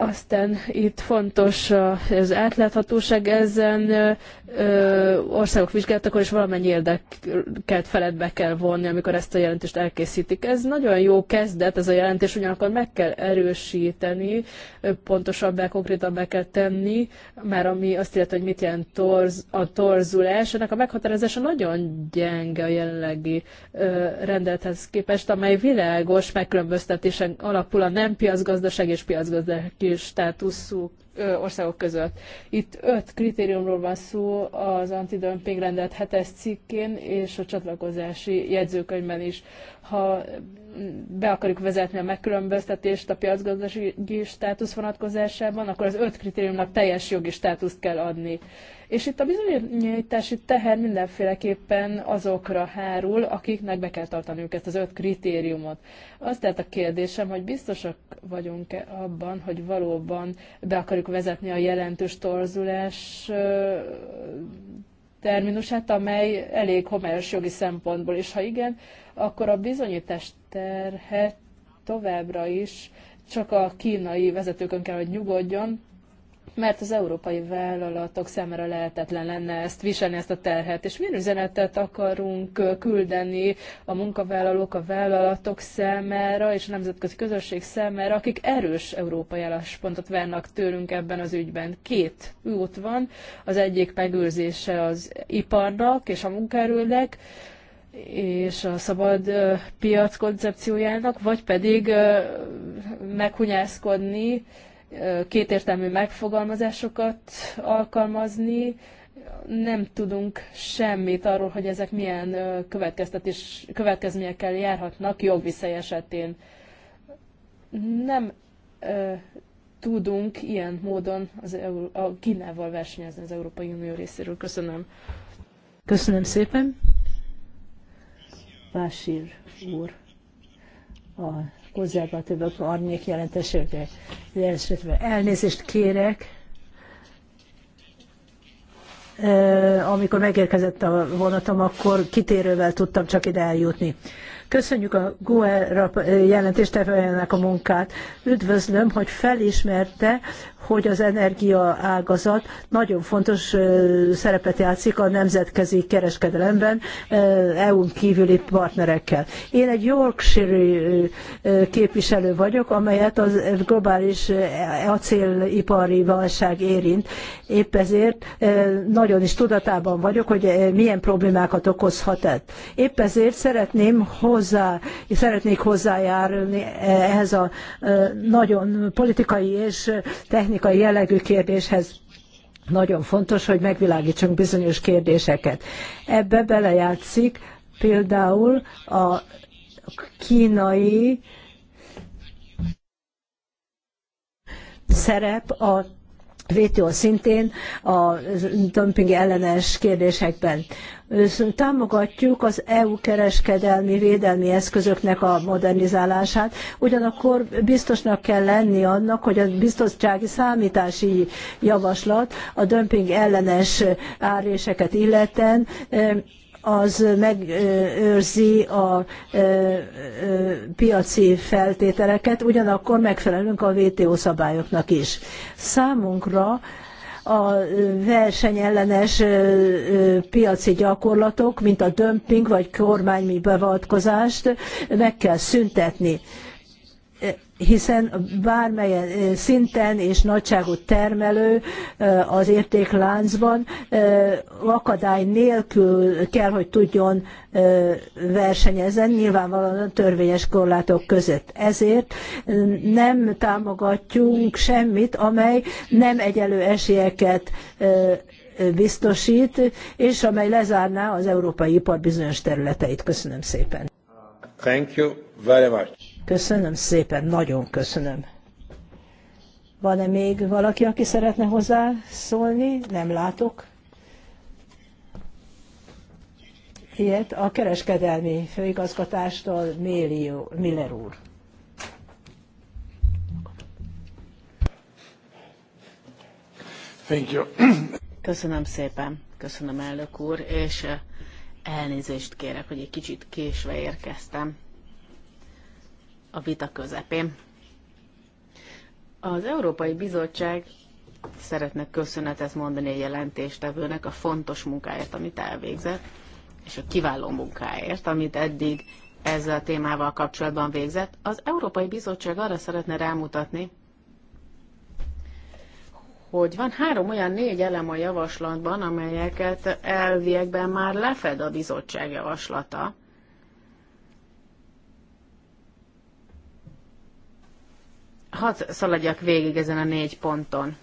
aztán itt fontos az átláthatóság, ezen országok vizsgáltak, is valamennyi érdeket felet be kell vonni, amikor ezt a jelentést elkészítik. Ez nagyon jó kezdet, ez a jelentés, ugyanakkor meg kell erősíteni, pontosabbá, konkrétabbá kell tenni, már ami azt illeti, hogy mit jelent torz, a torzulás. Ennek a meghatározása nagyon gyenge a jelenlegi rendelethez képest, amely világos megkülönböztetésen alapul a nem piacgazdaság és piacgazdaság jogi státuszú országok között. Itt öt kritériumról van szó az antidömping rendelt hetes cikkén és a csatlakozási jegyzőkönyvben is. Ha be akarjuk vezetni a megkülönböztetést a piacgazdasági státusz vonatkozásában, akkor az öt kritériumnak teljes jogi státuszt kell adni. És itt a bizonyítási teher mindenféleképpen azokra hárul, akiknek be kell tartaniuk ezt az öt kritériumot. Az tehát a kérdésem, hogy biztosak vagyunk-e abban, hogy valóban be akarjuk vezetni a jelentős torzulás terminusát, amely elég homályos jogi szempontból, és ha igen, akkor a bizonyítás terhet továbbra is csak a kínai vezetőkön kell, hogy nyugodjon, mert az európai vállalatok számára lehetetlen lenne ezt viselni, ezt a terhet. És milyen üzenetet akarunk küldeni a munkavállalók, a vállalatok számára és a nemzetközi közösség számára, akik erős európai álláspontot várnak tőlünk ebben az ügyben. Két út van, az egyik megőrzése az iparnak és a munkaerőnek, és a szabad piac koncepciójának, vagy pedig meghunyászkodni kétértelmű megfogalmazásokat alkalmazni, nem tudunk semmit arról, hogy ezek milyen következtetés, következményekkel járhatnak jogviszely esetén. Nem ö, tudunk ilyen módon az EU, a Kínával versenyezni az Európai Unió részéről. Köszönöm. Köszönöm szépen. Básír úr, a konzervatívok arnyék jelentesőkre. Elnézést kérek, amikor megérkezett a vonatom, akkor kitérővel tudtam csak ide eljutni. Köszönjük a GUE jelentéstevőjének a munkát. Üdvözlöm, hogy felismerte, hogy az energia ágazat nagyon fontos szerepet játszik a nemzetközi kereskedelemben EU-n kívüli partnerekkel. Én egy Yorkshire képviselő vagyok, amelyet az globális acélipari válság érint. Épp ezért nagyon is tudatában vagyok, hogy milyen problémákat okozhat ez. Épp ezért szeretném, hogy hozzá, szeretnék hozzájárulni ehhez a e, nagyon politikai és technikai jellegű kérdéshez nagyon fontos, hogy megvilágítsunk bizonyos kérdéseket. Ebbe belejátszik például a kínai szerep a VTO szintén a dömping ellenes kérdésekben. Támogatjuk az EU kereskedelmi védelmi eszközöknek a modernizálását, ugyanakkor biztosnak kell lenni annak, hogy a biztonsági számítási javaslat a dömping ellenes áréseket illeten az megőrzi a piaci feltételeket, ugyanakkor megfelelünk a WTO szabályoknak is. Számunkra a versenyellenes piaci gyakorlatok, mint a dömping vagy kormányi beavatkozást meg kell szüntetni hiszen bármelyen szinten és nagyságot termelő az értékláncban akadály nélkül kell, hogy tudjon versenyezni, nyilvánvalóan törvényes korlátok között. Ezért nem támogatjunk semmit, amely nem egyelő esélyeket biztosít, és amely lezárná az európai ipar bizonyos területeit. Köszönöm szépen. Thank you very much. Köszönöm szépen, nagyon köszönöm. Van-e még valaki, aki szeretne hozzá szólni? Nem látok. Ilyet a kereskedelmi főigazgatástól Mélio, Miller úr. Thank you. Köszönöm szépen, köszönöm elnök úr, és eh, elnézést kérek, hogy egy kicsit késve érkeztem a vita közepén. Az Európai Bizottság szeretne köszönetet mondani a jelentéstevőnek a fontos munkáért, amit elvégzett, és a kiváló munkáért, amit eddig ezzel a témával kapcsolatban végzett. Az Európai Bizottság arra szeretne rámutatni, hogy van három olyan négy elem a javaslatban, amelyeket elviekben már lefed a bizottság javaslata, Hadd szaladjak végig ezen a négy ponton.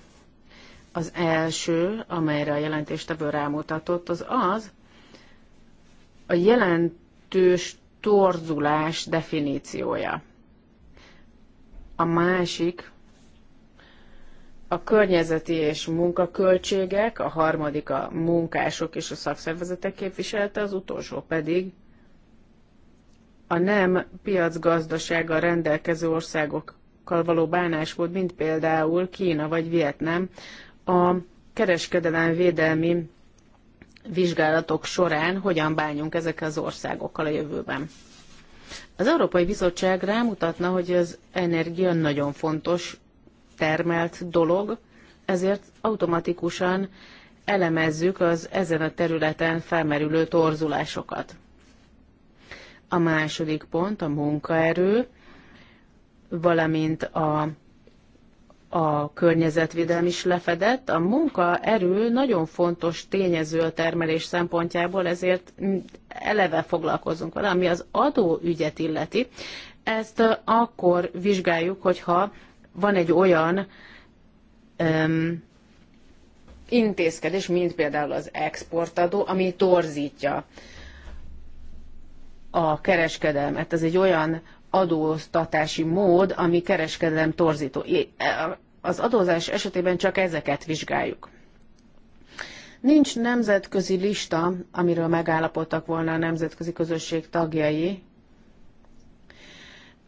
Az első, amelyre a jelentéstevő rámutatott, az az, a jelentős torzulás definíciója. A másik, a környezeti és munkaköltségek, a harmadik a munkások és a szakszervezetek képviselte, az utolsó pedig a nem piacgazdasággal rendelkező országok országokkal való bánásmód, mint például Kína vagy Vietnám a kereskedelem védelmi vizsgálatok során hogyan bánjunk ezekkel az országokkal a jövőben. Az Európai Bizottság rámutatna, hogy az energia nagyon fontos termelt dolog, ezért automatikusan elemezzük az ezen a területen felmerülő torzulásokat. A második pont a munkaerő, valamint a, a környezetvédelem is lefedett. A munkaerő nagyon fontos tényező a termelés szempontjából, ezért eleve foglalkozunk vele, ami az adóügyet illeti. Ezt akkor vizsgáljuk, hogyha van egy olyan öm, intézkedés, mint például az exportadó, ami torzítja a kereskedelmet. Ez egy olyan adóztatási mód, ami kereskedelem torzító. E, az adózás esetében csak ezeket vizsgáljuk. Nincs nemzetközi lista, amiről megállapodtak volna a nemzetközi közösség tagjai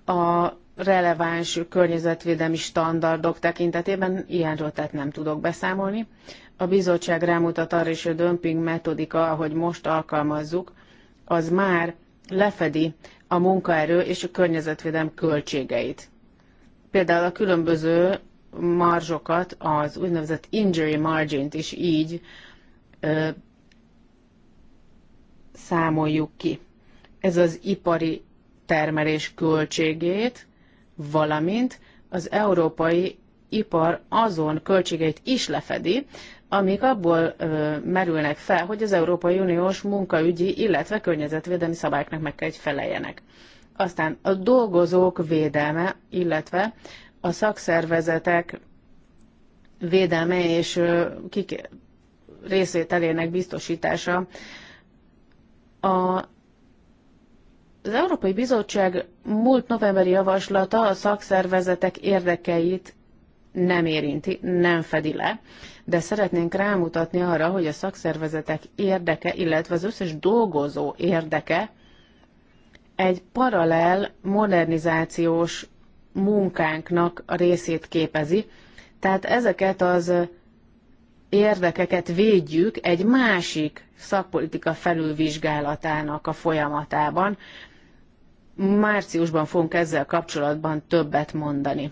a releváns környezetvédelmi standardok tekintetében, ilyenről tehát nem tudok beszámolni. A bizottság rámutat arra is, hogy a dömping metodika, ahogy most alkalmazzuk, az már lefedi a munkaerő és a környezetvédelem költségeit. Például a különböző marzsokat, az úgynevezett injury margin-t is így ö, számoljuk ki. Ez az ipari termelés költségét, valamint az európai ipar azon költségeit is lefedi, amik abból ö, merülnek fel, hogy az Európai Uniós munkaügyi, illetve környezetvédelmi szabályoknak meg kell, hogy feleljenek. Aztán a dolgozók védelme, illetve a szakszervezetek védelme és ö, kik részvételének biztosítása. A, az Európai Bizottság múlt novemberi javaslata a szakszervezetek érdekeit nem érinti, nem fedi le, de szeretnénk rámutatni arra, hogy a szakszervezetek érdeke, illetve az összes dolgozó érdeke egy paralel modernizációs munkánknak a részét képezi, tehát ezeket az érdekeket védjük egy másik szakpolitika felülvizsgálatának a folyamatában. Márciusban fogunk ezzel kapcsolatban többet mondani.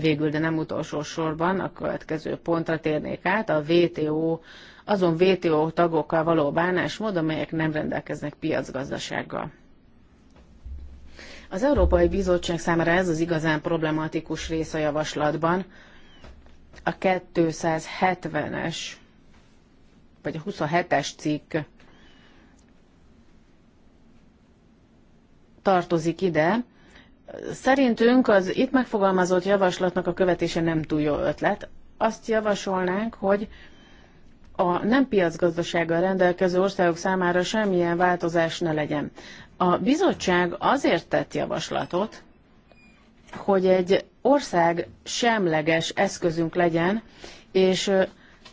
Végül, de nem utolsó sorban a következő pontra térnék át, a VTO, azon VTO tagokkal való bánásmód, amelyek nem rendelkeznek piacgazdasággal. Az Európai Bizottság számára ez az igazán problematikus rész a javaslatban. A 270-es vagy a 27-es cikk tartozik ide, Szerintünk az itt megfogalmazott javaslatnak a követése nem túl jó ötlet. Azt javasolnánk, hogy a nem piacgazdasággal rendelkező országok számára semmilyen változás ne legyen. A bizottság azért tett javaslatot, hogy egy ország semleges eszközünk legyen, és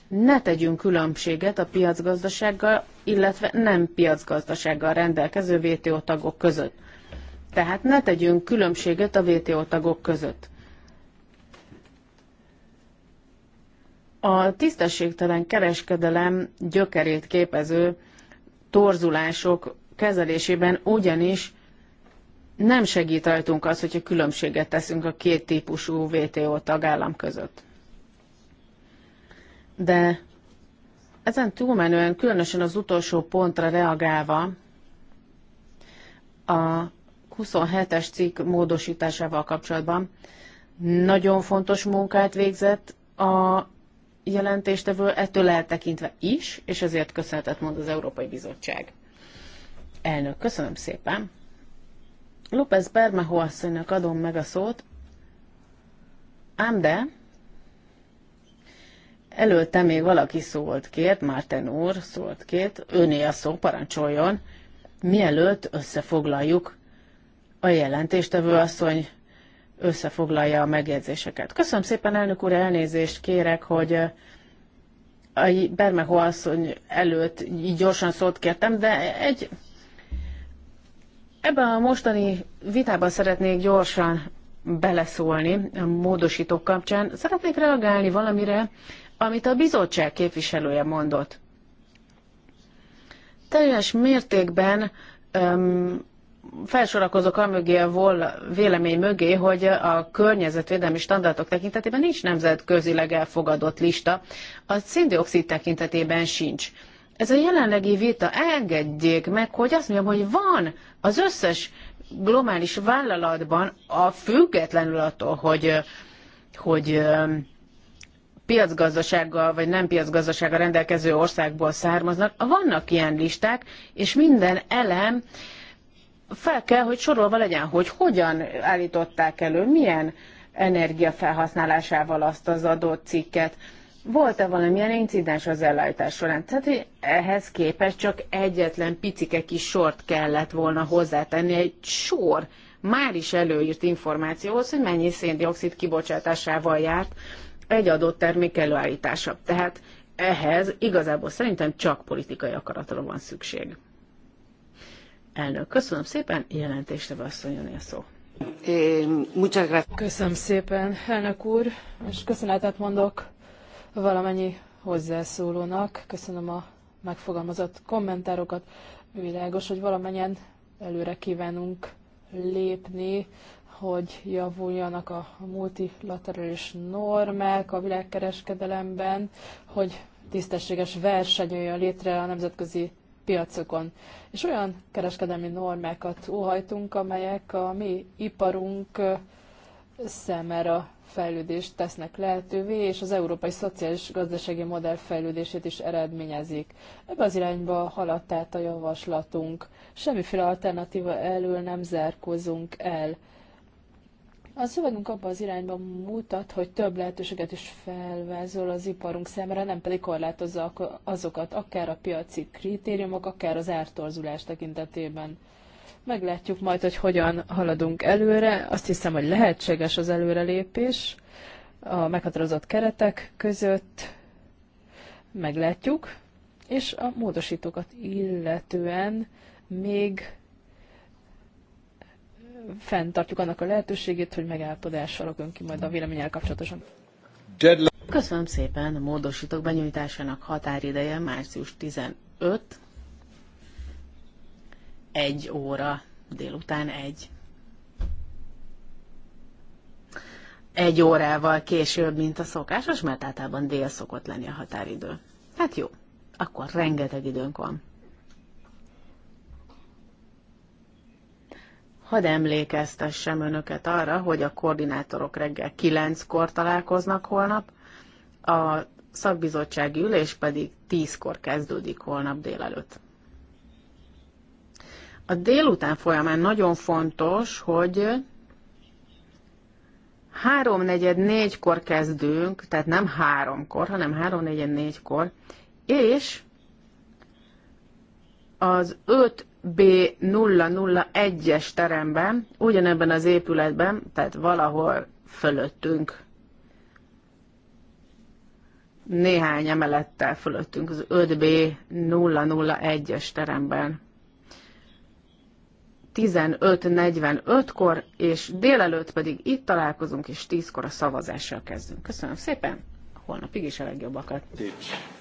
ne tegyünk különbséget a piacgazdasággal, illetve nem piacgazdasággal rendelkező WTO tagok között. Tehát ne tegyünk különbséget a WTO tagok között. A tisztességtelen kereskedelem gyökerét képező torzulások kezelésében ugyanis nem segít rajtunk az, hogyha különbséget teszünk a két típusú WTO tagállam között. De ezen túlmenően, különösen az utolsó pontra reagálva, a 27-es cikk módosításával kapcsolatban. Nagyon fontos munkát végzett a jelentéstevő ettől eltekintve is, és ezért köszönetet mond az Európai Bizottság. Elnök, köszönöm szépen. López Bermeho asszonynak adom meg a szót, ám de előtte még valaki szólt két, Márten úr szólt két, öné a szó, parancsoljon, mielőtt összefoglaljuk a jelentéstevő asszony összefoglalja a megjegyzéseket. Köszönöm szépen, elnök úr, elnézést kérek, hogy eh, a Bermeho asszony előtt így gyorsan szót kértem, de egy ebben a mostani vitában szeretnék gyorsan beleszólni a módosítók kapcsán. Szeretnék reagálni valamire, amit a bizottság képviselője mondott. Teljes mértékben öm, felsorakozok mögé a vol vélemény mögé, hogy a környezetvédelmi standardok tekintetében nincs nemzetközileg elfogadott lista, a széndiokszid tekintetében sincs. Ez a jelenlegi vita, engedjék meg, hogy azt mondjam, hogy van az összes globális vállalatban, a függetlenül attól, hogy, hogy um, piacgazdasággal vagy nem piacgazdasággal rendelkező országból származnak, vannak ilyen listák, és minden elem, fel kell, hogy sorolva legyen, hogy hogyan állították elő, milyen energiafelhasználásával azt az adott cikket. Volt-e valamilyen incidens az ellájtás során? Tehát, hogy ehhez képest csak egyetlen picike kis sort kellett volna hozzátenni, egy sor már is előírt információhoz, hogy mennyi széndiokszid kibocsátásával járt egy adott termék előállítása. Tehát ehhez igazából szerintem csak politikai akaratra van szükség. Elnök, köszönöm szépen, jelentésre vasszonyon a szó. Köszönöm szépen, elnök úr, és köszönetet mondok valamennyi hozzászólónak. Köszönöm a megfogalmazott kommentárokat. Világos, hogy valamennyien előre kívánunk lépni, hogy javuljanak a multilaterális normák a világkereskedelemben, hogy tisztességes verseny jöjjön létre a nemzetközi piacokon. És olyan kereskedelmi normákat óhajtunk, amelyek a mi iparunk szemére fejlődést tesznek lehetővé, és az európai szociális gazdasági modell fejlődését is eredményezik. Ebbe az irányba haladt át a javaslatunk. Semmiféle alternatíva elől nem zárkózunk el. A szövegünk abba az irányba mutat, hogy több lehetőséget is felvázol az iparunk szemre, nem pedig korlátozza azokat, akár a piaci kritériumok, akár az ártorzulás tekintetében. Meglátjuk majd, hogy hogyan haladunk előre. Azt hiszem, hogy lehetséges az előrelépés a meghatározott keretek között. Meglátjuk. És a módosítókat illetően még fenntartjuk annak a lehetőségét, hogy megállapodás alakon ki majd a véleményel kapcsolatosan. Köszönöm szépen a módosítók benyújtásának határideje március 15, egy óra, délután egy. Egy órával később, mint a szokásos, mert általában dél szokott lenni a határidő. Hát jó, akkor rengeteg időnk van. Hadd emlékeztessem önöket arra, hogy a koordinátorok reggel 9-kor találkoznak holnap, a szakbizottsági ülés pedig 10-kor kezdődik holnap délelőtt. A délután folyamán nagyon fontos, hogy háromnegyed négykor kezdünk, tehát nem háromkor, hanem háromnegyed négykor, és az öt B001-es teremben, ugyanebben az épületben, tehát valahol fölöttünk, néhány emelettel fölöttünk, az 5B001-es teremben. 15.45-kor, és délelőtt pedig itt találkozunk, és 10-kor a szavazással kezdünk. Köszönöm szépen, holnapig is a legjobbakat! Nincs.